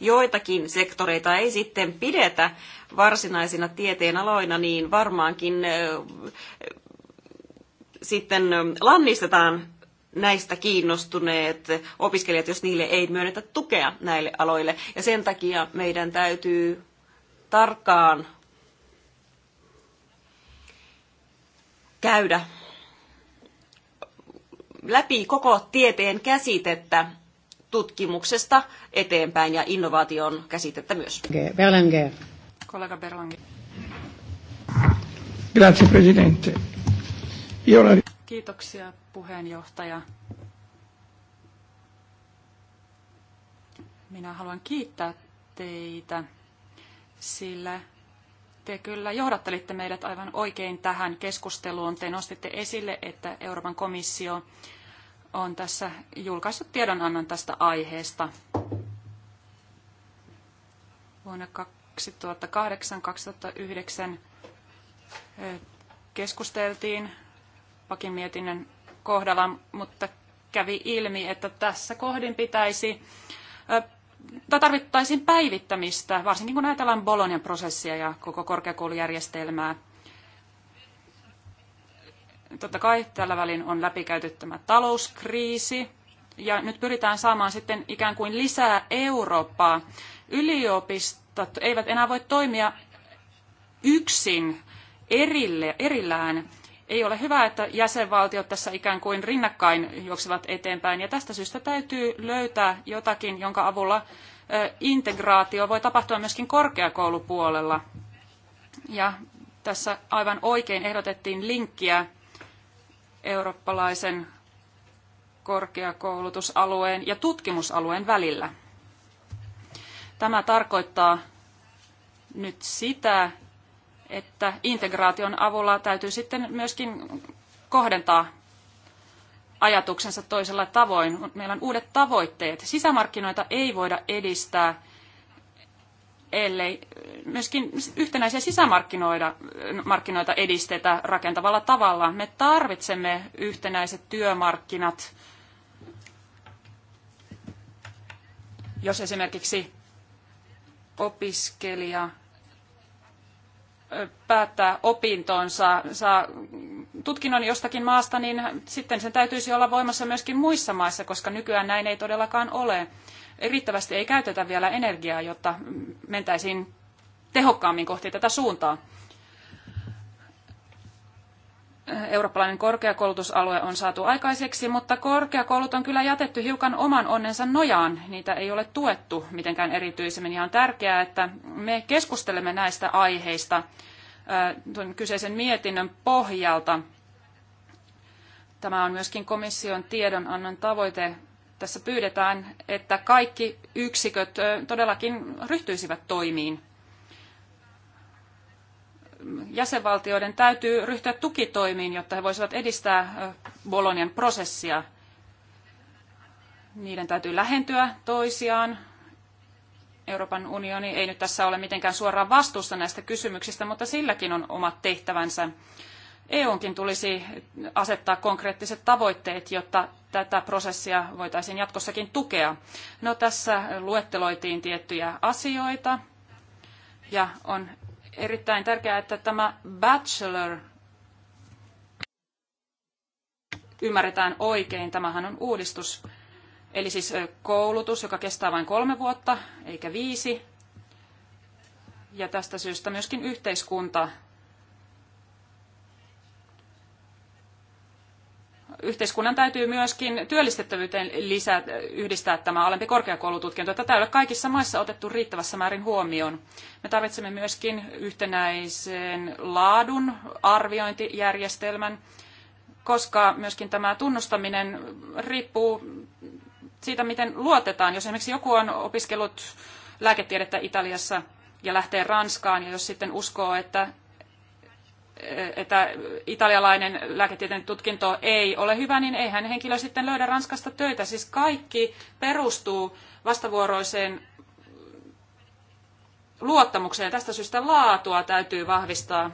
joitakin sektoreita ei sitten pidetä varsinaisina tieteenaloina, niin varmaankin sitten lannistetaan näistä kiinnostuneet opiskelijat, jos niille ei myönnetä tukea näille aloille. Ja sen takia meidän täytyy tarkkaan käydä läpi koko tieteen käsitettä tutkimuksesta eteenpäin ja innovaation käsitettä myös. Berlanger. Kollega Berlanger. Grazie, presidente. Io Kiitoksia, puheenjohtaja. Minä haluan kiittää teitä, sillä te kyllä johdattelitte meidät aivan oikein tähän keskusteluun. Te nostitte esille, että Euroopan komissio on tässä julkaissut tiedonannon tästä aiheesta. Vuonna 2008-2009 keskusteltiin Pakin mietinnön kohdalla, mutta kävi ilmi, että tässä kohdin pitäisi tai tarvittaisiin päivittämistä, varsinkin kun ajatellaan Bolonian prosessia ja koko korkeakoulujärjestelmää totta kai tällä välin on läpikäyty tämä talouskriisi, ja nyt pyritään saamaan sitten ikään kuin lisää Eurooppaa. Yliopistot eivät enää voi toimia yksin erille, erillään. Ei ole hyvä, että jäsenvaltiot tässä ikään kuin rinnakkain juoksevat eteenpäin, ja tästä syystä täytyy löytää jotakin, jonka avulla integraatio voi tapahtua myöskin korkeakoulupuolella. Ja tässä aivan oikein ehdotettiin linkkiä eurooppalaisen korkeakoulutusalueen ja tutkimusalueen välillä. Tämä tarkoittaa nyt sitä, että integraation avulla täytyy sitten myöskin kohdentaa ajatuksensa toisella tavoin. Meillä on uudet tavoitteet. Sisämarkkinoita ei voida edistää ellei myöskin yhtenäisiä sisämarkkinoita edistetä rakentavalla tavalla. Me tarvitsemme yhtenäiset työmarkkinat. Jos esimerkiksi opiskelija päättää opintonsa, saa tutkinnon jostakin maasta, niin sitten sen täytyisi olla voimassa myöskin muissa maissa, koska nykyään näin ei todellakaan ole riittävästi ei käytetä vielä energiaa, jotta mentäisiin tehokkaammin kohti tätä suuntaa. Eurooppalainen korkeakoulutusalue on saatu aikaiseksi, mutta korkeakoulut on kyllä jätetty hiukan oman onnensa nojaan. Niitä ei ole tuettu mitenkään erityisemmin. Ja on tärkeää, että me keskustelemme näistä aiheista tuon kyseisen mietinnön pohjalta. Tämä on myöskin komission tiedonannon tavoite tässä pyydetään, että kaikki yksiköt todellakin ryhtyisivät toimiin. Jäsenvaltioiden täytyy ryhtyä tukitoimiin, jotta he voisivat edistää Bolonian prosessia. Niiden täytyy lähentyä toisiaan, Euroopan unioni ei nyt tässä ole mitenkään suoraan vastuussa näistä kysymyksistä, mutta silläkin on omat tehtävänsä. EUnkin tulisi asettaa konkreettiset tavoitteet, jotta tätä prosessia voitaisiin jatkossakin tukea. No tässä luetteloitiin tiettyjä asioita ja on erittäin tärkeää, että tämä bachelor ymmärretään oikein. Tämähän on uudistus, eli siis koulutus, joka kestää vain kolme vuotta eikä viisi. Ja tästä syystä myöskin yhteiskunta yhteiskunnan täytyy myöskin työllistettävyyteen lisää, yhdistää tämä alempi korkeakoulututkinto. Tätä ei ole kaikissa maissa otettu riittävässä määrin huomioon. Me tarvitsemme myöskin yhtenäisen laadun arviointijärjestelmän, koska myöskin tämä tunnustaminen riippuu siitä, miten luotetaan. Jos esimerkiksi joku on opiskellut lääketiedettä Italiassa ja lähtee Ranskaan, ja jos sitten uskoo, että että italialainen lääketieteen tutkinto ei ole hyvä, niin eihän henkilö sitten löydä Ranskasta töitä. Siis kaikki perustuu vastavuoroiseen luottamukseen. Tästä syystä laatua täytyy vahvistaa.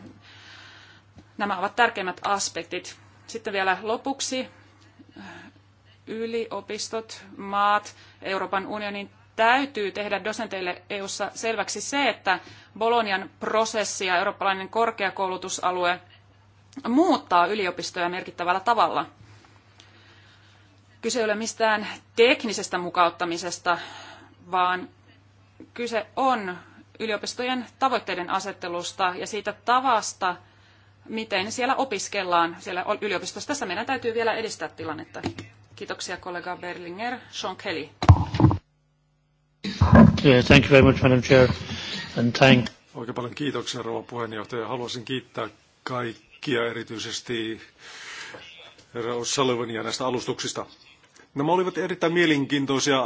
Nämä ovat tärkeimmät aspektit. Sitten vielä lopuksi yliopistot, maat, Euroopan unionin täytyy tehdä dosenteille EU-ssa selväksi se, että Bolonian prosessi ja eurooppalainen korkeakoulutusalue muuttaa yliopistoja merkittävällä tavalla. Kyse ei ole mistään teknisestä mukauttamisesta, vaan kyse on yliopistojen tavoitteiden asettelusta ja siitä tavasta, miten siellä opiskellaan siellä yliopistossa. Tässä meidän täytyy vielä edistää tilannetta. Kiitoksia kollega Berlinger. Sean Kelly. Thank you very much, Madam Chair. And thank... Oikein paljon kiitoksia, rouva puheenjohtaja. Haluaisin kiittää kaikkia, erityisesti herra O'Sullivania näistä alustuksista. Nämä no, olivat erittäin mielenkiintoisia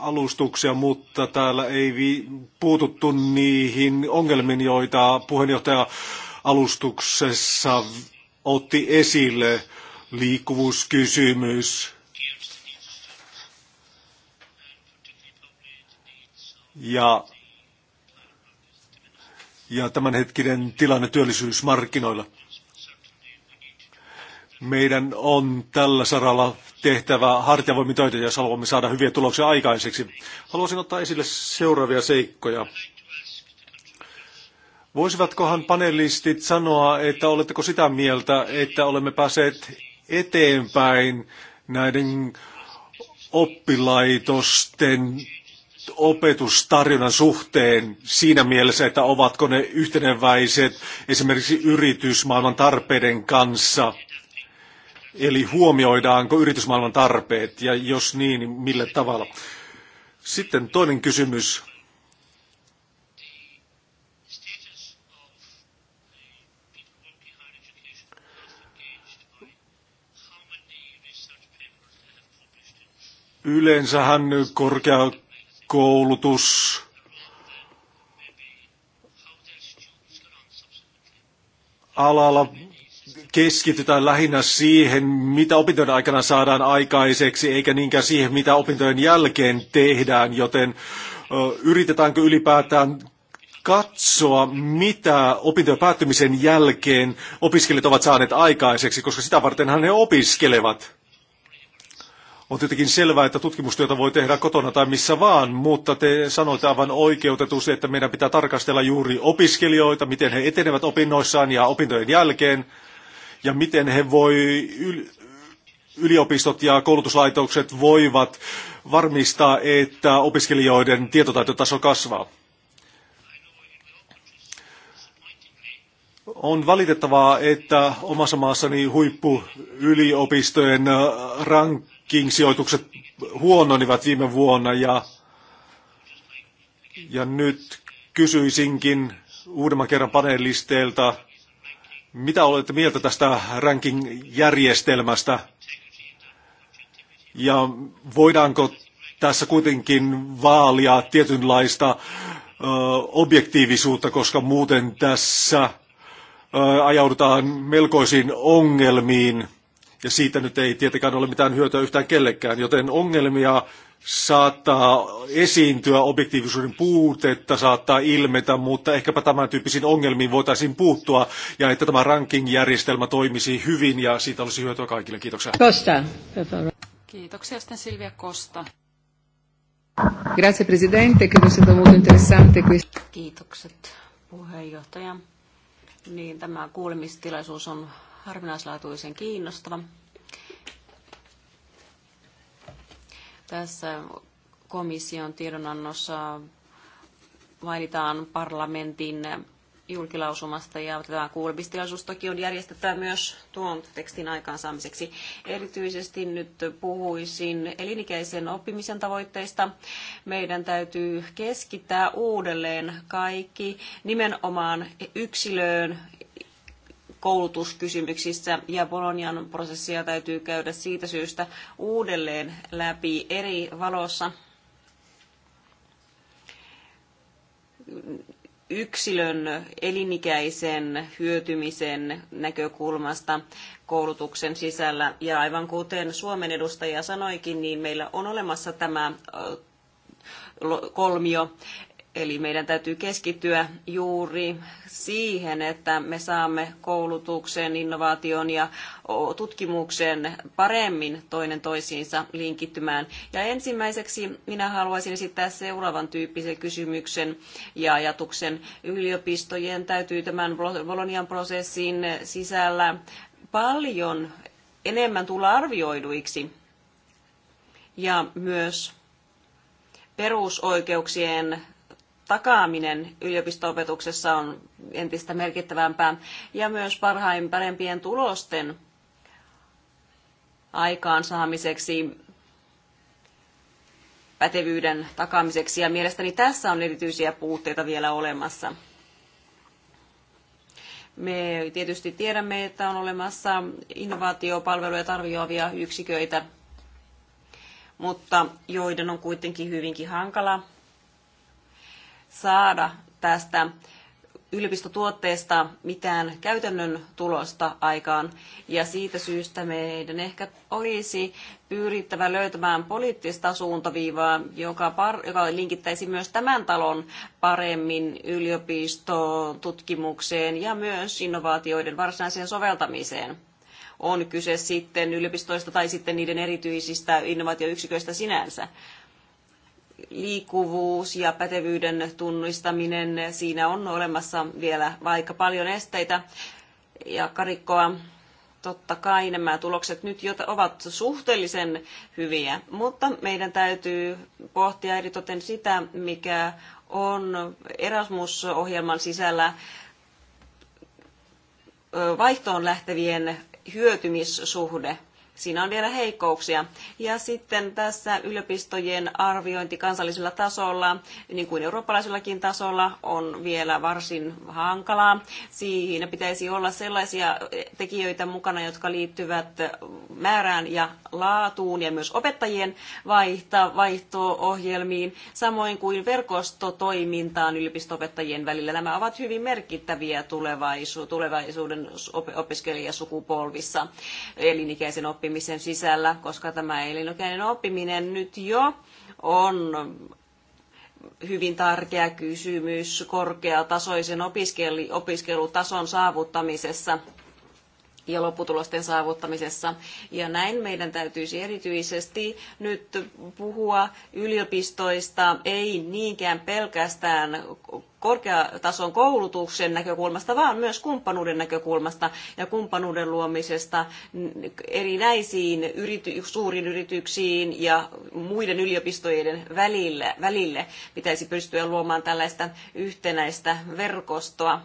alustuksia, mutta täällä ei puututtu niihin ongelmiin, joita puheenjohtaja alustuksessa otti esille. Liikkuvuuskysymys, ja, ja tämänhetkinen tilanne työllisyysmarkkinoilla. Meidän on tällä saralla tehtävä hartiavoimin töitä, jos haluamme saada hyviä tuloksia aikaiseksi. Haluaisin ottaa esille seuraavia seikkoja. Voisivatkohan panelistit sanoa, että oletteko sitä mieltä, että olemme päässeet eteenpäin näiden oppilaitosten opetustarjonnan suhteen siinä mielessä, että ovatko ne yhteneväiset esimerkiksi yritysmaailman tarpeiden kanssa, eli huomioidaanko yritysmaailman tarpeet ja jos niin, niin millä tavalla. Sitten toinen kysymys. Yleensähän korkea koulutus, alalla keskitytään lähinnä siihen, mitä opintojen aikana saadaan aikaiseksi, eikä niinkään siihen, mitä opintojen jälkeen tehdään, joten ö, yritetäänkö ylipäätään katsoa, mitä opintojen päättymisen jälkeen opiskelijat ovat saaneet aikaiseksi, koska sitä vartenhan he opiskelevat. On tietenkin selvää, että tutkimustyötä voi tehdä kotona tai missä vaan, mutta te sanoitte aivan oikeutetusti, että meidän pitää tarkastella juuri opiskelijoita, miten he etenevät opinnoissaan ja opintojen jälkeen, ja miten he voi yliopistot ja koulutuslaitokset voivat varmistaa, että opiskelijoiden tietotaitotaso kasvaa. On valitettavaa, että omassa maassani huippuyliopistojen rank sijoitukset huononivat viime vuonna ja, ja nyt kysyisinkin uudemman kerran panelisteilta, mitä olette mieltä tästä ranking-järjestelmästä ja voidaanko tässä kuitenkin vaalia tietynlaista ö, objektiivisuutta, koska muuten tässä ö, ajaudutaan melkoisiin ongelmiin – ja siitä nyt ei tietenkään ole mitään hyötyä yhtään kellekään, joten ongelmia saattaa esiintyä, objektiivisuuden puutetta saattaa ilmetä, mutta ehkäpä tämän tyyppisiin ongelmiin voitaisiin puuttua ja että tämä ranking-järjestelmä toimisi hyvin ja siitä olisi hyötyä kaikille. Kiitoksia. Costa. Kiitoksia sitten Silvia Kosta. Grazie Presidente, credo sia molto interessante questo. Kiitokset puheenjohtaja. Niin, tämä kuulemistilaisuus on harvinaislaatuisen kiinnostava. Tässä komission tiedonannossa mainitaan parlamentin julkilausumasta ja tämä kuulemistilaisuus toki on järjestetään myös tuon tekstin aikaansaamiseksi. Erityisesti nyt puhuisin elinikäisen oppimisen tavoitteista. Meidän täytyy keskittää uudelleen kaikki nimenomaan yksilöön koulutuskysymyksissä ja Bolonian prosessia täytyy käydä siitä syystä uudelleen läpi eri valossa. yksilön elinikäisen hyötymisen näkökulmasta koulutuksen sisällä. Ja aivan kuten Suomen edustaja sanoikin, niin meillä on olemassa tämä kolmio Eli meidän täytyy keskittyä juuri siihen, että me saamme koulutuksen, innovaation ja tutkimuksen paremmin toinen toisiinsa linkittymään. Ja ensimmäiseksi minä haluaisin esittää seuraavan tyyppisen kysymyksen ja ajatuksen. Yliopistojen täytyy tämän Bolonian prosessin sisällä paljon enemmän tulla arvioiduiksi ja myös perusoikeuksien takaaminen yliopistoopetuksessa on entistä merkittävämpää ja myös parhain parempien tulosten aikaansaamiseksi pätevyyden takaamiseksi ja mielestäni tässä on erityisiä puutteita vielä olemassa. Me tietysti tiedämme, että on olemassa innovaatiopalveluja tarjoavia yksiköitä, mutta joiden on kuitenkin hyvinkin hankala saada tästä yliopistotuotteesta mitään käytännön tulosta aikaan. Ja siitä syystä meidän ehkä olisi pyrittävä löytämään poliittista suuntaviivaa, joka, par, joka linkittäisi myös tämän talon paremmin yliopistotutkimukseen ja myös innovaatioiden varsinaiseen soveltamiseen. On kyse sitten yliopistoista tai sitten niiden erityisistä innovaatioyksiköistä sinänsä liikkuvuus ja pätevyyden tunnistaminen, siinä on olemassa vielä aika paljon esteitä ja karikkoa. Totta kai nämä tulokset nyt jo ovat suhteellisen hyviä, mutta meidän täytyy pohtia eritoten sitä, mikä on Erasmus-ohjelman sisällä vaihtoon lähtevien hyötymissuhde siinä on vielä heikkouksia. Ja sitten tässä yliopistojen arviointi kansallisella tasolla, niin kuin eurooppalaisellakin tasolla, on vielä varsin hankalaa. Siinä pitäisi olla sellaisia tekijöitä mukana, jotka liittyvät määrään ja laatuun ja myös opettajien vaihta, vaihto-ohjelmiin, samoin kuin verkostotoimintaan opettajien välillä. Nämä ovat hyvin merkittäviä tulevaisuuden opiskelijasukupolvissa elinikäisen oppimisen oppimisen sisällä, koska tämä elinikäinen oppiminen nyt jo on hyvin tärkeä kysymys korkeatasoisen opiskelutason saavuttamisessa ja lopputulosten saavuttamisessa. Ja näin meidän täytyisi erityisesti nyt puhua yliopistoista, ei niinkään pelkästään korkeatason koulutuksen näkökulmasta, vaan myös kumppanuuden näkökulmasta ja kumppanuuden luomisesta erinäisiin yrity- suuriin yrityksiin ja muiden yliopistojen välille, välille pitäisi pystyä luomaan tällaista yhtenäistä verkostoa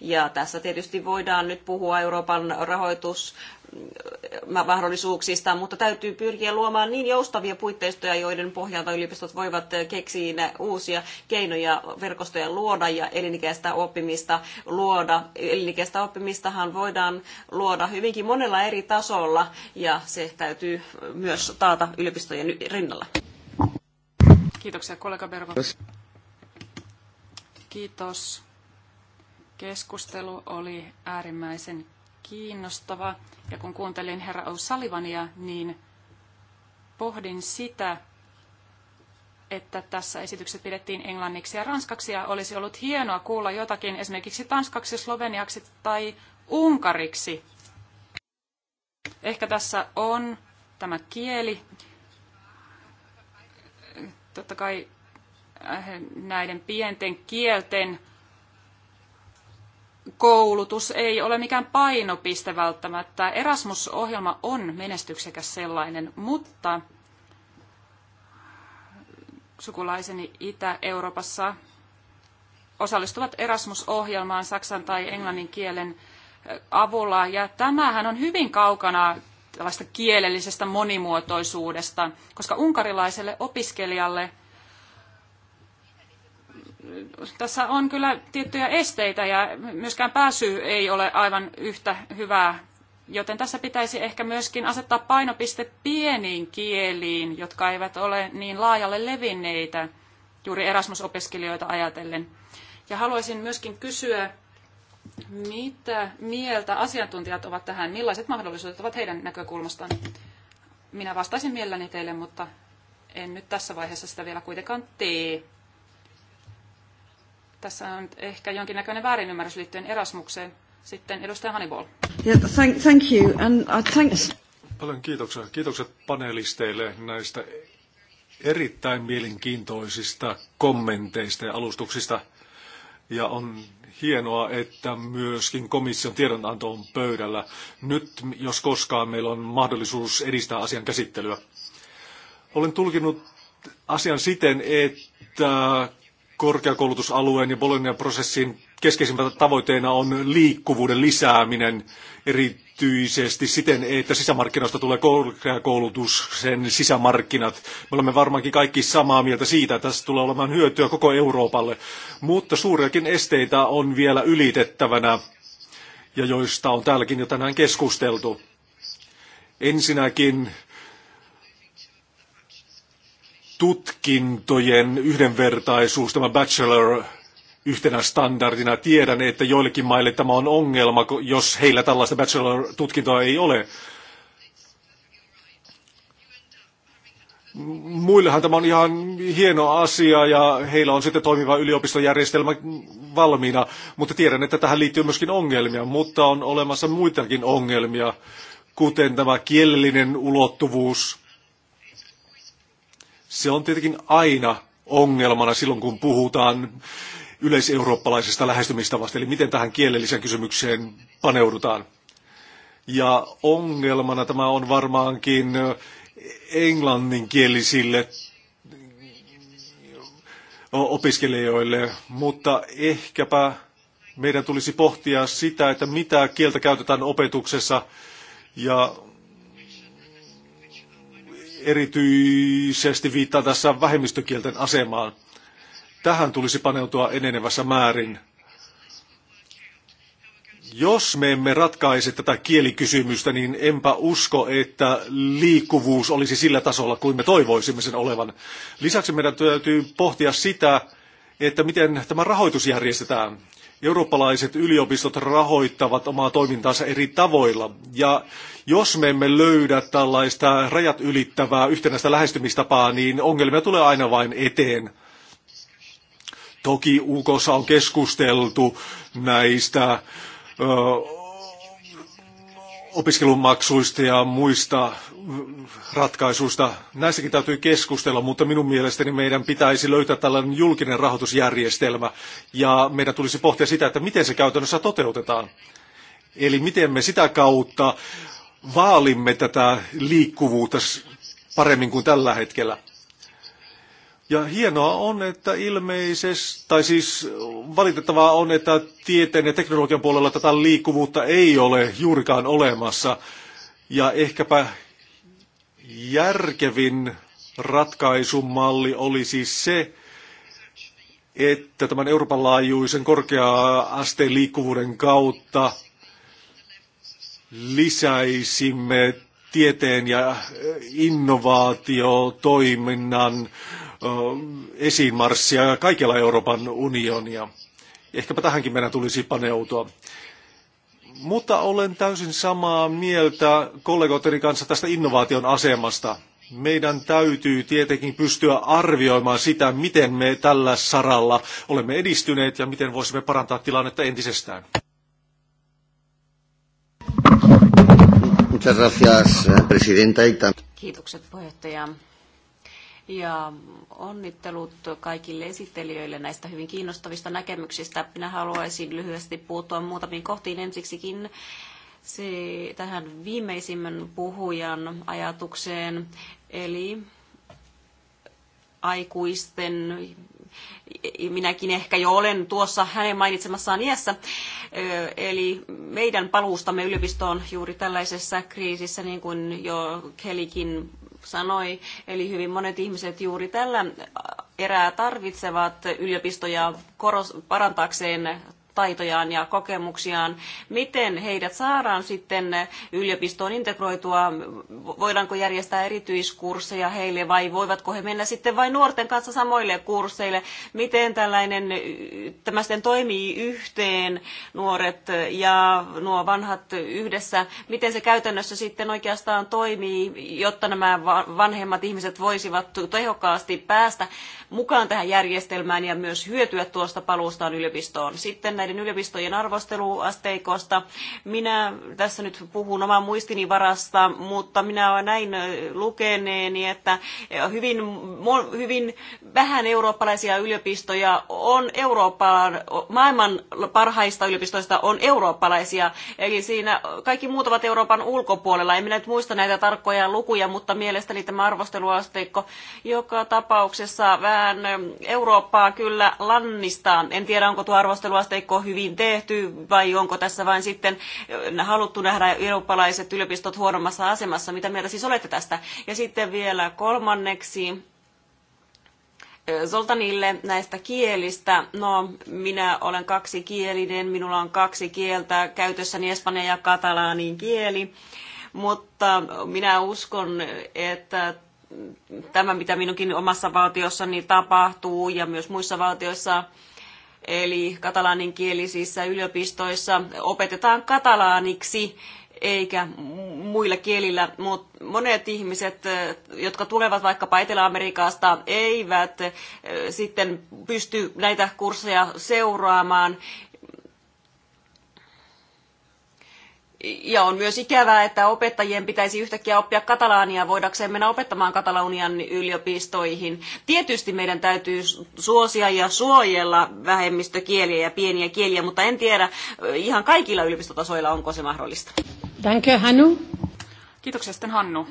ja tässä tietysti voidaan nyt puhua Euroopan rahoitusmahdollisuuksista, mm, mutta täytyy pyrkiä luomaan niin joustavia puitteistoja, joiden pohjalta yliopistot voivat keksiä uusia keinoja verkostoja luoda ja elinikäistä oppimista luoda. Elinikäistä oppimistahan voidaan luoda hyvinkin monella eri tasolla ja se täytyy myös taata yliopistojen rinnalla. Kiitoksia kollega Berva. Kiitos Keskustelu oli äärimmäisen kiinnostava. Ja kun kuuntelin herra O'Sullivania, niin pohdin sitä, että tässä esityksessä pidettiin englanniksi ja ranskaksi ja olisi ollut hienoa kuulla jotakin esimerkiksi tanskaksi, sloveniaksi tai unkariksi. Ehkä tässä on tämä kieli. Totta kai äh, näiden pienten kielten koulutus ei ole mikään painopiste välttämättä. Erasmus-ohjelma on menestyksekäs sellainen, mutta sukulaiseni Itä-Euroopassa osallistuvat Erasmus-ohjelmaan saksan tai englannin kielen avulla. Ja tämähän on hyvin kaukana tällaista kielellisestä monimuotoisuudesta, koska unkarilaiselle opiskelijalle – tässä on kyllä tiettyjä esteitä ja myöskään pääsy ei ole aivan yhtä hyvää, joten tässä pitäisi ehkä myöskin asettaa painopiste pieniin kieliin, jotka eivät ole niin laajalle levinneitä juuri Erasmus-opiskelijoita ajatellen. Ja haluaisin myöskin kysyä, mitä mieltä asiantuntijat ovat tähän, millaiset mahdollisuudet ovat heidän näkökulmastaan. Minä vastaisin mielelläni teille, mutta en nyt tässä vaiheessa sitä vielä kuitenkaan tee. Tässä on ehkä jonkinnäköinen väärinymmärrys liittyen Erasmukseen. Sitten edustaja Hannibal. Yeah, thank, thank you. And, uh, thanks. Paljon kiitoksia. Kiitokset panelisteille näistä erittäin mielenkiintoisista kommenteista ja alustuksista. Ja on hienoa, että myöskin komission tiedonanto on pöydällä. Nyt, jos koskaan, meillä on mahdollisuus edistää asian käsittelyä. Olen tulkinut asian siten, että korkeakoulutusalueen ja Bolognan prosessin keskeisimpänä tavoitteena on liikkuvuuden lisääminen erityisesti siten, että sisämarkkinoista tulee sen sisämarkkinat. Me olemme varmaankin kaikki samaa mieltä siitä, että tässä tulee olemaan hyötyä koko Euroopalle, mutta suuriakin esteitä on vielä ylitettävänä ja joista on täälläkin jo tänään keskusteltu. Ensinnäkin tutkintojen yhdenvertaisuus, tämä bachelor yhtenä standardina. Tiedän, että joillekin maille tämä on ongelma, jos heillä tällaista bachelor-tutkintoa ei ole. Muillehan tämä on ihan hieno asia ja heillä on sitten toimiva yliopistojärjestelmä valmiina, mutta tiedän, että tähän liittyy myöskin ongelmia, mutta on olemassa muitakin ongelmia, kuten tämä kielellinen ulottuvuus, se on tietenkin aina ongelmana silloin, kun puhutaan yleiseurooppalaisesta lähestymistavasta, eli miten tähän kielelliseen kysymykseen paneudutaan. Ja ongelmana tämä on varmaankin englanninkielisille opiskelijoille, mutta ehkäpä meidän tulisi pohtia sitä, että mitä kieltä käytetään opetuksessa ja erityisesti viittaa tässä vähemmistökielten asemaan. Tähän tulisi paneutua enenevässä määrin. Jos me emme ratkaise tätä kielikysymystä, niin enpä usko, että liikkuvuus olisi sillä tasolla kuin me toivoisimme sen olevan. Lisäksi meidän täytyy pohtia sitä, että miten tämä rahoitus järjestetään. Eurooppalaiset yliopistot rahoittavat omaa toimintaansa eri tavoilla. Ja jos me emme löydä tällaista rajat ylittävää yhtenäistä lähestymistapaa, niin ongelmia tulee aina vain eteen. Toki UKssa on keskusteltu näistä ö, opiskelumaksuista ja muista ratkaisuista. Näistäkin täytyy keskustella, mutta minun mielestäni meidän pitäisi löytää tällainen julkinen rahoitusjärjestelmä ja meidän tulisi pohtia sitä, että miten se käytännössä toteutetaan. Eli miten me sitä kautta vaalimme tätä liikkuvuutta paremmin kuin tällä hetkellä. Ja hienoa on, että ilmeisesti, tai siis valitettavaa on, että tieteen ja teknologian puolella tätä liikkuvuutta ei ole juurikaan olemassa. Ja ehkäpä järkevin ratkaisumalli oli siis se, että tämän Euroopan laajuisen korkea-asteen liikkuvuuden kautta lisäisimme tieteen ja äh, innovaatiotoiminnan esiinmarssia kaikilla Euroopan unionia. Ehkäpä tähänkin meidän tulisi paneutua. Mutta olen täysin samaa mieltä kollegoiden kanssa tästä innovaation asemasta. Meidän täytyy tietenkin pystyä arvioimaan sitä, miten me tällä saralla olemme edistyneet ja miten voisimme parantaa tilannetta entisestään. Kiitokset puheenjohtaja ja onnittelut kaikille esittelijöille näistä hyvin kiinnostavista näkemyksistä. Minä haluaisin lyhyesti puuttua muutamiin kohtiin ensiksikin se, tähän viimeisimmän puhujan ajatukseen, eli aikuisten, minäkin ehkä jo olen tuossa hänen mainitsemassaan iässä, eli meidän paluustamme yliopistoon juuri tällaisessa kriisissä, niin kuin jo Kelikin sanoi. Eli hyvin monet ihmiset juuri tällä erää tarvitsevat yliopistoja koros, parantaakseen taitojaan ja kokemuksiaan. Miten heidät saadaan sitten yliopistoon integroitua? Voidaanko järjestää erityiskursseja heille vai voivatko he mennä sitten vain nuorten kanssa samoille kursseille? Miten tällainen, tämä sitten toimii yhteen nuoret ja nuo vanhat yhdessä? Miten se käytännössä sitten oikeastaan toimii, jotta nämä vanhemmat ihmiset voisivat tehokkaasti päästä mukaan tähän järjestelmään ja myös hyötyä tuosta paluustaan yliopistoon? Sitten näiden näiden yliopistojen arvosteluasteikosta. Minä tässä nyt puhun oman muistini varasta, mutta minä näin lukeneeni, että hyvin, hyvin vähän eurooppalaisia yliopistoja on Euroopan, maailman parhaista yliopistoista on eurooppalaisia, eli siinä kaikki muut ovat Euroopan ulkopuolella. En minä nyt muista näitä tarkkoja lukuja, mutta mielestäni tämä arvosteluasteikko joka tapauksessa vähän Eurooppaa kyllä lannistaa. En tiedä, onko tuo arvosteluasteikko hyvin tehty vai onko tässä vain sitten äh, haluttu nähdä eurooppalaiset yliopistot huonommassa asemassa, mitä mieltä siis olette tästä. Ja sitten vielä kolmanneksi, äh, Zoltanille näistä kielistä. No, minä olen kaksikielinen, minulla on kaksi kieltä käytössäni espanja ja katalaanin kieli, mutta minä uskon, että tämä, mitä minunkin omassa valtiossani tapahtuu ja myös muissa valtioissa eli katalaaninkielisissä yliopistoissa opetetaan katalaaniksi eikä muilla kielillä, mutta monet ihmiset, jotka tulevat vaikkapa Etelä-Amerikasta, eivät sitten pysty näitä kursseja seuraamaan ja on myös ikävää, että opettajien pitäisi yhtäkkiä oppia katalaania voidakseen mennä opettamaan katalonian yliopistoihin. Tietysti meidän täytyy suosia ja suojella vähemmistökieliä ja pieniä kieliä, mutta en tiedä ihan kaikilla yliopistotasoilla onko se mahdollista. Danke, Hannu. Kiitoksia sitten Hannu.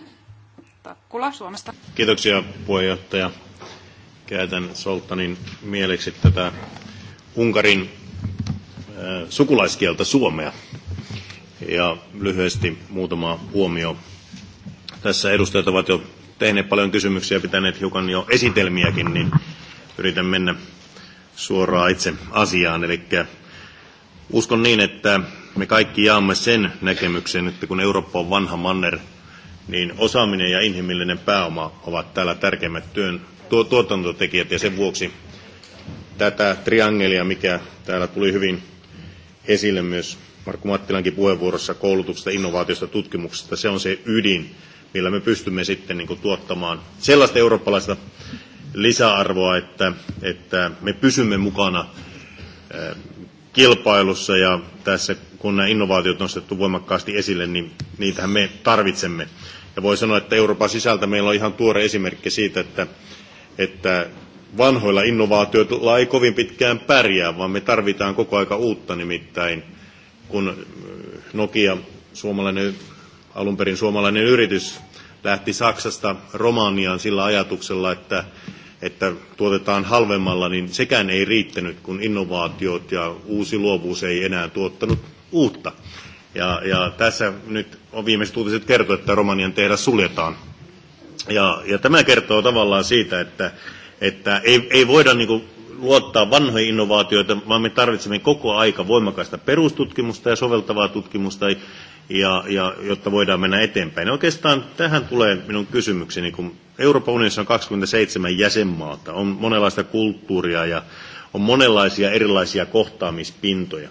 Takkula Suomesta. Kiitoksia puheenjohtaja. Käytän Soltanin mieleksi tätä Unkarin äh, sukulaiskieltä suomea ja lyhyesti muutama huomio. Tässä edustajat ovat jo tehneet paljon kysymyksiä, pitäneet hiukan jo esitelmiäkin, niin yritän mennä suoraan itse asiaan. Eli uskon niin, että me kaikki jaamme sen näkemyksen, että kun Eurooppa on vanha manner, niin osaaminen ja inhimillinen pääoma ovat täällä tärkeimmät työn tuo, tuotantotekijät ja sen vuoksi tätä triangelia, mikä täällä tuli hyvin esille myös Markku Mattilankin puheenvuorossa koulutuksesta, innovaatiosta, tutkimuksesta. Se on se ydin, millä me pystymme sitten niin kuin tuottamaan sellaista eurooppalaista lisäarvoa, että, että me pysymme mukana eh, kilpailussa ja tässä kun nämä innovaatiot nostettu voimakkaasti esille, niin niitähän me tarvitsemme. Ja voi sanoa, että Euroopan sisältä meillä on ihan tuore esimerkki siitä, että, että vanhoilla innovaatioilla ei kovin pitkään pärjää, vaan me tarvitaan koko aika uutta nimittäin – kun äh, Nokia, suomalainen, alun perin suomalainen yritys, lähti Saksasta Romaniaan sillä ajatuksella, että, että tuotetaan halvemmalla, niin sekään ei riittänyt, kun innovaatiot ja uusi luovuus ei enää tuottanut uutta. Ja, ja tässä nyt on viimeiset uutiset kertoo, että Romanian tehdas suljetaan. Ja, ja tämä kertoo tavallaan siitä, että, että ei, ei voida niin kuin luottaa vanhoja innovaatioita, vaan me tarvitsemme koko aika voimakasta perustutkimusta ja soveltavaa tutkimusta, ja, ja, jotta voidaan mennä eteenpäin. Ja oikeastaan tähän tulee minun kysymykseni, kun Euroopan unionissa on 27 jäsenmaata, on monenlaista kulttuuria ja on monenlaisia erilaisia kohtaamispintoja.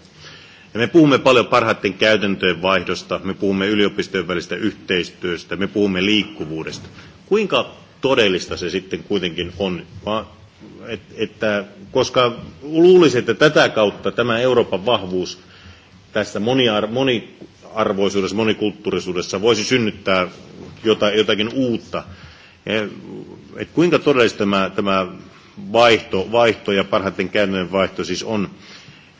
Ja me puhumme paljon parhaiten käytäntöjen vaihdosta, me puhumme yliopistojen välistä yhteistyöstä, me puhumme liikkuvuudesta. Kuinka todellista se sitten kuitenkin on? Mä et, että koska luulisin, että tätä kautta tämä Euroopan vahvuus tässä moniar, moniarvoisuudessa, monikulttuurisuudessa voisi synnyttää jota, jotakin uutta. Et kuinka todellista tämä, tämä vaihto, vaihto ja parhaiten käytännön vaihto siis on?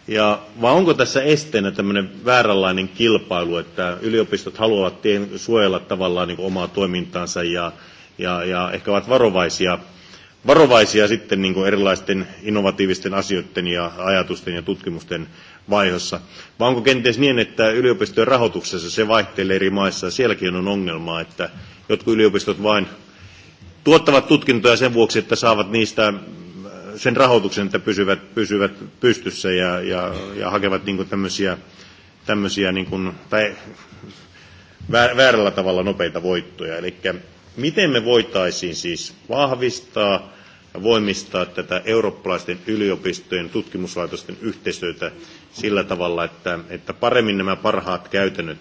Ja, vai onko tässä esteenä tämmöinen vääränlainen kilpailu, että yliopistot haluavat suojella tavallaan niin omaa toimintaansa ja, ja, ja ehkä ovat varovaisia varovaisia sitten niin kuin erilaisten innovatiivisten asioiden ja ajatusten ja tutkimusten vaihossa. Vai onko kenties niin, että yliopistojen rahoituksessa se vaihtelee eri maissa ja sielläkin on ongelmaa, että jotkut yliopistot vain tuottavat tutkintoja sen vuoksi, että saavat niistä äh, sen rahoituksen, että pysyvät, pysyvät pystyssä ja, ja, ja hakevat niin kuin tämmöisiä, tämmöisiä niin kuin, tai väärällä tavalla nopeita voittoja. Eli miten me voitaisiin siis vahvistaa ja voimistaa tätä eurooppalaisten yliopistojen tutkimuslaitosten yhteistyötä sillä tavalla, että, että paremmin nämä parhaat käytännöt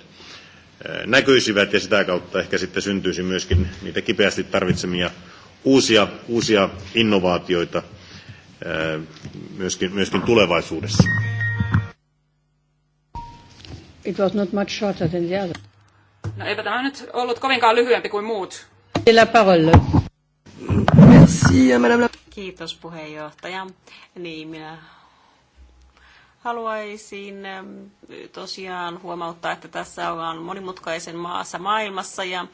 näkyisivät ja sitä kautta ehkä sitten syntyisi myöskin niitä kipeästi tarvitsemia uusia, uusia innovaatioita myöskin, myöskin tulevaisuudessa. It was not much shorter than the other. No eipä tämä nyt ollut kovinkaan lyhyempi kuin muut. La parole. Merci, madame la... Kiitos puheenjohtaja. Niin, minä Haluaisin ähm, tosiaan huomauttaa, että tässä ollaan monimutkaisen maassa maailmassa ja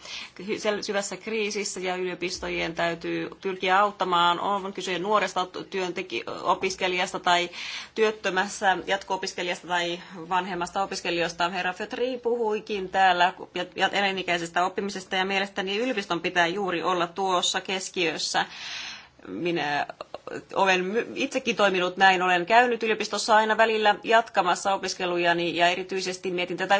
syvässä kriisissä ja yliopistojen täytyy pyrkiä auttamaan. On kyse nuoresta työntekijästä, opiskelijasta tai työttömässä jatko-opiskelijasta tai vanhemmasta opiskelijasta. Herra Fötri puhuikin täällä elinikäisestä oppimisesta ja mielestäni yliopiston pitää juuri olla tuossa keskiössä minä olen itsekin toiminut näin, olen käynyt yliopistossa aina välillä jatkamassa opiskelujani ja erityisesti mietin tätä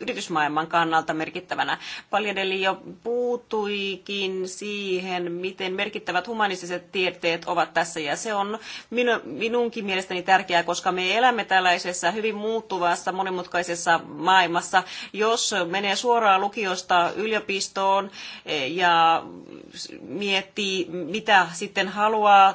yritysmaailman kannalta merkittävänä. Paljadeli jo puutuikin siihen, miten merkittävät humanistiset tieteet ovat tässä ja se on minu, minunkin mielestäni tärkeää, koska me elämme tällaisessa hyvin muuttuvassa, monimutkaisessa maailmassa. Jos menee suoraan lukiosta yliopistoon e, ja miettii, mitä sitten haluaa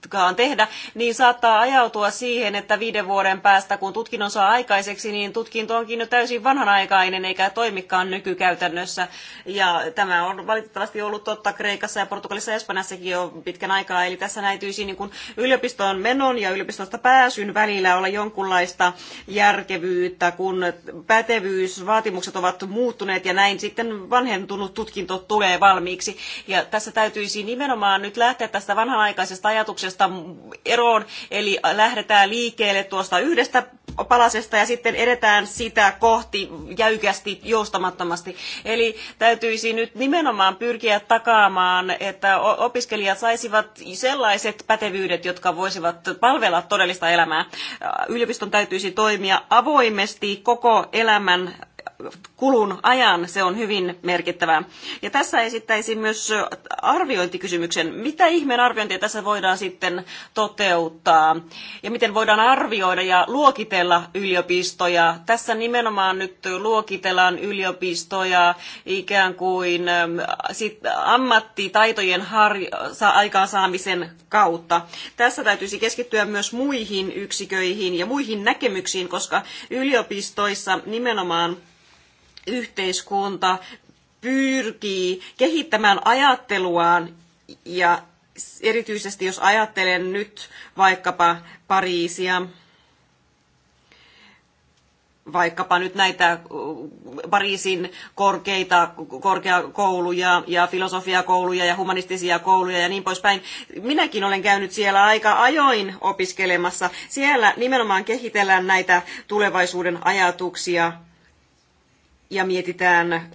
voinutkaan tehdä, niin saattaa ajautua siihen, että viiden vuoden päästä, kun tutkinnon saa aikaiseksi, niin tutkinto onkin jo täysin vanhanaikainen eikä toimikaan nykykäytännössä. Ja tämä on valitettavasti ollut totta Kreikassa ja Portugalissa ja Espanjassakin jo pitkän aikaa. Eli tässä näytyisi niin kuin yliopistoon menon ja yliopistosta pääsyn välillä olla jonkunlaista järkevyyttä, kun pätevyysvaatimukset ovat muuttuneet ja näin sitten vanhentunut tutkinto tulee valmiiksi. Ja tässä täytyisi nimenomaan nyt lähteä tästä vanhanaikaisesta ajatuksesta, asioista eroon, eli lähdetään liikkeelle tuosta yhdestä palasesta ja sitten edetään sitä kohti jäykästi, joustamattomasti. Eli täytyisi nyt nimenomaan pyrkiä takaamaan, että opiskelijat saisivat sellaiset pätevyydet, jotka voisivat palvella todellista elämää. Yliopiston täytyisi toimia avoimesti koko elämän kulun ajan se on hyvin merkittävää. Ja tässä esittäisin myös arviointikysymyksen. Mitä ihmeen arviointia tässä voidaan sitten toteuttaa ja miten voidaan arvioida ja luokitella yliopistoja? Tässä nimenomaan nyt luokitellaan yliopistoja ikään kuin ähm, sit ammattitaitojen har- aikaansaamisen kautta. Tässä täytyisi keskittyä myös muihin yksiköihin ja muihin näkemyksiin, koska yliopistoissa nimenomaan yhteiskunta pyrkii kehittämään ajatteluaan ja erityisesti jos ajattelen nyt vaikkapa Pariisia, vaikkapa nyt näitä Pariisin korkeita korkeakouluja ja filosofiakouluja ja humanistisia kouluja ja niin poispäin. Minäkin olen käynyt siellä aika ajoin opiskelemassa. Siellä nimenomaan kehitellään näitä tulevaisuuden ajatuksia ja mietitään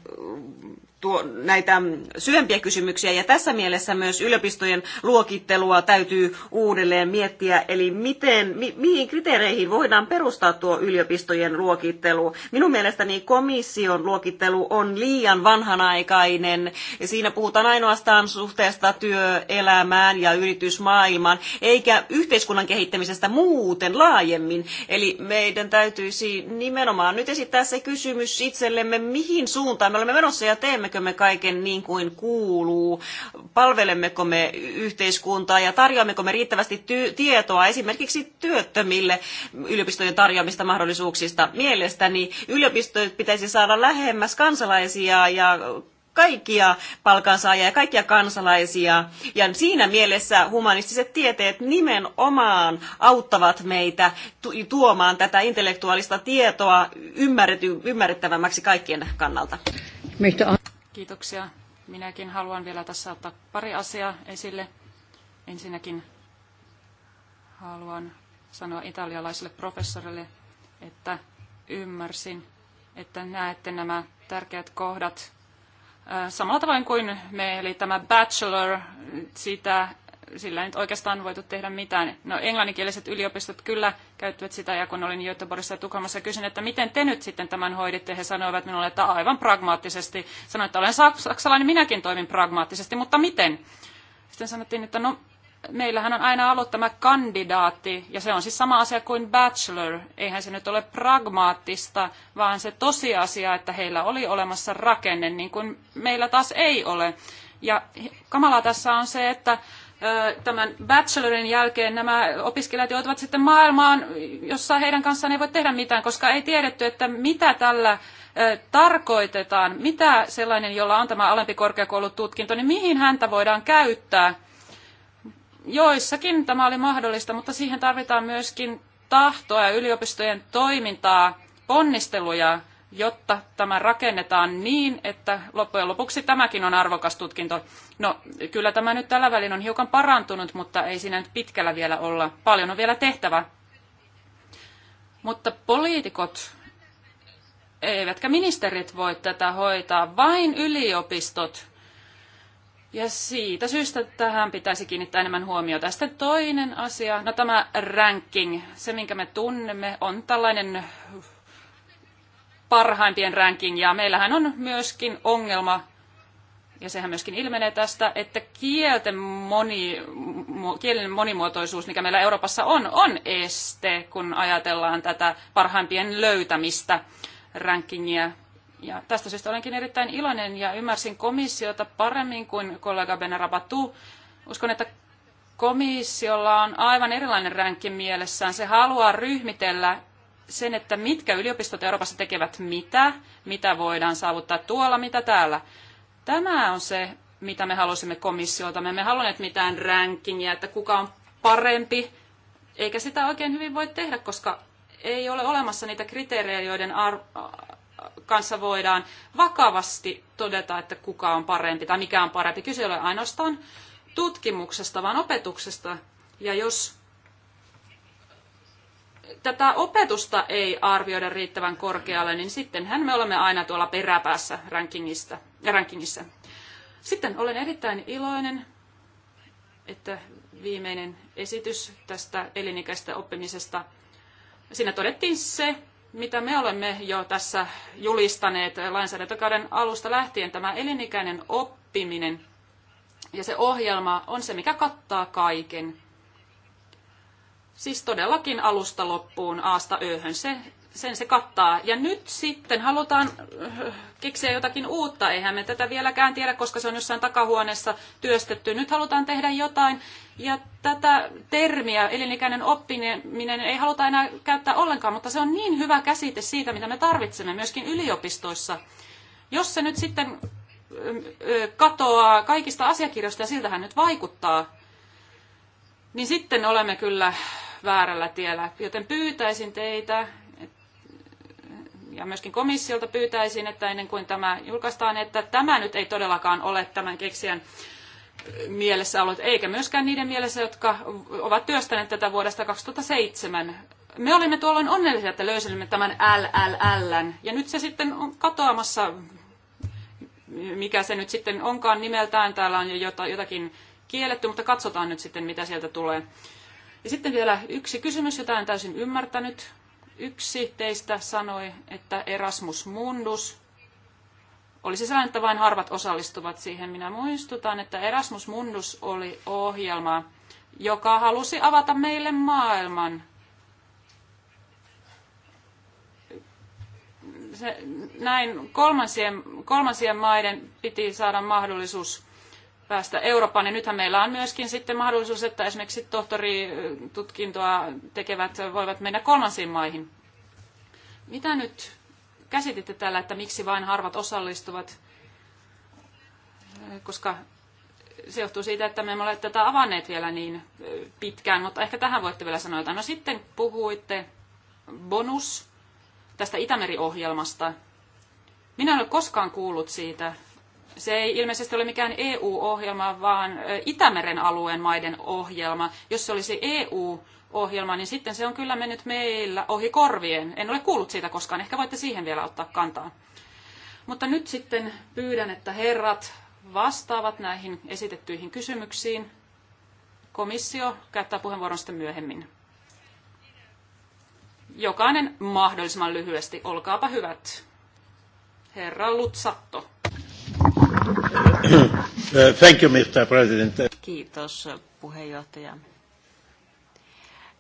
tuo, näitä syvempiä kysymyksiä. Ja tässä mielessä myös yliopistojen luokittelua täytyy uudelleen miettiä, eli miten, mi, mihin kriteereihin voidaan perustaa tuo yliopistojen luokittelu. Minun mielestäni komission luokittelu on liian vanhanaikainen. Ja siinä puhutaan ainoastaan suhteesta työelämään ja yritysmaailmaan, eikä yhteiskunnan kehittämisestä muuten laajemmin. Eli meidän täytyisi nimenomaan nyt esittää se kysymys itsellemme, mihin suuntaan me olemme menossa ja teemmekö teemmekö me kaiken niin kuin kuuluu, palvelemmeko me yhteiskuntaa ja tarjoammeko me riittävästi tietoa esimerkiksi työttömille yliopistojen tarjoamista mahdollisuuksista. Mielestäni yliopistojen pitäisi saada lähemmäs kansalaisia ja kaikkia palkansaajia ja kaikkia kansalaisia. Ja siinä mielessä humanistiset tieteet nimenomaan auttavat meitä tuomaan tätä intellektuaalista tietoa ymmärrettävämmäksi kaikkien kannalta. Kiitoksia. Minäkin haluan vielä tässä ottaa pari asiaa esille. Ensinnäkin haluan sanoa italialaiselle professorille, että ymmärsin, että näette nämä tärkeät kohdat samalla tavoin kuin me, eli tämä bachelor, sitä sillä ei nyt oikeastaan voitu tehdä mitään. No englanninkieliset yliopistot kyllä käyttivät sitä, ja kun olin Göteborgissa ja Tukholmassa kysyin, että miten te nyt sitten tämän hoiditte, he sanoivat minulle, että aivan pragmaattisesti. Sanoin, että olen saksalainen, minäkin toimin pragmaattisesti, mutta miten? Sitten sanottiin, että no meillähän on aina ollut tämä kandidaatti, ja se on siis sama asia kuin bachelor. Eihän se nyt ole pragmaattista, vaan se tosiasia, että heillä oli olemassa rakenne, niin kuin meillä taas ei ole. Ja kamalaa tässä on se, että tämän bachelorin jälkeen nämä opiskelijat joutuvat sitten maailmaan, jossa heidän kanssaan ei voi tehdä mitään, koska ei tiedetty, että mitä tällä tarkoitetaan, mitä sellainen, jolla on tämä alempi korkeakoulututkinto, niin mihin häntä voidaan käyttää. Joissakin tämä oli mahdollista, mutta siihen tarvitaan myöskin tahtoa ja yliopistojen toimintaa, ponnisteluja, jotta tämä rakennetaan niin, että loppujen lopuksi tämäkin on arvokas tutkinto. No kyllä tämä nyt tällä välin on hiukan parantunut, mutta ei siinä nyt pitkällä vielä olla. Paljon on vielä tehtävä. Mutta poliitikot, eivätkä ministerit voi tätä hoitaa, vain yliopistot. Ja siitä syystä tähän pitäisi kiinnittää enemmän huomiota. Sitten toinen asia, no tämä ranking, se minkä me tunnemme, on tällainen parhaimpien ranking, ja meillähän on myöskin ongelma, ja sehän myöskin ilmenee tästä, että kielten moni, kielen monimuotoisuus, mikä meillä Euroopassa on, on este, kun ajatellaan tätä parhaimpien löytämistä rankingia. Ja tästä syystä olenkin erittäin iloinen ja ymmärsin komissiota paremmin kuin kollega Benarabatu. Uskon, että komissiolla on aivan erilainen ränkki mielessään. Se haluaa ryhmitellä sen, että mitkä yliopistot Euroopassa tekevät mitä, mitä voidaan saavuttaa tuolla, mitä täällä. Tämä on se, mitä me halusimme komissiolta. Me emme halunneet mitään rankingia, että kuka on parempi, eikä sitä oikein hyvin voi tehdä, koska ei ole olemassa niitä kriteerejä, joiden kanssa voidaan vakavasti todeta, että kuka on parempi tai mikä on parempi. Kyse ei ole ainoastaan tutkimuksesta, vaan opetuksesta. Ja jos tätä opetusta ei arvioida riittävän korkealle, niin sittenhän me olemme aina tuolla peräpäässä rankingissa. Sitten olen erittäin iloinen, että viimeinen esitys tästä elinikäistä oppimisesta, siinä todettiin se, mitä me olemme jo tässä julistaneet lainsäädäntökauden alusta lähtien, tämä elinikäinen oppiminen ja se ohjelma on se, mikä kattaa kaiken. Siis todellakin alusta loppuun, aasta ööhön. Se, sen se kattaa. Ja nyt sitten halutaan äh, keksiä jotakin uutta. Eihän me tätä vieläkään tiedä, koska se on jossain takahuoneessa työstetty. Nyt halutaan tehdä jotain. Ja tätä termiä, elinikäinen oppiminen, ei haluta enää käyttää ollenkaan, mutta se on niin hyvä käsite siitä, mitä me tarvitsemme myöskin yliopistoissa. Jos se nyt sitten äh, äh, katoaa kaikista asiakirjoista, ja siltähän nyt vaikuttaa, niin sitten olemme kyllä väärällä tiellä. Joten pyytäisin teitä ja myöskin komissiolta pyytäisin, että ennen kuin tämä julkaistaan, että tämä nyt ei todellakaan ole tämän keksijän mielessä ollut, eikä myöskään niiden mielessä, jotka ovat työstäneet tätä vuodesta 2007. Me olimme tuolloin onnellisia, että löysimme tämän LLL, ja nyt se sitten on katoamassa, mikä se nyt sitten onkaan nimeltään, täällä on jo jotakin kielletty, mutta katsotaan nyt sitten, mitä sieltä tulee. Ja sitten vielä yksi kysymys, jota en täysin ymmärtänyt. Yksi teistä sanoi, että Erasmus Mundus olisi sellainen, että vain harvat osallistuvat siihen. Minä muistutan, että Erasmus Mundus oli ohjelma, joka halusi avata meille maailman. Se, näin kolmansien, kolmansien maiden piti saada mahdollisuus päästä Eurooppaan. Ja nythän meillä on myöskin sitten mahdollisuus, että esimerkiksi tohtoritutkintoa tekevät voivat mennä kolmansiin maihin. Mitä nyt käsititte tällä, että miksi vain harvat osallistuvat? Koska se johtuu siitä, että me emme ole tätä avanneet vielä niin pitkään, mutta ehkä tähän voitte vielä sanoa jotain. No sitten puhuitte bonus tästä Itämeri ohjelmasta. Minä en ole koskaan kuullut siitä se ei ilmeisesti ole mikään EU-ohjelma, vaan Itämeren alueen maiden ohjelma. Jos se olisi EU-ohjelma, niin sitten se on kyllä mennyt meillä ohi korvien. En ole kuullut siitä koskaan. Ehkä voitte siihen vielä ottaa kantaa. Mutta nyt sitten pyydän, että herrat vastaavat näihin esitettyihin kysymyksiin. Komissio käyttää puheenvuoron sitten myöhemmin. Jokainen mahdollisimman lyhyesti. Olkaapa hyvät. Herra Lutsatto. Thank you, Mr. President. Kiitos, puheenjohtaja.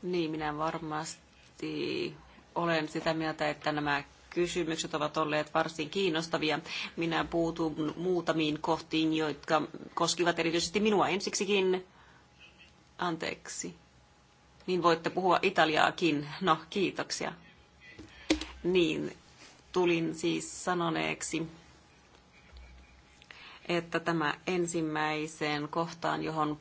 Niin, minä varmasti olen sitä mieltä, että nämä kysymykset ovat olleet varsin kiinnostavia. Minä puutun muutamiin kohtiin, jotka koskivat erityisesti minua ensiksikin. Anteeksi. Niin voitte puhua italiaakin. No, kiitoksia. Niin, tulin siis sanoneeksi että tämä ensimmäiseen kohtaan, johon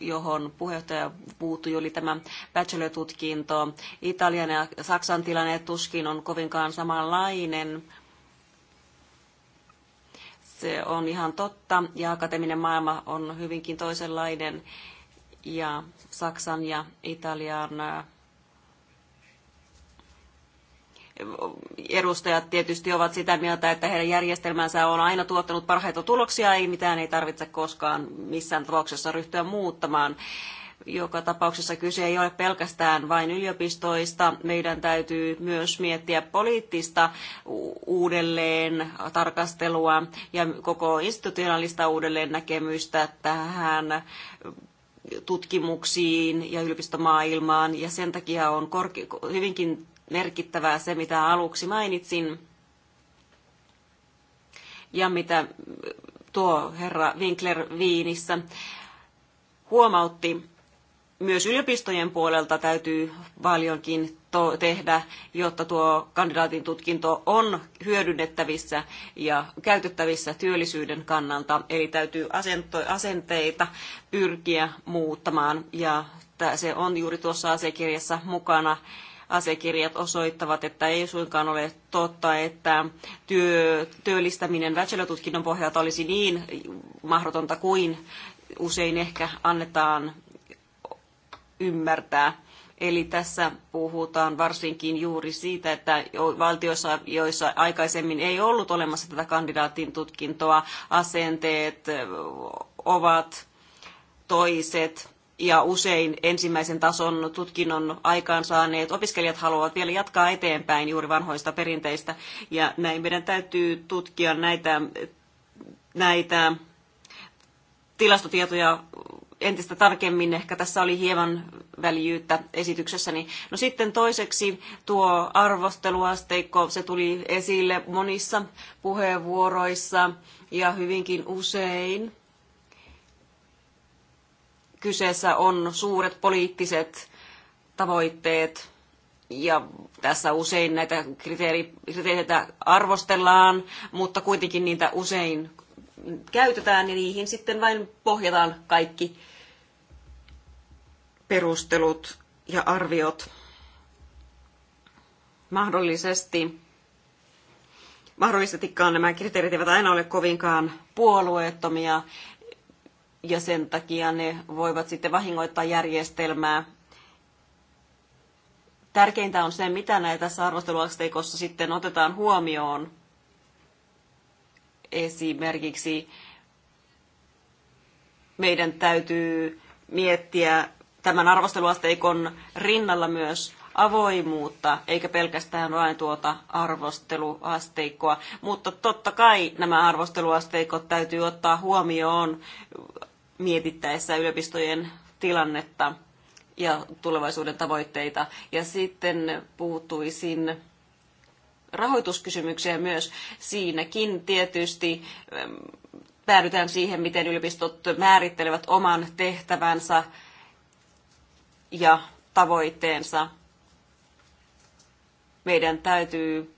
johon puheenjohtaja puuttui, oli tämä bachelor-tutkinto. Italian ja Saksan tilanne tuskin on kovinkaan samanlainen. Se on ihan totta, ja akateeminen maailma on hyvinkin toisenlainen, ja Saksan ja Italian äh, edustajat tietysti ovat sitä mieltä, että heidän järjestelmänsä on aina tuottanut parhaita tuloksia, ei mitään ei tarvitse koskaan missään tapauksessa ryhtyä muuttamaan. Joka tapauksessa kyse ei ole pelkästään vain yliopistoista. Meidän täytyy myös miettiä poliittista uudelleen tarkastelua ja koko institutionaalista uudelleen näkemystä tähän tutkimuksiin ja yliopistomaailmaan, ja sen takia on korke- hyvinkin merkittävää se, mitä aluksi mainitsin ja mitä tuo herra Winkler Viinissä huomautti. Myös yliopistojen puolelta täytyy paljonkin to- tehdä, jotta tuo kandidaatin tutkinto on hyödynnettävissä ja käytettävissä työllisyyden kannalta. Eli täytyy asento- asenteita pyrkiä muuttamaan ja se on juuri tuossa asiakirjassa mukana asiakirjat osoittavat, että ei suinkaan ole totta, että työ, työllistäminen bachelor-tutkinnon pohjalta olisi niin mahdotonta kuin usein ehkä annetaan ymmärtää. Eli tässä puhutaan varsinkin juuri siitä, että valtioissa, joissa aikaisemmin ei ollut olemassa tätä kandidaatin tutkintoa, asenteet ovat toiset ja usein ensimmäisen tason tutkinnon saaneet opiskelijat haluavat vielä jatkaa eteenpäin juuri vanhoista perinteistä. Ja näin meidän täytyy tutkia näitä, näitä tilastotietoja entistä tarkemmin. Ehkä tässä oli hieman väljyyttä esityksessäni. No sitten toiseksi tuo arvosteluasteikko, se tuli esille monissa puheenvuoroissa ja hyvinkin usein kyseessä on suuret poliittiset tavoitteet ja tässä usein näitä kriteereitä arvostellaan, mutta kuitenkin niitä usein käytetään ja niihin sitten vain pohjataan kaikki perustelut ja arviot. Mahdollisesti, mahdollisestikaan nämä kriteerit eivät aina ole kovinkaan puolueettomia ja sen takia ne voivat sitten vahingoittaa järjestelmää. Tärkeintä on se, mitä näitä tässä arvosteluasteikossa sitten otetaan huomioon. Esimerkiksi meidän täytyy miettiä tämän arvosteluasteikon rinnalla myös avoimuutta, eikä pelkästään vain tuota arvosteluasteikkoa. Mutta totta kai nämä arvosteluasteikot täytyy ottaa huomioon mietittäessä yliopistojen tilannetta ja tulevaisuuden tavoitteita. Ja sitten puuttuisin rahoituskysymyksiä myös. Siinäkin tietysti ähm, päädytään siihen, miten yliopistot määrittelevät oman tehtävänsä ja tavoitteensa. Meidän täytyy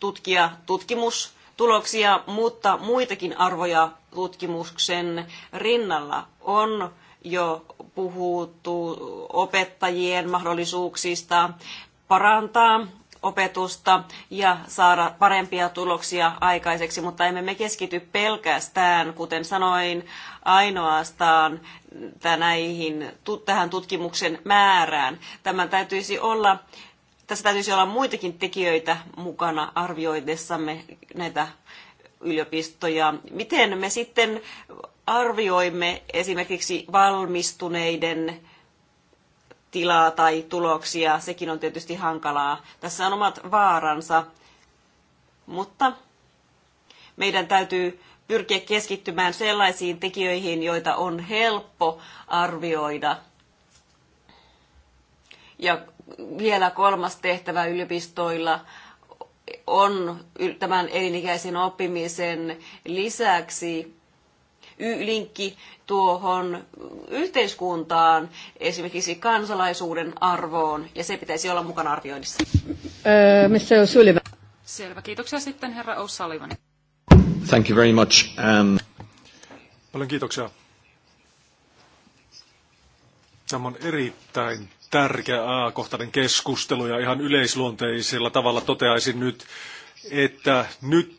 tutkia tutkimus tuloksia, mutta muitakin arvoja tutkimuksen rinnalla on jo puhuttu opettajien mahdollisuuksista parantaa opetusta ja saada parempia tuloksia aikaiseksi, mutta emme me keskity pelkästään, kuten sanoin, ainoastaan näihin, tähän tutkimuksen määrään. Tämän täytyisi olla tässä täytyisi olla muitakin tekijöitä mukana arvioidessamme näitä yliopistoja. Miten me sitten arvioimme esimerkiksi valmistuneiden tilaa tai tuloksia, sekin on tietysti hankalaa. Tässä on omat vaaransa, mutta meidän täytyy pyrkiä keskittymään sellaisiin tekijöihin, joita on helppo arvioida. Ja vielä kolmas tehtävä yliopistoilla on tämän elinikäisen oppimisen lisäksi linkki tuohon yhteiskuntaan, esimerkiksi kansalaisuuden arvoon, ja se pitäisi olla mukana arvioinnissa. Mr. Selvä. Kiitoksia sitten herra O'Sullivan. Thank you very much. Um... Paljon kiitoksia. Tämä on erittäin tärkeä A-kohtainen keskustelu ja ihan yleisluonteisella tavalla toteaisin nyt, että nyt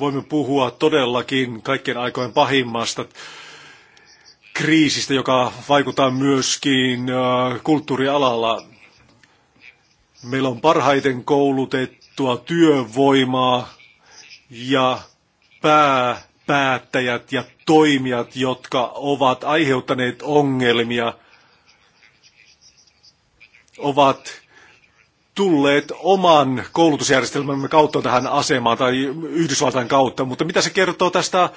voimme puhua todellakin kaikkien aikojen pahimmasta kriisistä, joka vaikuttaa myöskin äh, kulttuurialalla. Meillä on parhaiten koulutettua työvoimaa ja pääpäättäjät ja toimijat, jotka ovat aiheuttaneet ongelmia – ovat tulleet oman koulutusjärjestelmämme kautta tähän asemaan tai Yhdysvaltain kautta, mutta mitä se kertoo tästä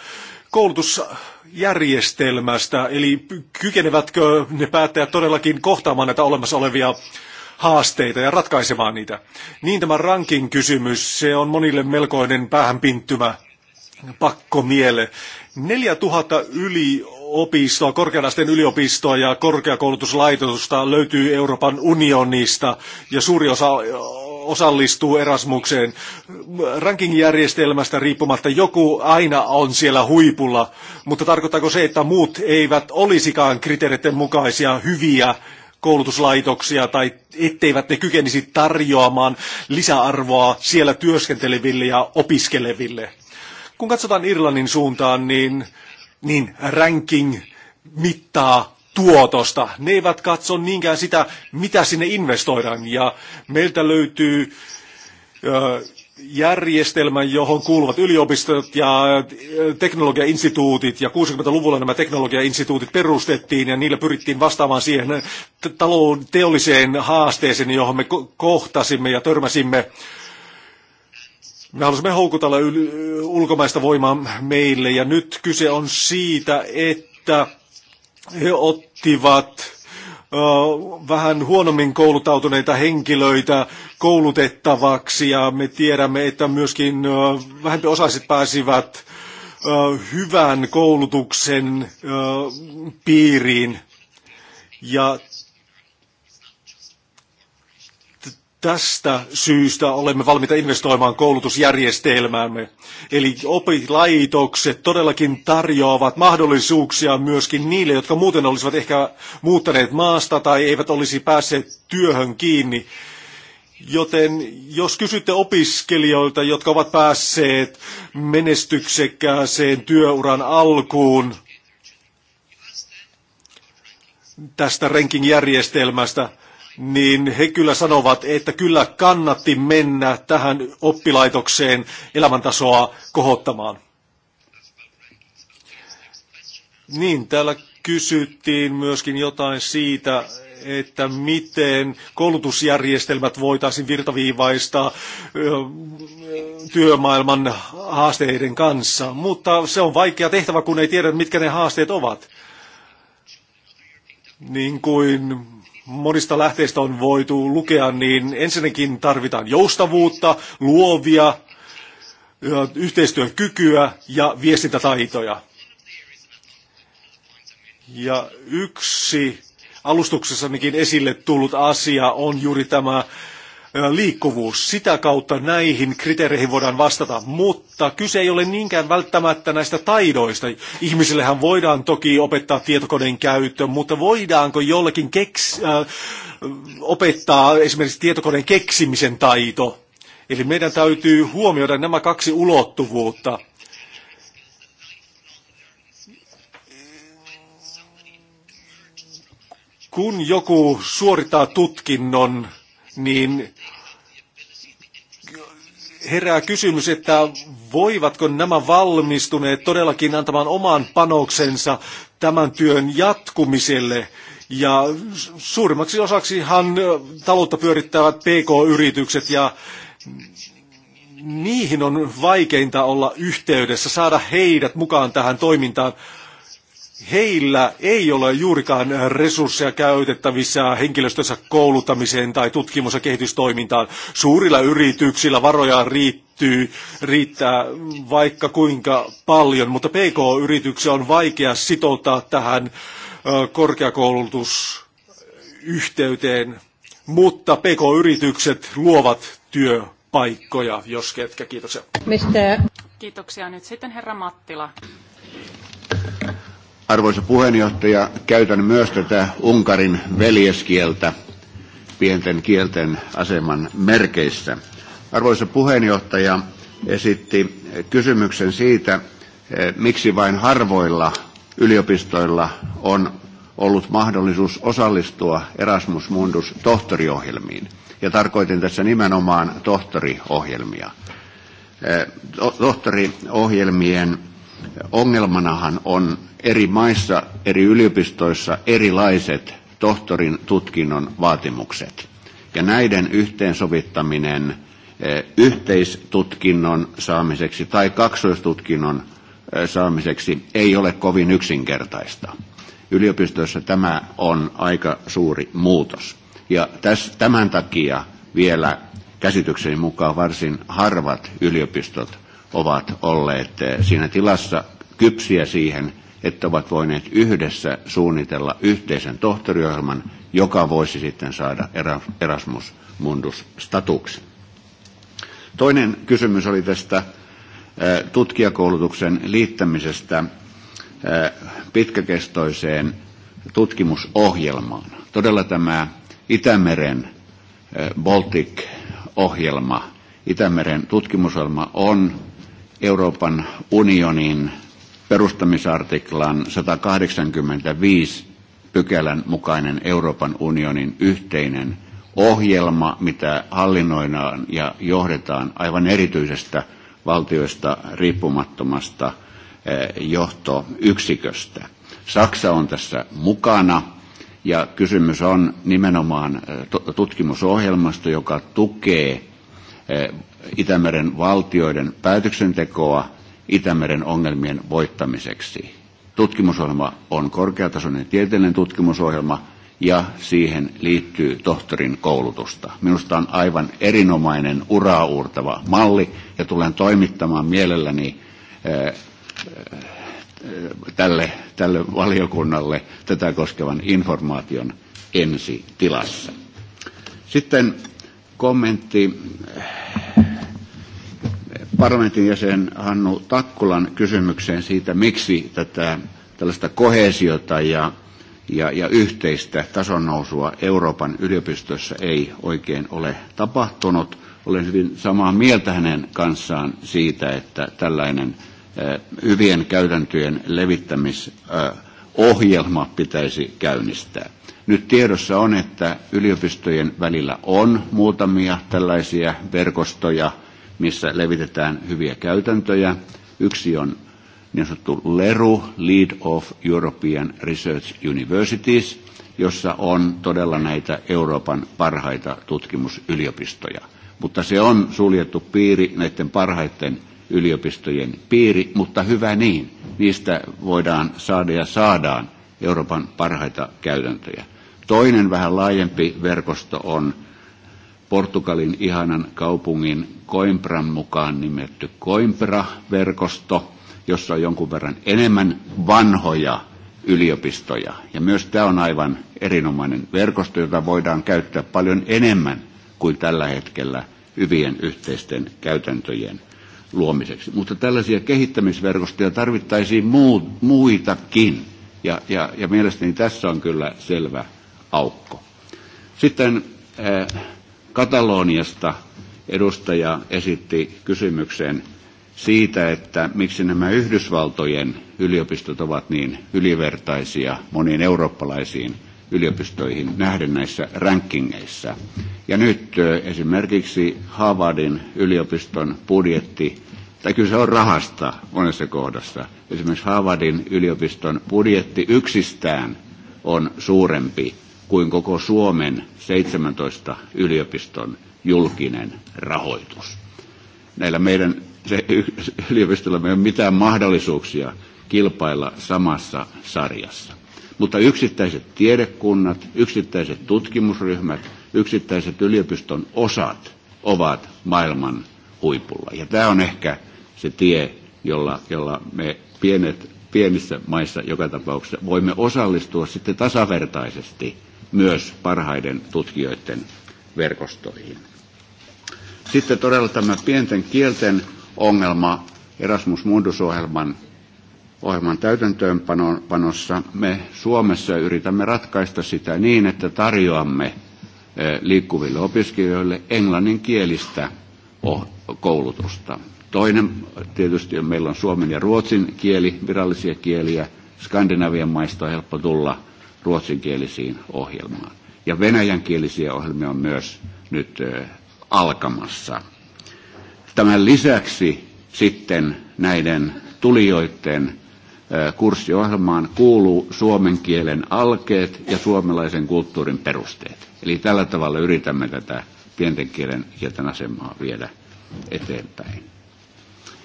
koulutusjärjestelmästä, eli kykenevätkö ne päättäjät todellakin kohtaamaan näitä olemassa olevia haasteita ja ratkaisemaan niitä. Niin tämä rankin kysymys, se on monille melkoinen päähänpinttymä pakkomiele. 4000 yli opistoa, korkeanasteen yliopistoa ja korkeakoulutuslaitosta löytyy Euroopan unionista ja suuri osa osallistuu Erasmukseen. Rankingjärjestelmästä riippumatta joku aina on siellä huipulla, mutta tarkoittaako se, että muut eivät olisikaan kriteereiden mukaisia hyviä koulutuslaitoksia tai etteivät ne kykenisi tarjoamaan lisäarvoa siellä työskenteleville ja opiskeleville? Kun katsotaan Irlannin suuntaan, niin niin ranking mittaa tuotosta. Ne eivät katso niinkään sitä, mitä sinne investoidaan. Ja meiltä löytyy ö, järjestelmä, johon kuuluvat yliopistot ja teknologiainstituutit, ja 60-luvulla nämä teknologiainstituutit perustettiin, ja niillä pyrittiin vastaamaan siihen talon teolliseen haasteeseen, johon me kohtasimme ja törmäsimme me halusimme houkutella ulkomaista voimaa meille ja nyt kyse on siitä, että he ottivat vähän huonommin koulutautuneita henkilöitä koulutettavaksi ja me tiedämme, että myöskin vähempi osaiset pääsivät hyvän koulutuksen piiriin. Ja Tästä syystä olemme valmiita investoimaan koulutusjärjestelmäämme. Eli opilaitokset todellakin tarjoavat mahdollisuuksia myöskin niille, jotka muuten olisivat ehkä muuttaneet maasta tai eivät olisi päässeet työhön kiinni. Joten jos kysytte opiskelijoilta, jotka ovat päässeet menestyksekkääseen työuran alkuun tästä ranking-järjestelmästä, niin he kyllä sanovat, että kyllä kannatti mennä tähän oppilaitokseen elämäntasoa kohottamaan. Niin, täällä kysyttiin myöskin jotain siitä, että miten koulutusjärjestelmät voitaisiin virtaviivaista työmaailman haasteiden kanssa. Mutta se on vaikea tehtävä, kun ei tiedä, mitkä ne haasteet ovat. Niin kuin monista lähteistä on voitu lukea, niin ensinnäkin tarvitaan joustavuutta, luovia, yhteistyön kykyä ja viestintätaitoja. Ja yksi alustuksessanikin esille tullut asia on juuri tämä liikkuvuus. Sitä kautta näihin kriteereihin voidaan vastata, mutta kyse ei ole niinkään välttämättä näistä taidoista. Ihmisillehän voidaan toki opettaa tietokoneen käyttö, mutta voidaanko jollekin keks, äh, opettaa esimerkiksi tietokoneen keksimisen taito? Eli meidän täytyy huomioida nämä kaksi ulottuvuutta. kun joku suorittaa tutkinnon niin herää kysymys, että voivatko nämä valmistuneet todellakin antamaan oman panoksensa tämän työn jatkumiselle. Ja suurimmaksi osaksihan taloutta pyörittävät PK-yritykset ja niihin on vaikeinta olla yhteydessä, saada heidät mukaan tähän toimintaan heillä ei ole juurikaan resursseja käytettävissä henkilöstönsä kouluttamiseen tai tutkimus- ja kehitystoimintaan. Suurilla yrityksillä varoja riittyy, riittää vaikka kuinka paljon, mutta PK-yrityksiä on vaikea sitouttaa tähän korkeakoulutusyhteyteen, mutta PK-yritykset luovat työpaikkoja, jos ketkä. Kiitoksia. Mistä? Kiitoksia. Nyt sitten herra Mattila. Arvoisa puheenjohtaja, käytän myös tätä Unkarin veljeskieltä pienten kielten aseman merkeissä. Arvoisa puheenjohtaja esitti kysymyksen siitä, eh, miksi vain harvoilla yliopistoilla on ollut mahdollisuus osallistua Erasmus Mundus tohtoriohjelmiin. Ja tarkoitin tässä nimenomaan tohtoriohjelmia. Eh, tohtoriohjelmien ongelmanahan on eri maissa, eri yliopistoissa erilaiset tohtorin tutkinnon vaatimukset. Ja näiden yhteensovittaminen eh, yhteistutkinnon saamiseksi tai kaksoistutkinnon eh, saamiseksi ei ole kovin yksinkertaista. Yliopistoissa tämä on aika suuri muutos. Ja tämän takia vielä käsitykseni mukaan varsin harvat yliopistot ovat olleet eh, siinä tilassa kypsiä siihen, että ovat voineet yhdessä suunnitella yhteisen tohtoriohjelman, joka voisi sitten saada Erasmus Mundus-statuksen. Toinen kysymys oli tästä eh, tutkijakoulutuksen liittämisestä eh, pitkäkestoiseen tutkimusohjelmaan. Todella tämä Itämeren Baltic-ohjelma, Itämeren tutkimusohjelma on Euroopan unionin perustamisartiklan 185 pykälän mukainen Euroopan unionin yhteinen ohjelma, mitä hallinnoidaan ja johdetaan aivan erityisestä valtioista riippumattomasta eh, johtoyksiköstä. Saksa on tässä mukana ja kysymys on nimenomaan eh, tutkimusohjelmasta, joka tukee eh, Itämeren valtioiden päätöksentekoa Itämeren ongelmien voittamiseksi. Tutkimusohjelma on korkeatasoinen tieteellinen tutkimusohjelma ja siihen liittyy tohtorin koulutusta. Minusta on aivan erinomainen uraa uurtava malli ja tulen toimittamaan mielelläni eh, eh, tälle, tälle valiokunnalle tätä koskevan informaation ensi tilassa. Sitten kommentti eh, parlamentin jäsen Hannu Takkulan kysymykseen siitä, miksi tätä tällaista kohesiota ja, ja, ja yhteistä tason nousua Euroopan yliopistossa ei oikein ole tapahtunut. Olen hyvin samaa mieltä hänen kanssaan siitä, että tällainen hyvien käytäntöjen levittämisohjelma pitäisi käynnistää. Nyt tiedossa on, että yliopistojen välillä on muutamia tällaisia verkostoja, missä levitetään hyviä käytäntöjä. Yksi on niin sanottu LERU, Lead of European Research Universities, jossa on todella näitä Euroopan parhaita tutkimusyliopistoja. Mutta se on suljettu piiri näiden parhaiten yliopistojen piiri, mutta hyvä niin. Niistä voidaan saada ja saadaan Euroopan parhaita käytäntöjä. Toinen vähän laajempi verkosto on Portugalin ihanan kaupungin Koimperan mukaan nimetty koimpera verkosto jossa on jonkun verran enemmän vanhoja yliopistoja. Ja myös tämä on aivan erinomainen verkosto, jota voidaan käyttää paljon enemmän kuin tällä hetkellä hyvien yhteisten käytäntöjen luomiseksi. Mutta tällaisia kehittämisverkostoja tarvittaisiin muu, muitakin. Ja, ja, ja mielestäni tässä on kyllä selvä aukko. Sitten äh, Kataloniasta edustaja esitti kysymyksen siitä, että miksi nämä Yhdysvaltojen yliopistot ovat niin ylivertaisia moniin eurooppalaisiin yliopistoihin nähden näissä rankingeissa. Ja nyt esimerkiksi Harvardin yliopiston budjetti, tai kyllä se on rahasta monessa kohdassa, esimerkiksi Harvardin yliopiston budjetti yksistään on suurempi kuin koko Suomen 17 yliopiston julkinen rahoitus. Näillä meidän se, yliopistolla ei ole mitään mahdollisuuksia kilpailla samassa sarjassa. Mutta yksittäiset tiedekunnat, yksittäiset tutkimusryhmät, yksittäiset yliopiston osat ovat maailman huipulla. Ja tämä on ehkä se tie, jolla, jolla me pienet, pienissä maissa joka tapauksessa voimme osallistua sitten tasavertaisesti myös parhaiden tutkijoiden verkostoihin. Sitten todella tämä pienten kielten ongelma Erasmus Mundus-ohjelman ohjelman täytäntöönpanossa. Me Suomessa yritämme ratkaista sitä niin, että tarjoamme eh, liikkuville opiskelijoille englanninkielistä oh, koulutusta. Toinen tietysti on, meillä on suomen ja ruotsin kieli, virallisia kieliä. Skandinavian maista on helppo tulla ruotsinkielisiin ohjelmaan. Ja venäjänkielisiä ohjelmia on myös nyt eh, alkamassa. Tämän lisäksi sitten näiden tulijoiden kurssiohjelmaan kuuluu suomen kielen alkeet ja suomalaisen kulttuurin perusteet. Eli tällä tavalla yritämme tätä pienten kielen, kielten asemaa viedä eteenpäin.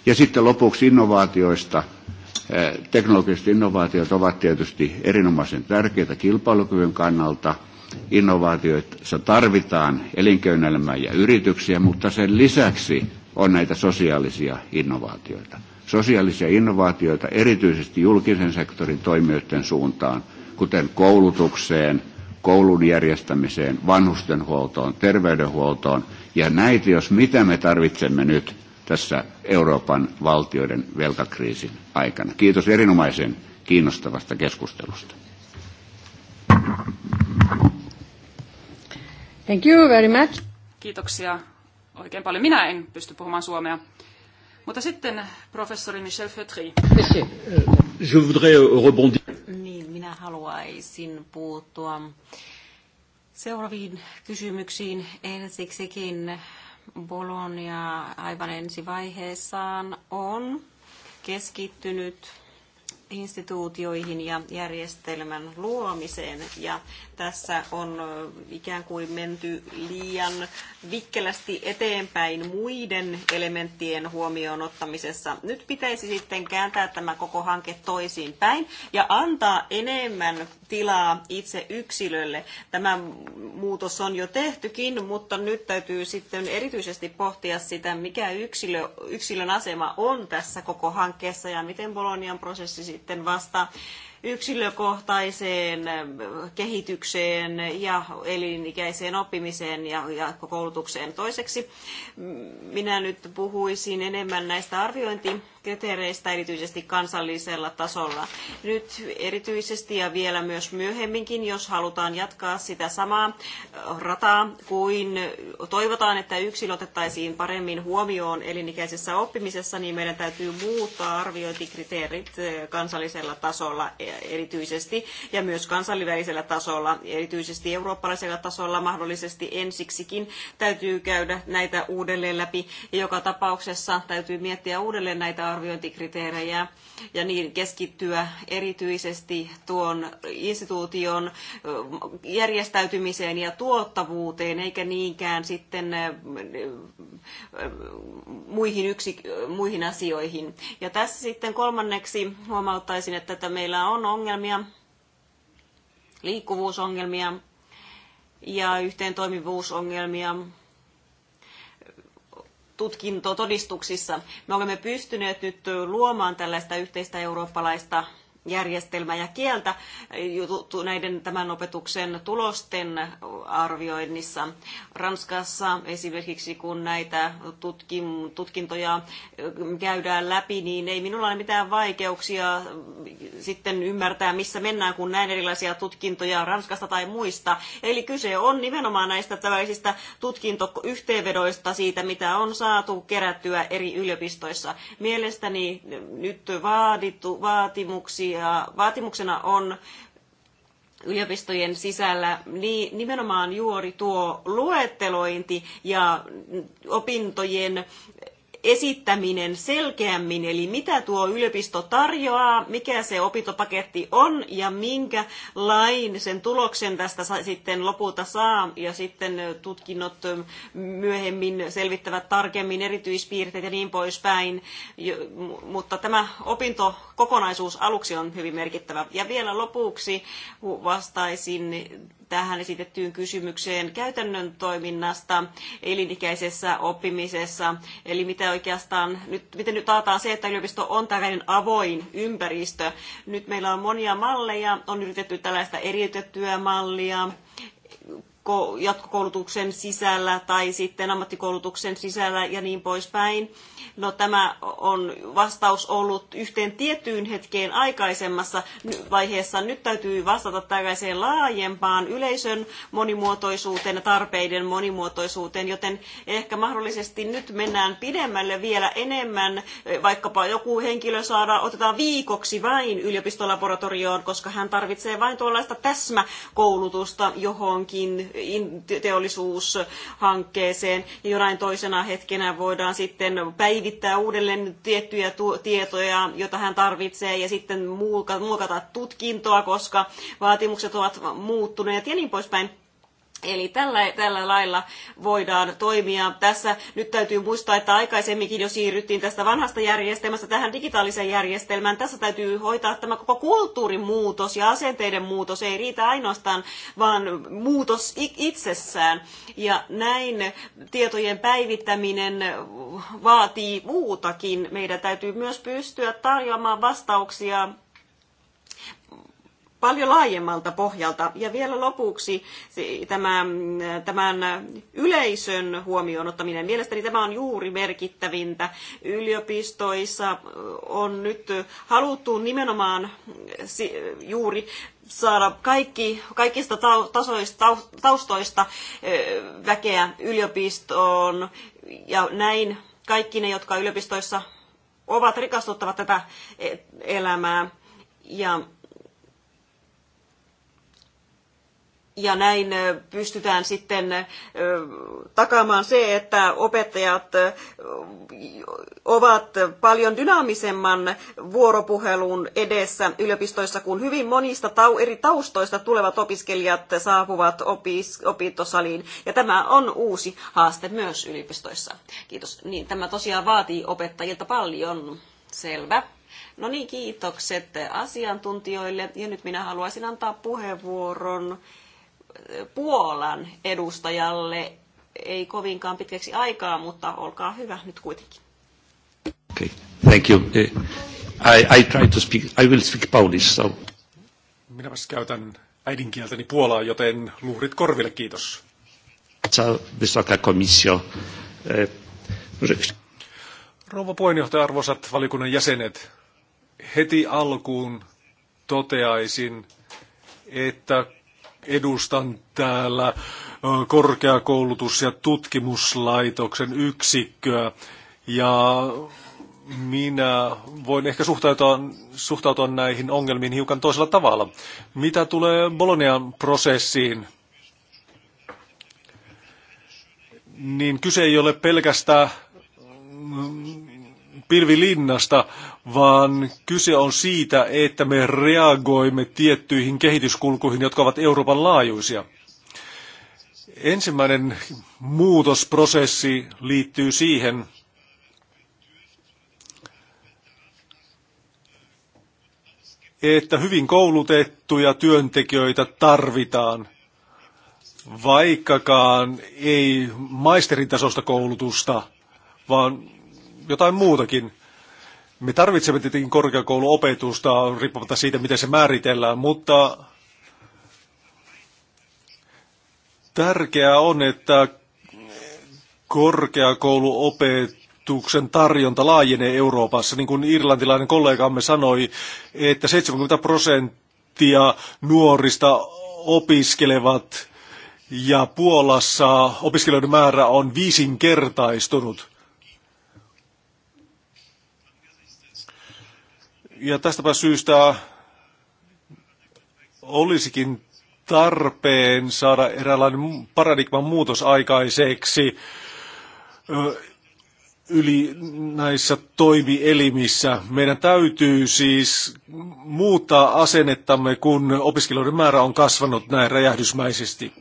Ja sitten lopuksi innovaatioista. Teknologiset innovaatiot ovat tietysti erinomaisen tärkeitä kilpailukyvyn kannalta – innovaatioita tarvitaan elinkeinoelämää ja yrityksiä, mutta sen lisäksi on näitä sosiaalisia innovaatioita. Sosiaalisia innovaatioita erityisesti julkisen sektorin toimijoiden suuntaan, kuten koulutukseen, koulun järjestämiseen, vanhustenhuoltoon, terveydenhuoltoon. Ja näitä, jos mitä me tarvitsemme nyt tässä Euroopan valtioiden velkakriisin aikana. Kiitos erinomaisen kiinnostavasta keskustelusta. Thank you very much. Kiitoksia oikein paljon. Minä en pysty puhumaan suomea. Mutta sitten professori Michel Feutry. Euh, je voudrais euh, rebondir. Niin, minä haluaisin puuttua seuraaviin kysymyksiin ensiksikin. Bologna aivan ensivaiheessaan on keskittynyt instituutioihin ja järjestelmän luomiseen. Ja tässä on ikään kuin menty liian vikkelästi eteenpäin muiden elementtien huomioon ottamisessa. Nyt pitäisi sitten kääntää tämä koko hanke toisiin päin ja antaa enemmän tilaa itse yksilölle. Tämä muutos on jo tehtykin, mutta nyt täytyy sitten erityisesti pohtia sitä, mikä yksilö, yksilön asema on tässä koko hankkeessa ja miten Bolonian prosessi sitten vasta yksilökohtaiseen kehitykseen ja elinikäiseen oppimiseen ja jatkokoulutukseen. Toiseksi minä nyt puhuisin enemmän näistä arviointi kriteereistä erityisesti kansallisella tasolla. Nyt erityisesti ja vielä myös myöhemminkin, jos halutaan jatkaa sitä samaa rataa kuin toivotaan, että yksilö otettaisiin paremmin huomioon elinikäisessä oppimisessa, niin meidän täytyy muuttaa arviointikriteerit eh, kansallisella tasolla e- erityisesti ja myös kansainvälisellä tasolla, erityisesti eurooppalaisella tasolla mahdollisesti ensiksikin täytyy käydä näitä uudelleen läpi. Ja joka tapauksessa täytyy miettiä uudelleen näitä arviointikriteerejä ja niin keskittyä erityisesti tuon instituution järjestäytymiseen ja tuottavuuteen, eikä niinkään sitten muihin, yksi, muihin asioihin. Ja tässä sitten kolmanneksi huomauttaisin, että, että meillä on ongelmia, liikkuvuusongelmia ja yhteentoimivuusongelmia tutkintotodistuksissa. Me olemme pystyneet nyt luomaan tällaista yhteistä eurooppalaista järjestelmä ja kieltä näiden tämän opetuksen tulosten arvioinnissa. Ranskassa esimerkiksi kun näitä tutkintoja käydään läpi, niin ei minulla ole mitään vaikeuksia sitten ymmärtää, missä mennään, kun näen erilaisia tutkintoja Ranskasta tai muista. Eli kyse on nimenomaan näistä tällaisista tutkintoyhteenvedoista siitä, mitä on saatu kerättyä eri yliopistoissa. Mielestäni nyt vaadittu, vaatimuksia ja vaatimuksena on yliopistojen sisällä niin nimenomaan juuri tuo luettelointi ja opintojen esittäminen selkeämmin, eli mitä tuo yliopisto tarjoaa, mikä se opintopaketti on ja minkä lain sen tuloksen tästä sitten lopulta saa ja sitten tutkinnot myöhemmin selvittävät tarkemmin erityispiirteet ja niin poispäin. Mutta tämä opintokokonaisuus aluksi on hyvin merkittävä. Ja vielä lopuksi vastaisin tähän esitettyyn kysymykseen käytännön toiminnasta elinikäisessä oppimisessa. Eli mitä oikeastaan, nyt, miten nyt taataan se, että yliopisto on tällainen avoin ympäristö. Nyt meillä on monia malleja, on yritetty tällaista eriytettyä mallia, jatkokoulutuksen sisällä tai sitten ammattikoulutuksen sisällä ja niin poispäin. No tämä on vastaus ollut yhteen tiettyyn hetkeen aikaisemmassa vaiheessa. Nyt täytyy vastata tällaiseen laajempaan yleisön monimuotoisuuteen ja tarpeiden monimuotoisuuteen, joten ehkä mahdollisesti nyt mennään pidemmälle vielä enemmän. Vaikkapa joku henkilö saada, otetaan viikoksi vain yliopistolaboratorioon, koska hän tarvitsee vain tuollaista täsmäkoulutusta johonkin teollisuushankkeeseen. Ja jonain toisena hetkenä voidaan sitten päivittää uudelleen tiettyjä tietoja, joita hän tarvitsee, ja sitten muokata tutkintoa, koska vaatimukset ovat muuttuneet ja niin poispäin Eli tällä, tällä lailla voidaan toimia. Tässä nyt täytyy muistaa, että aikaisemminkin jo siirryttiin tästä vanhasta järjestelmästä tähän digitaaliseen järjestelmään. Tässä täytyy hoitaa tämä koko kulttuurin muutos ja asenteiden muutos. Ei riitä ainoastaan, vaan muutos itsessään. Ja näin tietojen päivittäminen vaatii muutakin. Meidän täytyy myös pystyä tarjoamaan vastauksia paljon laajemmalta pohjalta. Ja vielä lopuksi tämä, tämän yleisön huomioon ottaminen. Mielestäni tämä on juuri merkittävintä. Yliopistoissa on nyt haluttu nimenomaan juuri saada kaikki, kaikista tasoista, taustoista väkeä yliopistoon ja näin kaikki ne, jotka yliopistoissa ovat, rikastuttavat tätä e, elämää. Ja Ja näin pystytään sitten takaamaan se, että opettajat ovat paljon dynaamisemman vuoropuhelun edessä yliopistoissa, kun hyvin monista eri taustoista tulevat opiskelijat saapuvat opis- opintosaliin. Ja tämä on uusi haaste myös yliopistoissa. Kiitos. Niin, tämä tosiaan vaatii opettajilta paljon. Selvä. No niin, kiitokset asiantuntijoille. Ja nyt minä haluaisin antaa puheenvuoron Puolan edustajalle ei kovinkaan pitkäksi aikaa, mutta olkaa hyvä nyt kuitenkin. Okay, thank you. Eh, I, I try to speak, I will speak Polish, so. Minä käytän äidinkieltäni Puolaa, joten luurit korville, kiitos. Wysoka komissio. Eh, Rouva puheenjohtaja, arvoisat valikunnan jäsenet, heti alkuun toteaisin, että edustan täällä korkeakoulutus- ja tutkimuslaitoksen yksikköä ja minä voin ehkä suhtautua, suhtautua näihin ongelmiin hiukan toisella tavalla. Mitä tulee Bolonian prosessiin, niin kyse ei ole pelkästään pilvilinnasta, vaan kyse on siitä, että me reagoimme tiettyihin kehityskulkuihin, jotka ovat Euroopan laajuisia. Ensimmäinen muutosprosessi liittyy siihen, että hyvin koulutettuja työntekijöitä tarvitaan, vaikkakaan ei maisterintasosta koulutusta, vaan jotain muutakin. Me tarvitsemme tietenkin korkeakouluopetusta, riippumatta siitä, miten se määritellään, mutta tärkeää on, että korkeakouluopetuksen tarjonta laajenee Euroopassa. Niin kuin irlantilainen kollegamme sanoi, että 70 prosenttia nuorista opiskelevat ja Puolassa opiskelijoiden määrä on viisinkertaistunut. Ja tästäpä syystä olisikin tarpeen saada eräänlainen paradigman muutos aikaiseksi yli näissä toimielimissä. Meidän täytyy siis muuttaa asennettamme, kun opiskelijoiden määrä on kasvanut näin räjähdysmäisesti.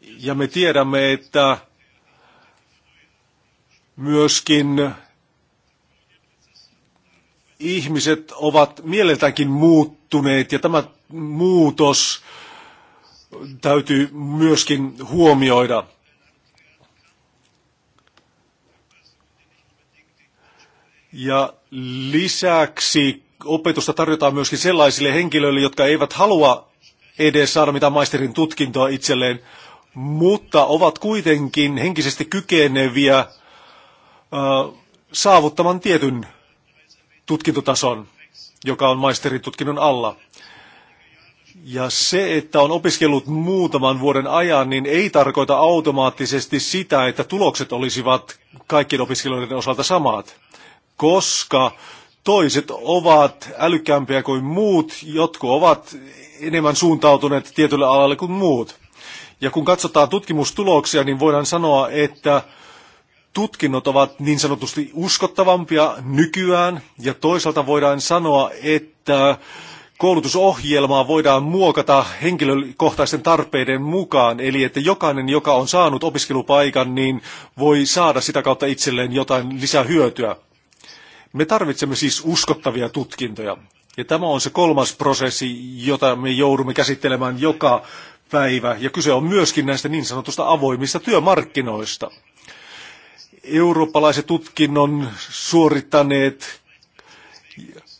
Ja me tiedämme, että myöskin ihmiset ovat mieleltäänkin muuttuneet ja tämä muutos täytyy myöskin huomioida. Ja lisäksi opetusta tarjotaan myöskin sellaisille henkilöille, jotka eivät halua edes saada mitään maisterin tutkintoa itselleen, mutta ovat kuitenkin henkisesti kykeneviä äh, saavuttamaan tietyn tutkintotason, joka on maisteritutkinnon alla. Ja se, että on opiskellut muutaman vuoden ajan, niin ei tarkoita automaattisesti sitä, että tulokset olisivat kaikkien opiskelijoiden osalta samat, koska toiset ovat älykkäämpiä kuin muut, jotkut ovat enemmän suuntautuneet tietylle alalle kuin muut. Ja kun katsotaan tutkimustuloksia, niin voidaan sanoa, että tutkinnot ovat niin sanotusti uskottavampia nykyään ja toisaalta voidaan sanoa, että koulutusohjelmaa voidaan muokata henkilökohtaisten tarpeiden mukaan, eli että jokainen, joka on saanut opiskelupaikan, niin voi saada sitä kautta itselleen jotain lisähyötyä. Me tarvitsemme siis uskottavia tutkintoja. Ja tämä on se kolmas prosessi, jota me joudumme käsittelemään joka päivä. Ja kyse on myöskin näistä niin sanotusta avoimista työmarkkinoista eurooppalaiset tutkinnon suorittaneet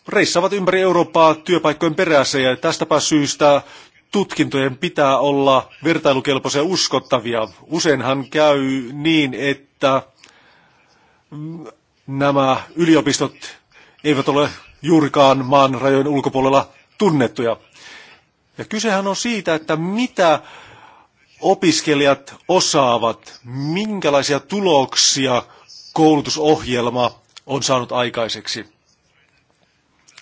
reissaavat ympäri Eurooppaa työpaikkojen perässä ja tästäpä syystä tutkintojen pitää olla vertailukelpoisia uskottavia. Useinhan käy niin, että nämä yliopistot eivät ole juurikaan maan rajojen ulkopuolella tunnettuja. Ja kysehän on siitä, että mitä opiskelijat osaavat, minkälaisia tuloksia koulutusohjelma on saanut aikaiseksi.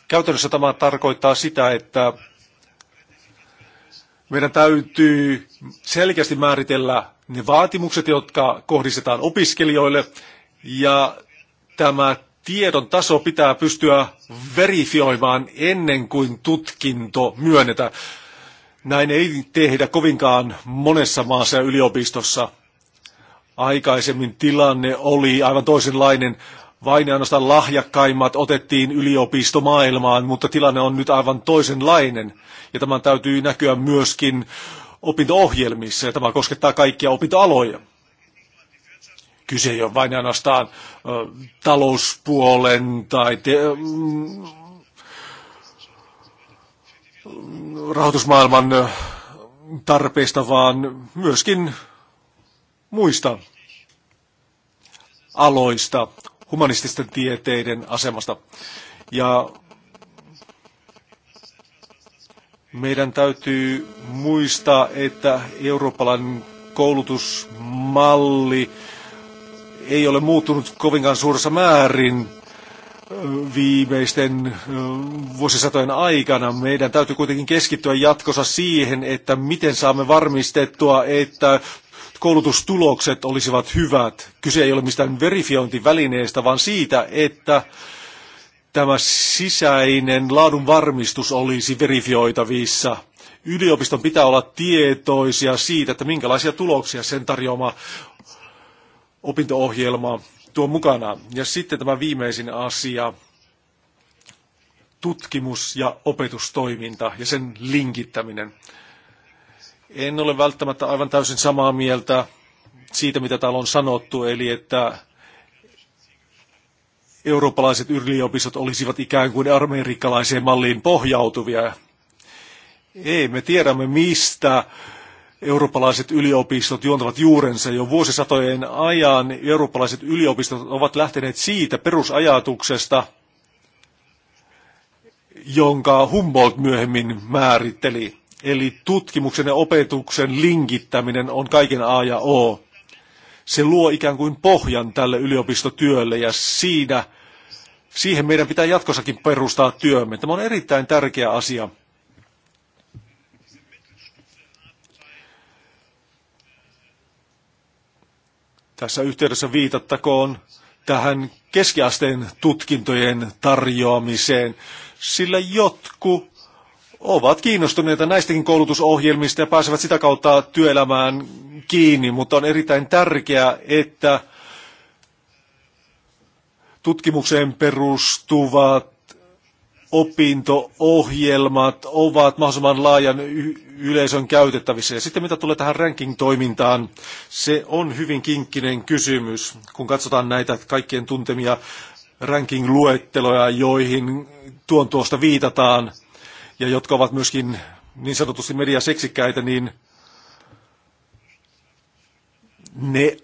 Käytännössä tämä tarkoittaa sitä, että meidän täytyy selkeästi määritellä ne vaatimukset, jotka kohdistetaan opiskelijoille, ja tämä tiedon taso pitää pystyä verifioimaan ennen kuin tutkinto myönnetään. Näin ei tehdä kovinkaan monessa maassa ja yliopistossa. Aikaisemmin tilanne oli aivan toisenlainen. Vain ainoastaan lahjakkaimmat otettiin yliopistomaailmaan, mutta tilanne on nyt aivan toisenlainen. Ja tämän täytyy näkyä myöskin opinto-ohjelmissa, ja tämä koskettaa kaikkia opintoaloja. Kyse ei ole vain ainoastaan ö, talouspuolen tai te, ö, mm, rahoitusmaailman tarpeista, vaan myöskin muista aloista, humanististen tieteiden asemasta. Ja meidän täytyy muistaa, että eurooppalainen koulutusmalli ei ole muuttunut kovinkaan suuressa määrin viimeisten vuosisatojen aikana. Meidän täytyy kuitenkin keskittyä jatkossa siihen, että miten saamme varmistettua, että koulutustulokset olisivat hyvät. Kyse ei ole mistään verifiointivälineestä, vaan siitä, että tämä sisäinen laadun varmistus olisi verifioitavissa. Yliopiston pitää olla tietoisia siitä, että minkälaisia tuloksia sen tarjoama opinto-ohjelma tuo mukana. Ja sitten tämä viimeisin asia, tutkimus- ja opetustoiminta ja sen linkittäminen. En ole välttämättä aivan täysin samaa mieltä siitä, mitä täällä on sanottu, eli että eurooppalaiset yliopistot olisivat ikään kuin amerikkalaiseen malliin pohjautuvia. Ei, me tiedämme mistä eurooppalaiset yliopistot juontavat juurensa jo vuosisatojen ajan. Eurooppalaiset yliopistot ovat lähteneet siitä perusajatuksesta, jonka Humboldt myöhemmin määritteli. Eli tutkimuksen ja opetuksen linkittäminen on kaiken A ja O. Se luo ikään kuin pohjan tälle yliopistotyölle ja siinä, siihen meidän pitää jatkossakin perustaa työmme. Tämä on erittäin tärkeä asia. Tässä yhteydessä viitattakoon tähän keskiasteen tutkintojen tarjoamiseen, sillä jotkut ovat kiinnostuneita näistäkin koulutusohjelmista ja pääsevät sitä kautta työelämään kiinni, mutta on erittäin tärkeää, että tutkimukseen perustuvat opinto-ohjelmat ovat mahdollisimman laajan yleisön käytettävissä. Ja sitten mitä tulee tähän ranking-toimintaan, se on hyvin kinkkinen kysymys, kun katsotaan näitä kaikkien tuntemia ranking-luetteloja, joihin tuon tuosta viitataan, ja jotka ovat myöskin niin sanotusti mediaseksikkäitä, niin ne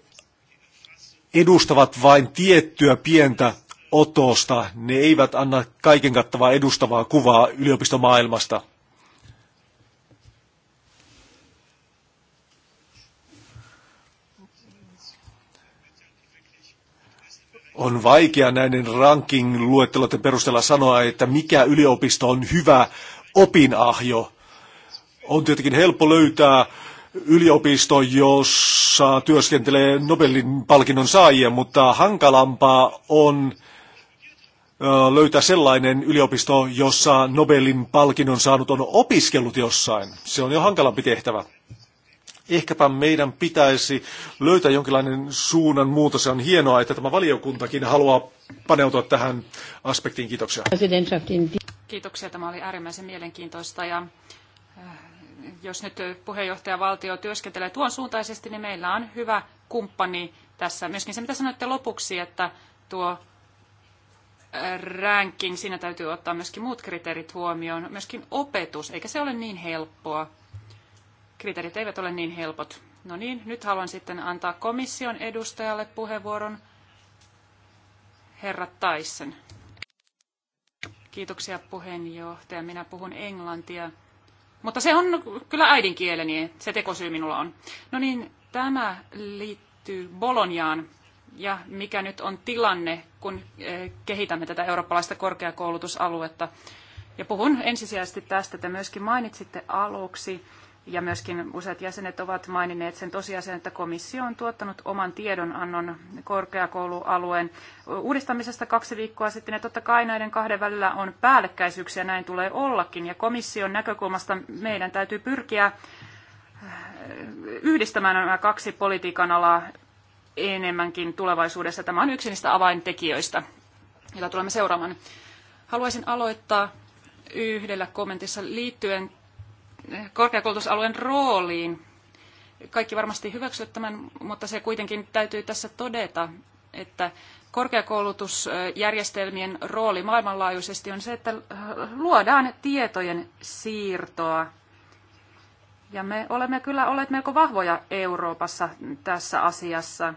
edustavat vain tiettyä pientä otosta. Ne eivät anna kaiken kattavaa edustavaa kuvaa yliopistomaailmasta. On vaikea näiden ranking-luetteloiden perusteella sanoa, että mikä yliopisto on hyvä opinahjo. On tietenkin helppo löytää yliopisto, jossa työskentelee Nobelin palkinnon saajia, mutta hankalampaa on löytää sellainen yliopisto, jossa Nobelin palkinnon saanut on opiskellut jossain. Se on jo hankalampi tehtävä. Ehkäpä meidän pitäisi löytää jonkinlainen suunnan muutos. Se on hienoa, että tämä valiokuntakin haluaa paneutua tähän aspektiin. Kiitoksia. Kiitoksia. Tämä oli äärimmäisen mielenkiintoista. Ja äh, jos nyt puheenjohtajavaltio työskentelee tuon suuntaisesti, niin meillä on hyvä kumppani tässä. Myöskin se, mitä sanoitte lopuksi, että tuo ranking, siinä täytyy ottaa myöskin muut kriteerit huomioon, myöskin opetus, eikä se ole niin helppoa. Kriteerit eivät ole niin helpot. No niin, nyt haluan sitten antaa komission edustajalle puheenvuoron. Herra Tyson. Kiitoksia puheenjohtaja. Minä puhun englantia. Mutta se on kyllä äidinkieleni, se tekosyy minulla on. No niin, tämä liittyy Boloniaan ja mikä nyt on tilanne, kun eh, kehitämme tätä eurooppalaista korkeakoulutusaluetta. Ja puhun ensisijaisesti tästä, että myöskin mainitsitte aluksi, ja myöskin useat jäsenet ovat maininneet sen tosiasian, että komissio on tuottanut oman tiedonannon korkeakoulualueen uudistamisesta kaksi viikkoa sitten. Ja totta kai näiden kahden välillä on päällekkäisyyksiä, näin tulee ollakin. Ja komission näkökulmasta meidän täytyy pyrkiä eh, yhdistämään nämä kaksi politiikan alaa enemmänkin tulevaisuudessa. Tämä on yksi niistä avaintekijöistä, jota tulemme seuraamaan. Haluaisin aloittaa yhdellä kommentissa liittyen korkeakoulutusalueen rooliin. Kaikki varmasti hyväksyvät tämän, mutta se kuitenkin täytyy tässä todeta, että korkeakoulutusjärjestelmien rooli maailmanlaajuisesti on se, että luodaan tietojen siirtoa ja me olemme kyllä olleet melko vahvoja Euroopassa tässä asiassa.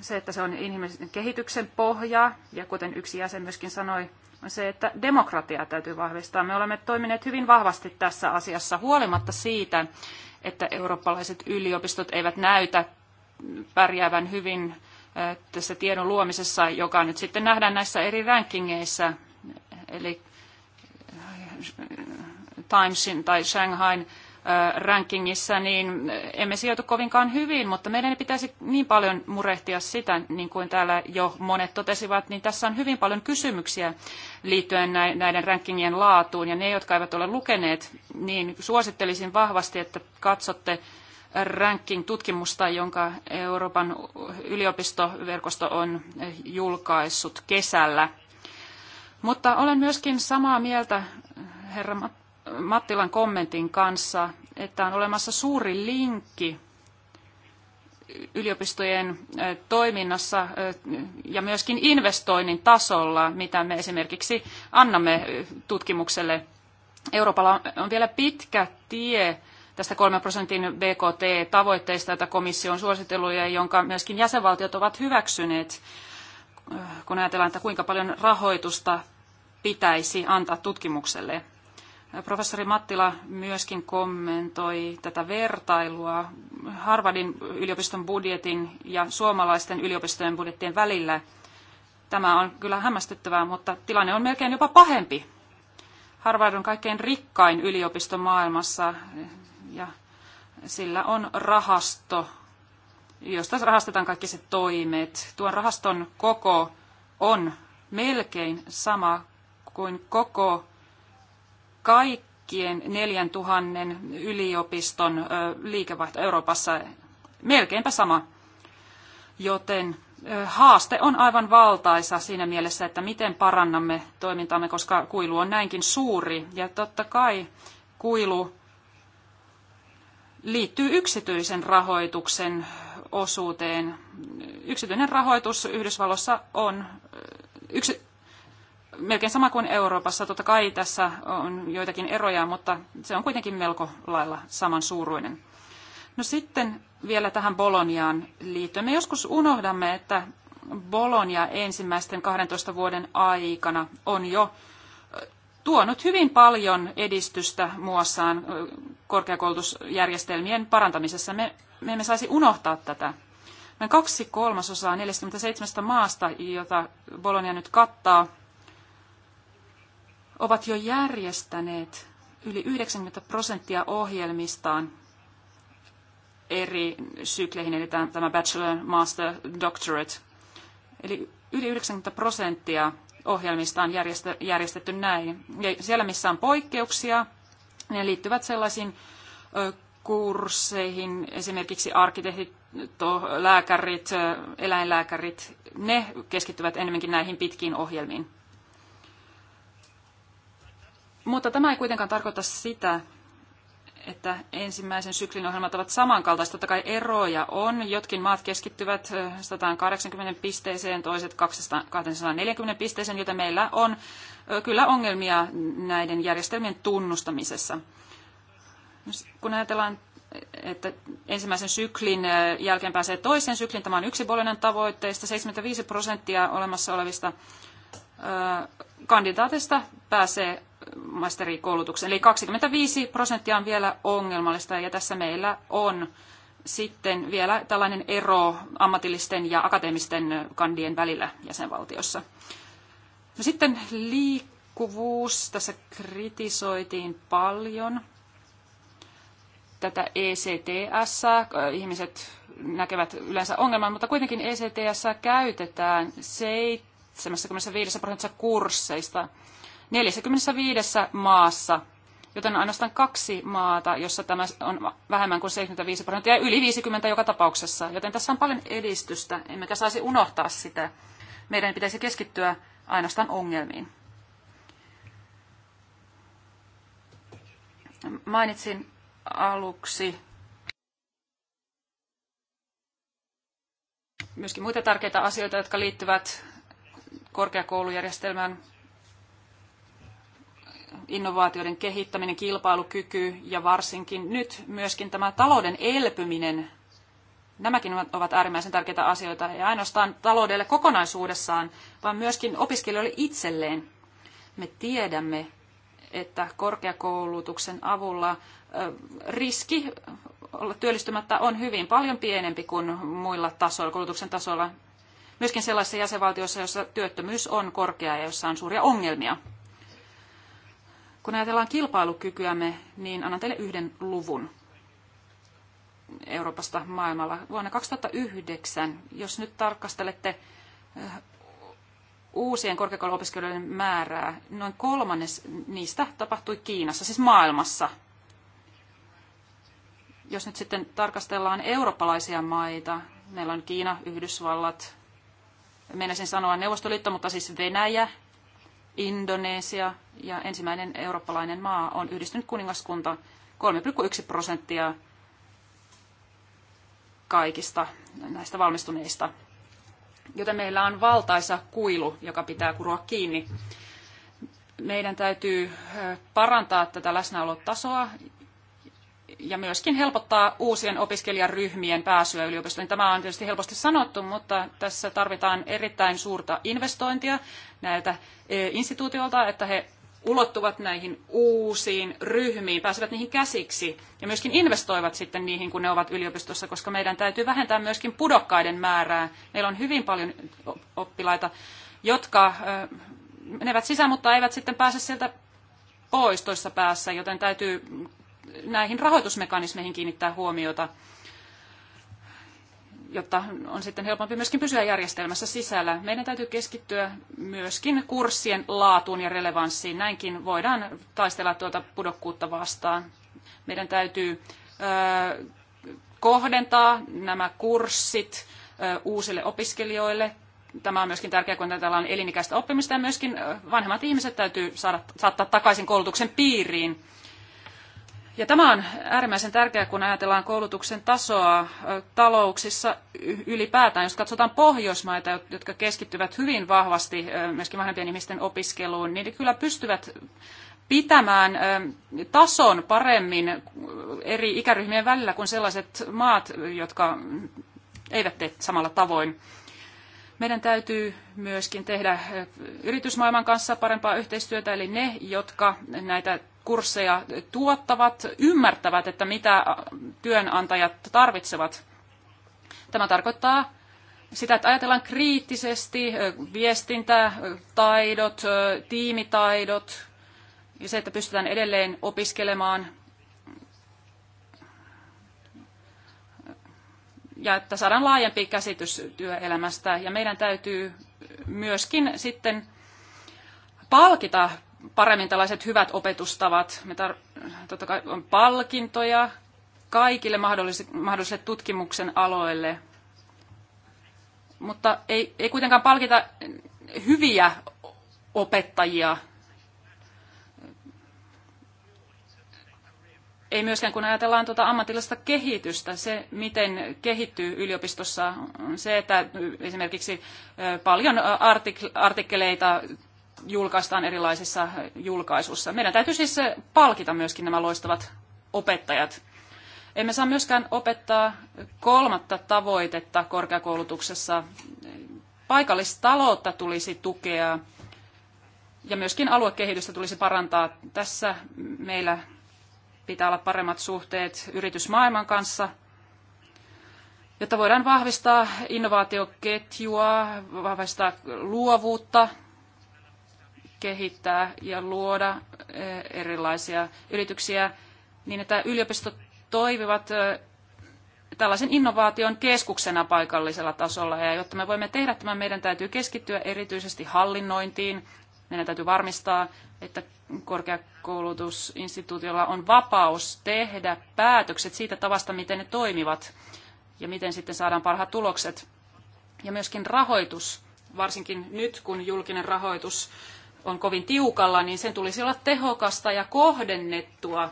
Se, että se on inhimillisen kehityksen pohja, ja kuten yksi jäsen myöskin sanoi, on se, että demokratia täytyy vahvistaa. Me olemme toimineet hyvin vahvasti tässä asiassa huolimatta siitä, että eurooppalaiset yliopistot eivät näytä pärjäävän hyvin eh, tässä tiedon luomisessa, joka nyt sitten nähdään näissä eri rankingeissa. Eli eh, Timesin tai Shanghain rankingissa, niin emme sijoitu kovinkaan hyvin, mutta meidän ei pitäisi niin paljon murehtia sitä, niin kuin täällä jo monet totesivat, niin tässä on hyvin paljon kysymyksiä liittyen näiden rankingien laatuun, ja ne, jotka eivät ole lukeneet, niin suosittelisin vahvasti, että katsotte ranking-tutkimusta, jonka Euroopan yliopistoverkosto on julkaissut kesällä. Mutta olen myöskin samaa mieltä herra Mattilan kommentin kanssa, että on olemassa suuri linkki yliopistojen toiminnassa ja myöskin investoinnin tasolla, mitä me esimerkiksi annamme tutkimukselle. Euroopalla on vielä pitkä tie tästä 3 prosentin BKT-tavoitteista, jota komissio on suositellut ja jonka myöskin jäsenvaltiot ovat hyväksyneet, kun ajatellaan, että kuinka paljon rahoitusta pitäisi antaa tutkimukselle. Professori Mattila myöskin kommentoi tätä vertailua Harvardin yliopiston budjetin ja suomalaisten yliopistojen budjettien välillä. Tämä on kyllä hämmästyttävää, mutta tilanne on melkein jopa pahempi. Harvard on kaikkein rikkain yliopisto maailmassa ja sillä on rahasto, josta rahastetaan kaikki se toimet. Tuon rahaston koko on melkein sama kuin koko kaikkien 4000 yliopiston liikevaihto Euroopassa melkeinpä sama. Joten haaste on aivan valtaisa siinä mielessä, että miten parannamme toimintaamme, koska kuilu on näinkin suuri. Ja totta kai kuilu liittyy yksityisen rahoituksen osuuteen. Yksityinen rahoitus Yhdysvalloissa on, yksi, melkein sama kuin Euroopassa. Totta kai tässä on joitakin eroja, mutta se on kuitenkin melko lailla samansuuruinen. No sitten vielä tähän Boloniaan liittyen. Me joskus unohdamme, että Bologna ensimmäisten 12 vuoden aikana on jo tuonut hyvin paljon edistystä muassaan korkeakoulutusjärjestelmien parantamisessa. Me, me emme saisi unohtaa tätä. Noin kaksi kolmasosaa 47 maasta, jota Bologna nyt kattaa, ovat jo järjestäneet yli 90 prosenttia ohjelmistaan eri sykleihin, eli tämä bachelor, master, doctorate. Eli yli 90 prosenttia ohjelmista on järjestetty näin. Ja siellä, missä on poikkeuksia, ne liittyvät sellaisiin kursseihin, esimerkiksi arkkitehdit, lääkärit, eläinlääkärit, ne keskittyvät enemmänkin näihin pitkiin ohjelmiin. Mutta tämä ei kuitenkaan tarkoita sitä, että ensimmäisen syklin ohjelmat ovat samankaltaiset. Totta kai eroja on. Jotkin maat keskittyvät 180 pisteeseen, toiset 240 pisteeseen, joten meillä on kyllä ongelmia näiden järjestelmien tunnustamisessa. Kun ajatellaan, että ensimmäisen syklin jälkeen pääsee toisen syklin, tämä on yksi tavoitteista. 75 prosenttia olemassa olevista kandidaateista pääsee maisterikoulutukseen. Eli 25 prosenttia on vielä ongelmallista ja tässä meillä on sitten vielä tällainen ero ammatillisten ja akateemisten kandien välillä jäsenvaltiossa. No sitten liikkuvuus. Tässä kritisoitiin paljon tätä ECTS. Ihmiset näkevät yleensä ongelman, mutta kuitenkin ECTS käytetään 7 75 prosentissa kursseista 45 maassa, joten ainoastaan kaksi maata, jossa tämä on vähemmän kuin 75 prosenttia ja yli 50 joka tapauksessa. Joten tässä on paljon edistystä, emmekä saisi unohtaa sitä. Meidän pitäisi keskittyä ainoastaan ongelmiin. Mainitsin aluksi myöskin muita tärkeitä asioita, jotka liittyvät korkeakoulujärjestelmän innovaatioiden kehittäminen, kilpailukyky ja varsinkin nyt myöskin tämä talouden elpyminen, nämäkin ovat äärimmäisen tärkeitä asioita, ei ainoastaan taloudelle kokonaisuudessaan, vaan myöskin opiskelijoille itselleen. Me tiedämme, että korkeakoulutuksen avulla riski olla työllistymättä on hyvin paljon pienempi kuin muilla tasoilla, koulutuksen tasoilla myöskin sellaisissa jäsenvaltioissa, joissa työttömyys on korkea ja joissa on suuria ongelmia. Kun ajatellaan kilpailukykyämme, niin annan teille yhden luvun Euroopasta maailmalla. Vuonna 2009, jos nyt tarkastelette eh, uusien korkeakouluopiskelijoiden määrää, noin kolmannes niistä tapahtui Kiinassa, siis maailmassa. Jos nyt sitten tarkastellaan eurooppalaisia maita, meillä on Kiina, Yhdysvallat, meinasin sanoa Neuvostoliitto, mutta siis Venäjä, Indonesia ja ensimmäinen eurooppalainen maa on yhdistynyt kuningaskunta 3,1 prosenttia kaikista näistä valmistuneista. Joten meillä on valtaisa kuilu, joka pitää kuroa kiinni. Meidän täytyy parantaa tätä läsnäolotasoa ja myöskin helpottaa uusien opiskelijaryhmien pääsyä yliopistoihin. Tämä on tietysti helposti sanottu, mutta tässä tarvitaan erittäin suurta investointia näiltä e, instituutioilta, että he ulottuvat näihin uusiin ryhmiin, pääsevät niihin käsiksi ja myöskin investoivat sitten niihin, kun ne ovat yliopistossa, koska meidän täytyy vähentää myöskin pudokkaiden määrää. Meillä on hyvin paljon oppilaita, jotka e, menevät sisään, mutta eivät sitten pääse sieltä pois toisessa päässä, joten täytyy näihin rahoitusmekanismeihin kiinnittää huomiota, jotta on sitten helpompi myöskin pysyä järjestelmässä sisällä. Meidän täytyy keskittyä myöskin kurssien laatuun ja relevanssiin. Näinkin voidaan taistella tuota pudokkuutta vastaan. Meidän täytyy ö, kohdentaa nämä kurssit ö, uusille opiskelijoille. Tämä on myöskin tärkeää, kun täällä on elinikäistä oppimista ja myöskin vanhemmat ihmiset täytyy saada, saattaa takaisin koulutuksen piiriin ja tämä on äärimmäisen tärkeää, kun ajatellaan koulutuksen tasoa talouksissa ylipäätään. Jos katsotaan Pohjoismaita, jotka keskittyvät hyvin vahvasti myöskin vanhempien ihmisten opiskeluun, niin ne kyllä pystyvät pitämään tason paremmin eri ikäryhmien välillä kuin sellaiset maat, jotka eivät tee samalla tavoin. Meidän täytyy myöskin tehdä yritysmaailman kanssa parempaa yhteistyötä, eli ne, jotka näitä kursseja tuottavat, ymmärtävät, että mitä työnantajat tarvitsevat. Tämä tarkoittaa sitä, että ajatellaan kriittisesti viestintätaidot, tiimitaidot ja se, että pystytään edelleen opiskelemaan ja että saadaan laajempi käsitys työelämästä. Ja meidän täytyy myöskin sitten palkita paremmin tällaiset hyvät opetustavat. Me tar- totta kai on palkintoja kaikille mahdollisille, mahdollisille tutkimuksen aloille, mutta ei, ei kuitenkaan palkita hyviä opettajia. Ei myöskään kun ajatellaan tuota ammatillista kehitystä, se miten kehittyy yliopistossa, on se, että esimerkiksi paljon artikkeleita julkaistaan erilaisissa julkaisuissa. Meidän täytyy siis palkita myöskin nämä loistavat opettajat. Emme saa myöskään opettaa kolmatta tavoitetta korkeakoulutuksessa. Paikallistaloutta tulisi tukea ja myöskin aluekehitystä tulisi parantaa. Tässä meillä pitää olla paremmat suhteet yritysmaailman kanssa, jotta voidaan vahvistaa innovaatioketjua, vahvistaa luovuutta kehittää ja luoda eh, erilaisia yrityksiä niin, että yliopistot toimivat eh, tällaisen innovaation keskuksena paikallisella tasolla. Ja jotta me voimme tehdä tämän, meidän täytyy keskittyä erityisesti hallinnointiin. Meidän täytyy varmistaa, että korkeakoulutusinstituutiolla on vapaus tehdä päätökset siitä tavasta, miten ne toimivat ja miten sitten saadaan parhaat tulokset. Ja myöskin rahoitus, varsinkin nyt kun julkinen rahoitus on kovin tiukalla, niin sen tulisi olla tehokasta ja kohdennettua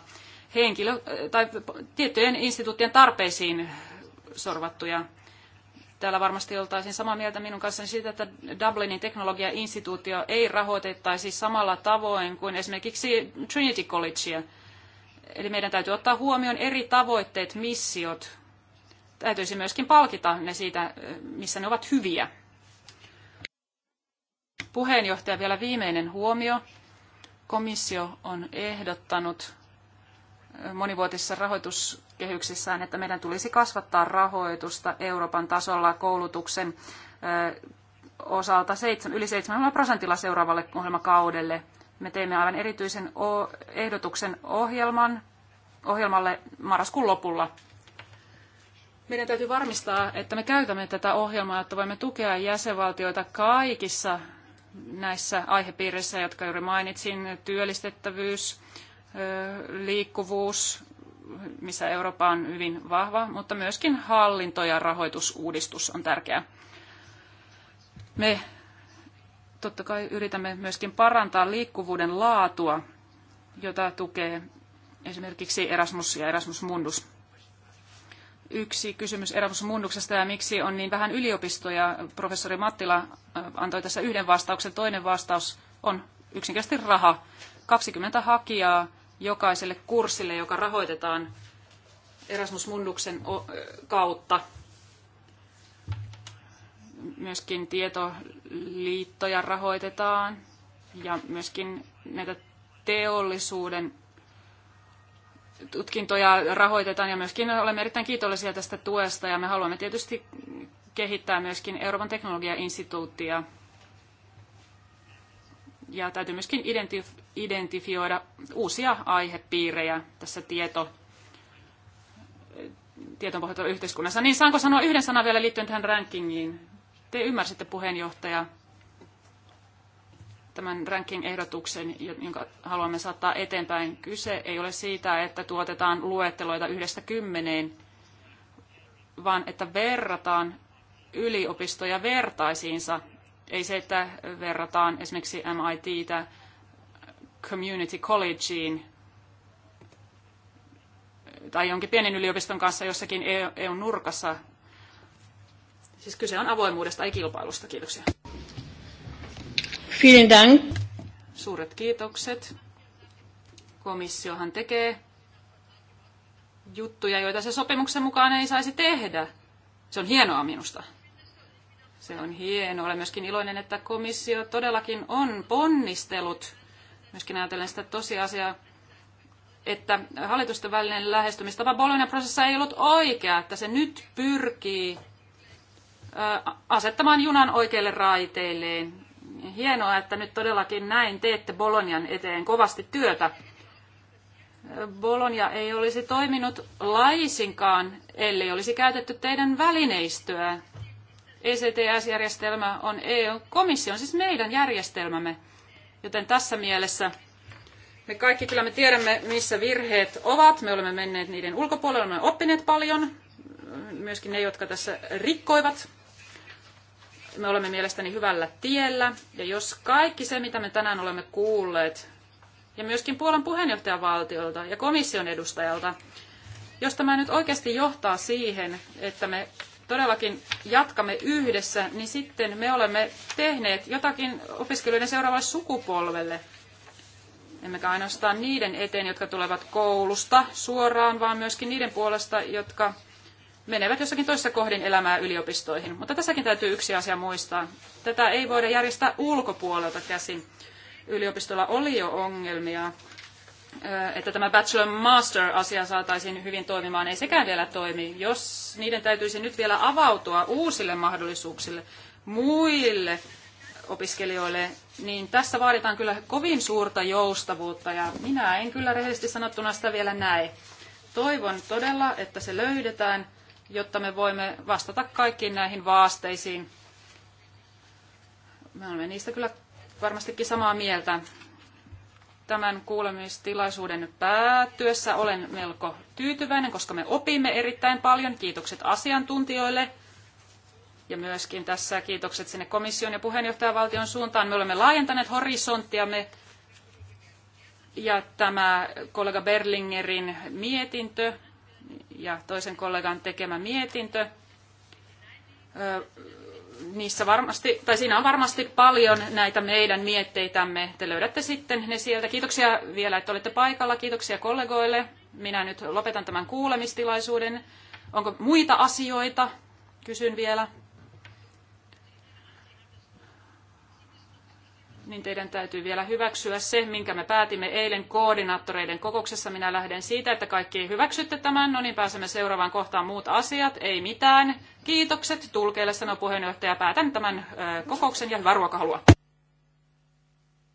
henkilö- tai tiettyjen instituuttien tarpeisiin sorvattuja. Täällä varmasti oltaisiin samaa mieltä minun kanssani siitä, että Dublinin teknologiainstituutio ei rahoitettaisi samalla tavoin kuin esimerkiksi Trinity Collegea. Eli meidän täytyy ottaa huomioon eri tavoitteet, missiot. Täytyisi myöskin palkita ne siitä, missä ne ovat hyviä. Puheenjohtaja, vielä viimeinen huomio. Komissio on ehdottanut monivuotisessa rahoituskehyksissään, että meidän tulisi kasvattaa rahoitusta Euroopan tasolla koulutuksen osalta yli 7 prosentilla seuraavalle ohjelmakaudelle. Me teimme aivan erityisen ehdotuksen ohjelman, ohjelmalle marraskuun lopulla. Meidän täytyy varmistaa, että me käytämme tätä ohjelmaa, jotta voimme tukea jäsenvaltioita kaikissa näissä aihepiireissä, jotka juuri mainitsin, työllistettävyys, liikkuvuus, missä Eurooppa on hyvin vahva, mutta myöskin hallinto- ja rahoitusuudistus on tärkeää. Me totta kai yritämme myöskin parantaa liikkuvuuden laatua, jota tukee esimerkiksi Erasmus ja Erasmus Mundus yksi kysymys Erasmus Munduksesta ja miksi on niin vähän yliopistoja. Professori Mattila äh, antoi tässä yhden vastauksen. Toinen vastaus on yksinkertaisesti raha. 20 hakijaa jokaiselle kurssille, joka rahoitetaan Erasmus Munduksen äh, kautta. Myöskin tietoliittoja rahoitetaan ja myöskin näitä teollisuuden tutkintoja rahoitetaan ja myöskin olemme erittäin kiitollisia tästä tuesta ja me haluamme tietysti kehittää myöskin Euroopan teknologiainstituuttia. Ja täytyy myöskin identif- identifioida uusia aihepiirejä tässä tieto, tietoon yhteiskunnassa. Niin saanko sanoa yhden sanan vielä liittyen tähän rankingiin? Te ymmärsitte puheenjohtaja tämän ranking-ehdotuksen, jonka haluamme saattaa eteenpäin. Kyse ei ole siitä, että tuotetaan luetteloita yhdestä kymmeneen, vaan että verrataan yliopistoja vertaisiinsa. Ei se, että verrataan esimerkiksi MITtä Community Collegeen tai jonkin pienen yliopiston kanssa jossakin EUn e nurkassa. Siis kyse on avoimuudesta, ei kilpailusta. Kiitoksia. Vielen Dank. Suuret kiitokset. Komissiohan tekee juttuja, joita se sopimuksen mukaan ei saisi tehdä. Se on hienoa minusta. Se on hienoa. Olen myöskin iloinen, että komissio todellakin on ponnistellut, myöskin ajatellen sitä tosiasiaa, että hallitusten välinen lähestymistapa Bologna-prosessissa ei ollut oikea, että se nyt pyrkii asettamaan junan oikeille raiteilleen hienoa, että nyt todellakin näin teette Bolonian eteen kovasti työtä. Bologna ei olisi toiminut laisinkaan, ellei olisi käytetty teidän välineistöä. ECTS-järjestelmä on EU-komission, siis meidän järjestelmämme. Joten tässä mielessä me kaikki kyllä me tiedämme, missä virheet ovat. Me olemme menneet niiden ulkopuolelle, olemme oppineet paljon, myöskin ne, jotka tässä rikkoivat me olemme mielestäni hyvällä tiellä, ja jos kaikki se, mitä me tänään olemme kuulleet, ja myöskin Puolan puheenjohtajavaltiolta ja komission edustajalta, jos tämä nyt oikeasti johtaa siihen, että me todellakin jatkamme yhdessä, niin sitten me olemme tehneet jotakin opiskelijoiden seuraavalle sukupolvelle. Emmekä ainoastaan niiden eteen, jotka tulevat koulusta suoraan, vaan myöskin niiden puolesta, jotka menevät jossakin toisessa kohdin elämää yliopistoihin. Mutta tässäkin täytyy yksi asia muistaa. Tätä ei voida järjestää ulkopuolelta käsin. Yliopistolla oli jo ongelmia, että tämä bachelor-master-asia saataisiin hyvin toimimaan. Ei sekään vielä toimi. Jos niiden täytyisi nyt vielä avautua uusille mahdollisuuksille, muille opiskelijoille, niin tässä vaaditaan kyllä kovin suurta joustavuutta ja minä en kyllä rehellisesti sanottuna sitä vielä näe. Toivon todella, että se löydetään jotta me voimme vastata kaikkiin näihin vaasteisiin. Me olemme niistä kyllä varmastikin samaa mieltä. Tämän kuulemistilaisuuden päättyessä olen melko tyytyväinen, koska me opimme erittäin paljon. Kiitokset asiantuntijoille ja myöskin tässä kiitokset sinne komission ja puheenjohtajavaltion suuntaan. Me olemme laajentaneet horisonttiamme ja tämä kollega Berlingerin mietintö ja toisen kollegan tekemä mietintö. Niissä varmasti, tai siinä on varmasti paljon näitä meidän mietteitämme. Te löydätte sitten ne sieltä. Kiitoksia vielä, että olette paikalla. Kiitoksia kollegoille. Minä nyt lopetan tämän kuulemistilaisuuden. Onko muita asioita? Kysyn vielä. niin teidän täytyy vielä hyväksyä se, minkä me päätimme eilen koordinaattoreiden kokouksessa. Minä lähden siitä, että kaikki hyväksytte tämän. No niin, pääsemme seuraavaan kohtaan muut asiat. Ei mitään. Kiitokset. Tulkeille sanoi puheenjohtaja. Päätän tämän kokouksen ja hyvää ruokahalua.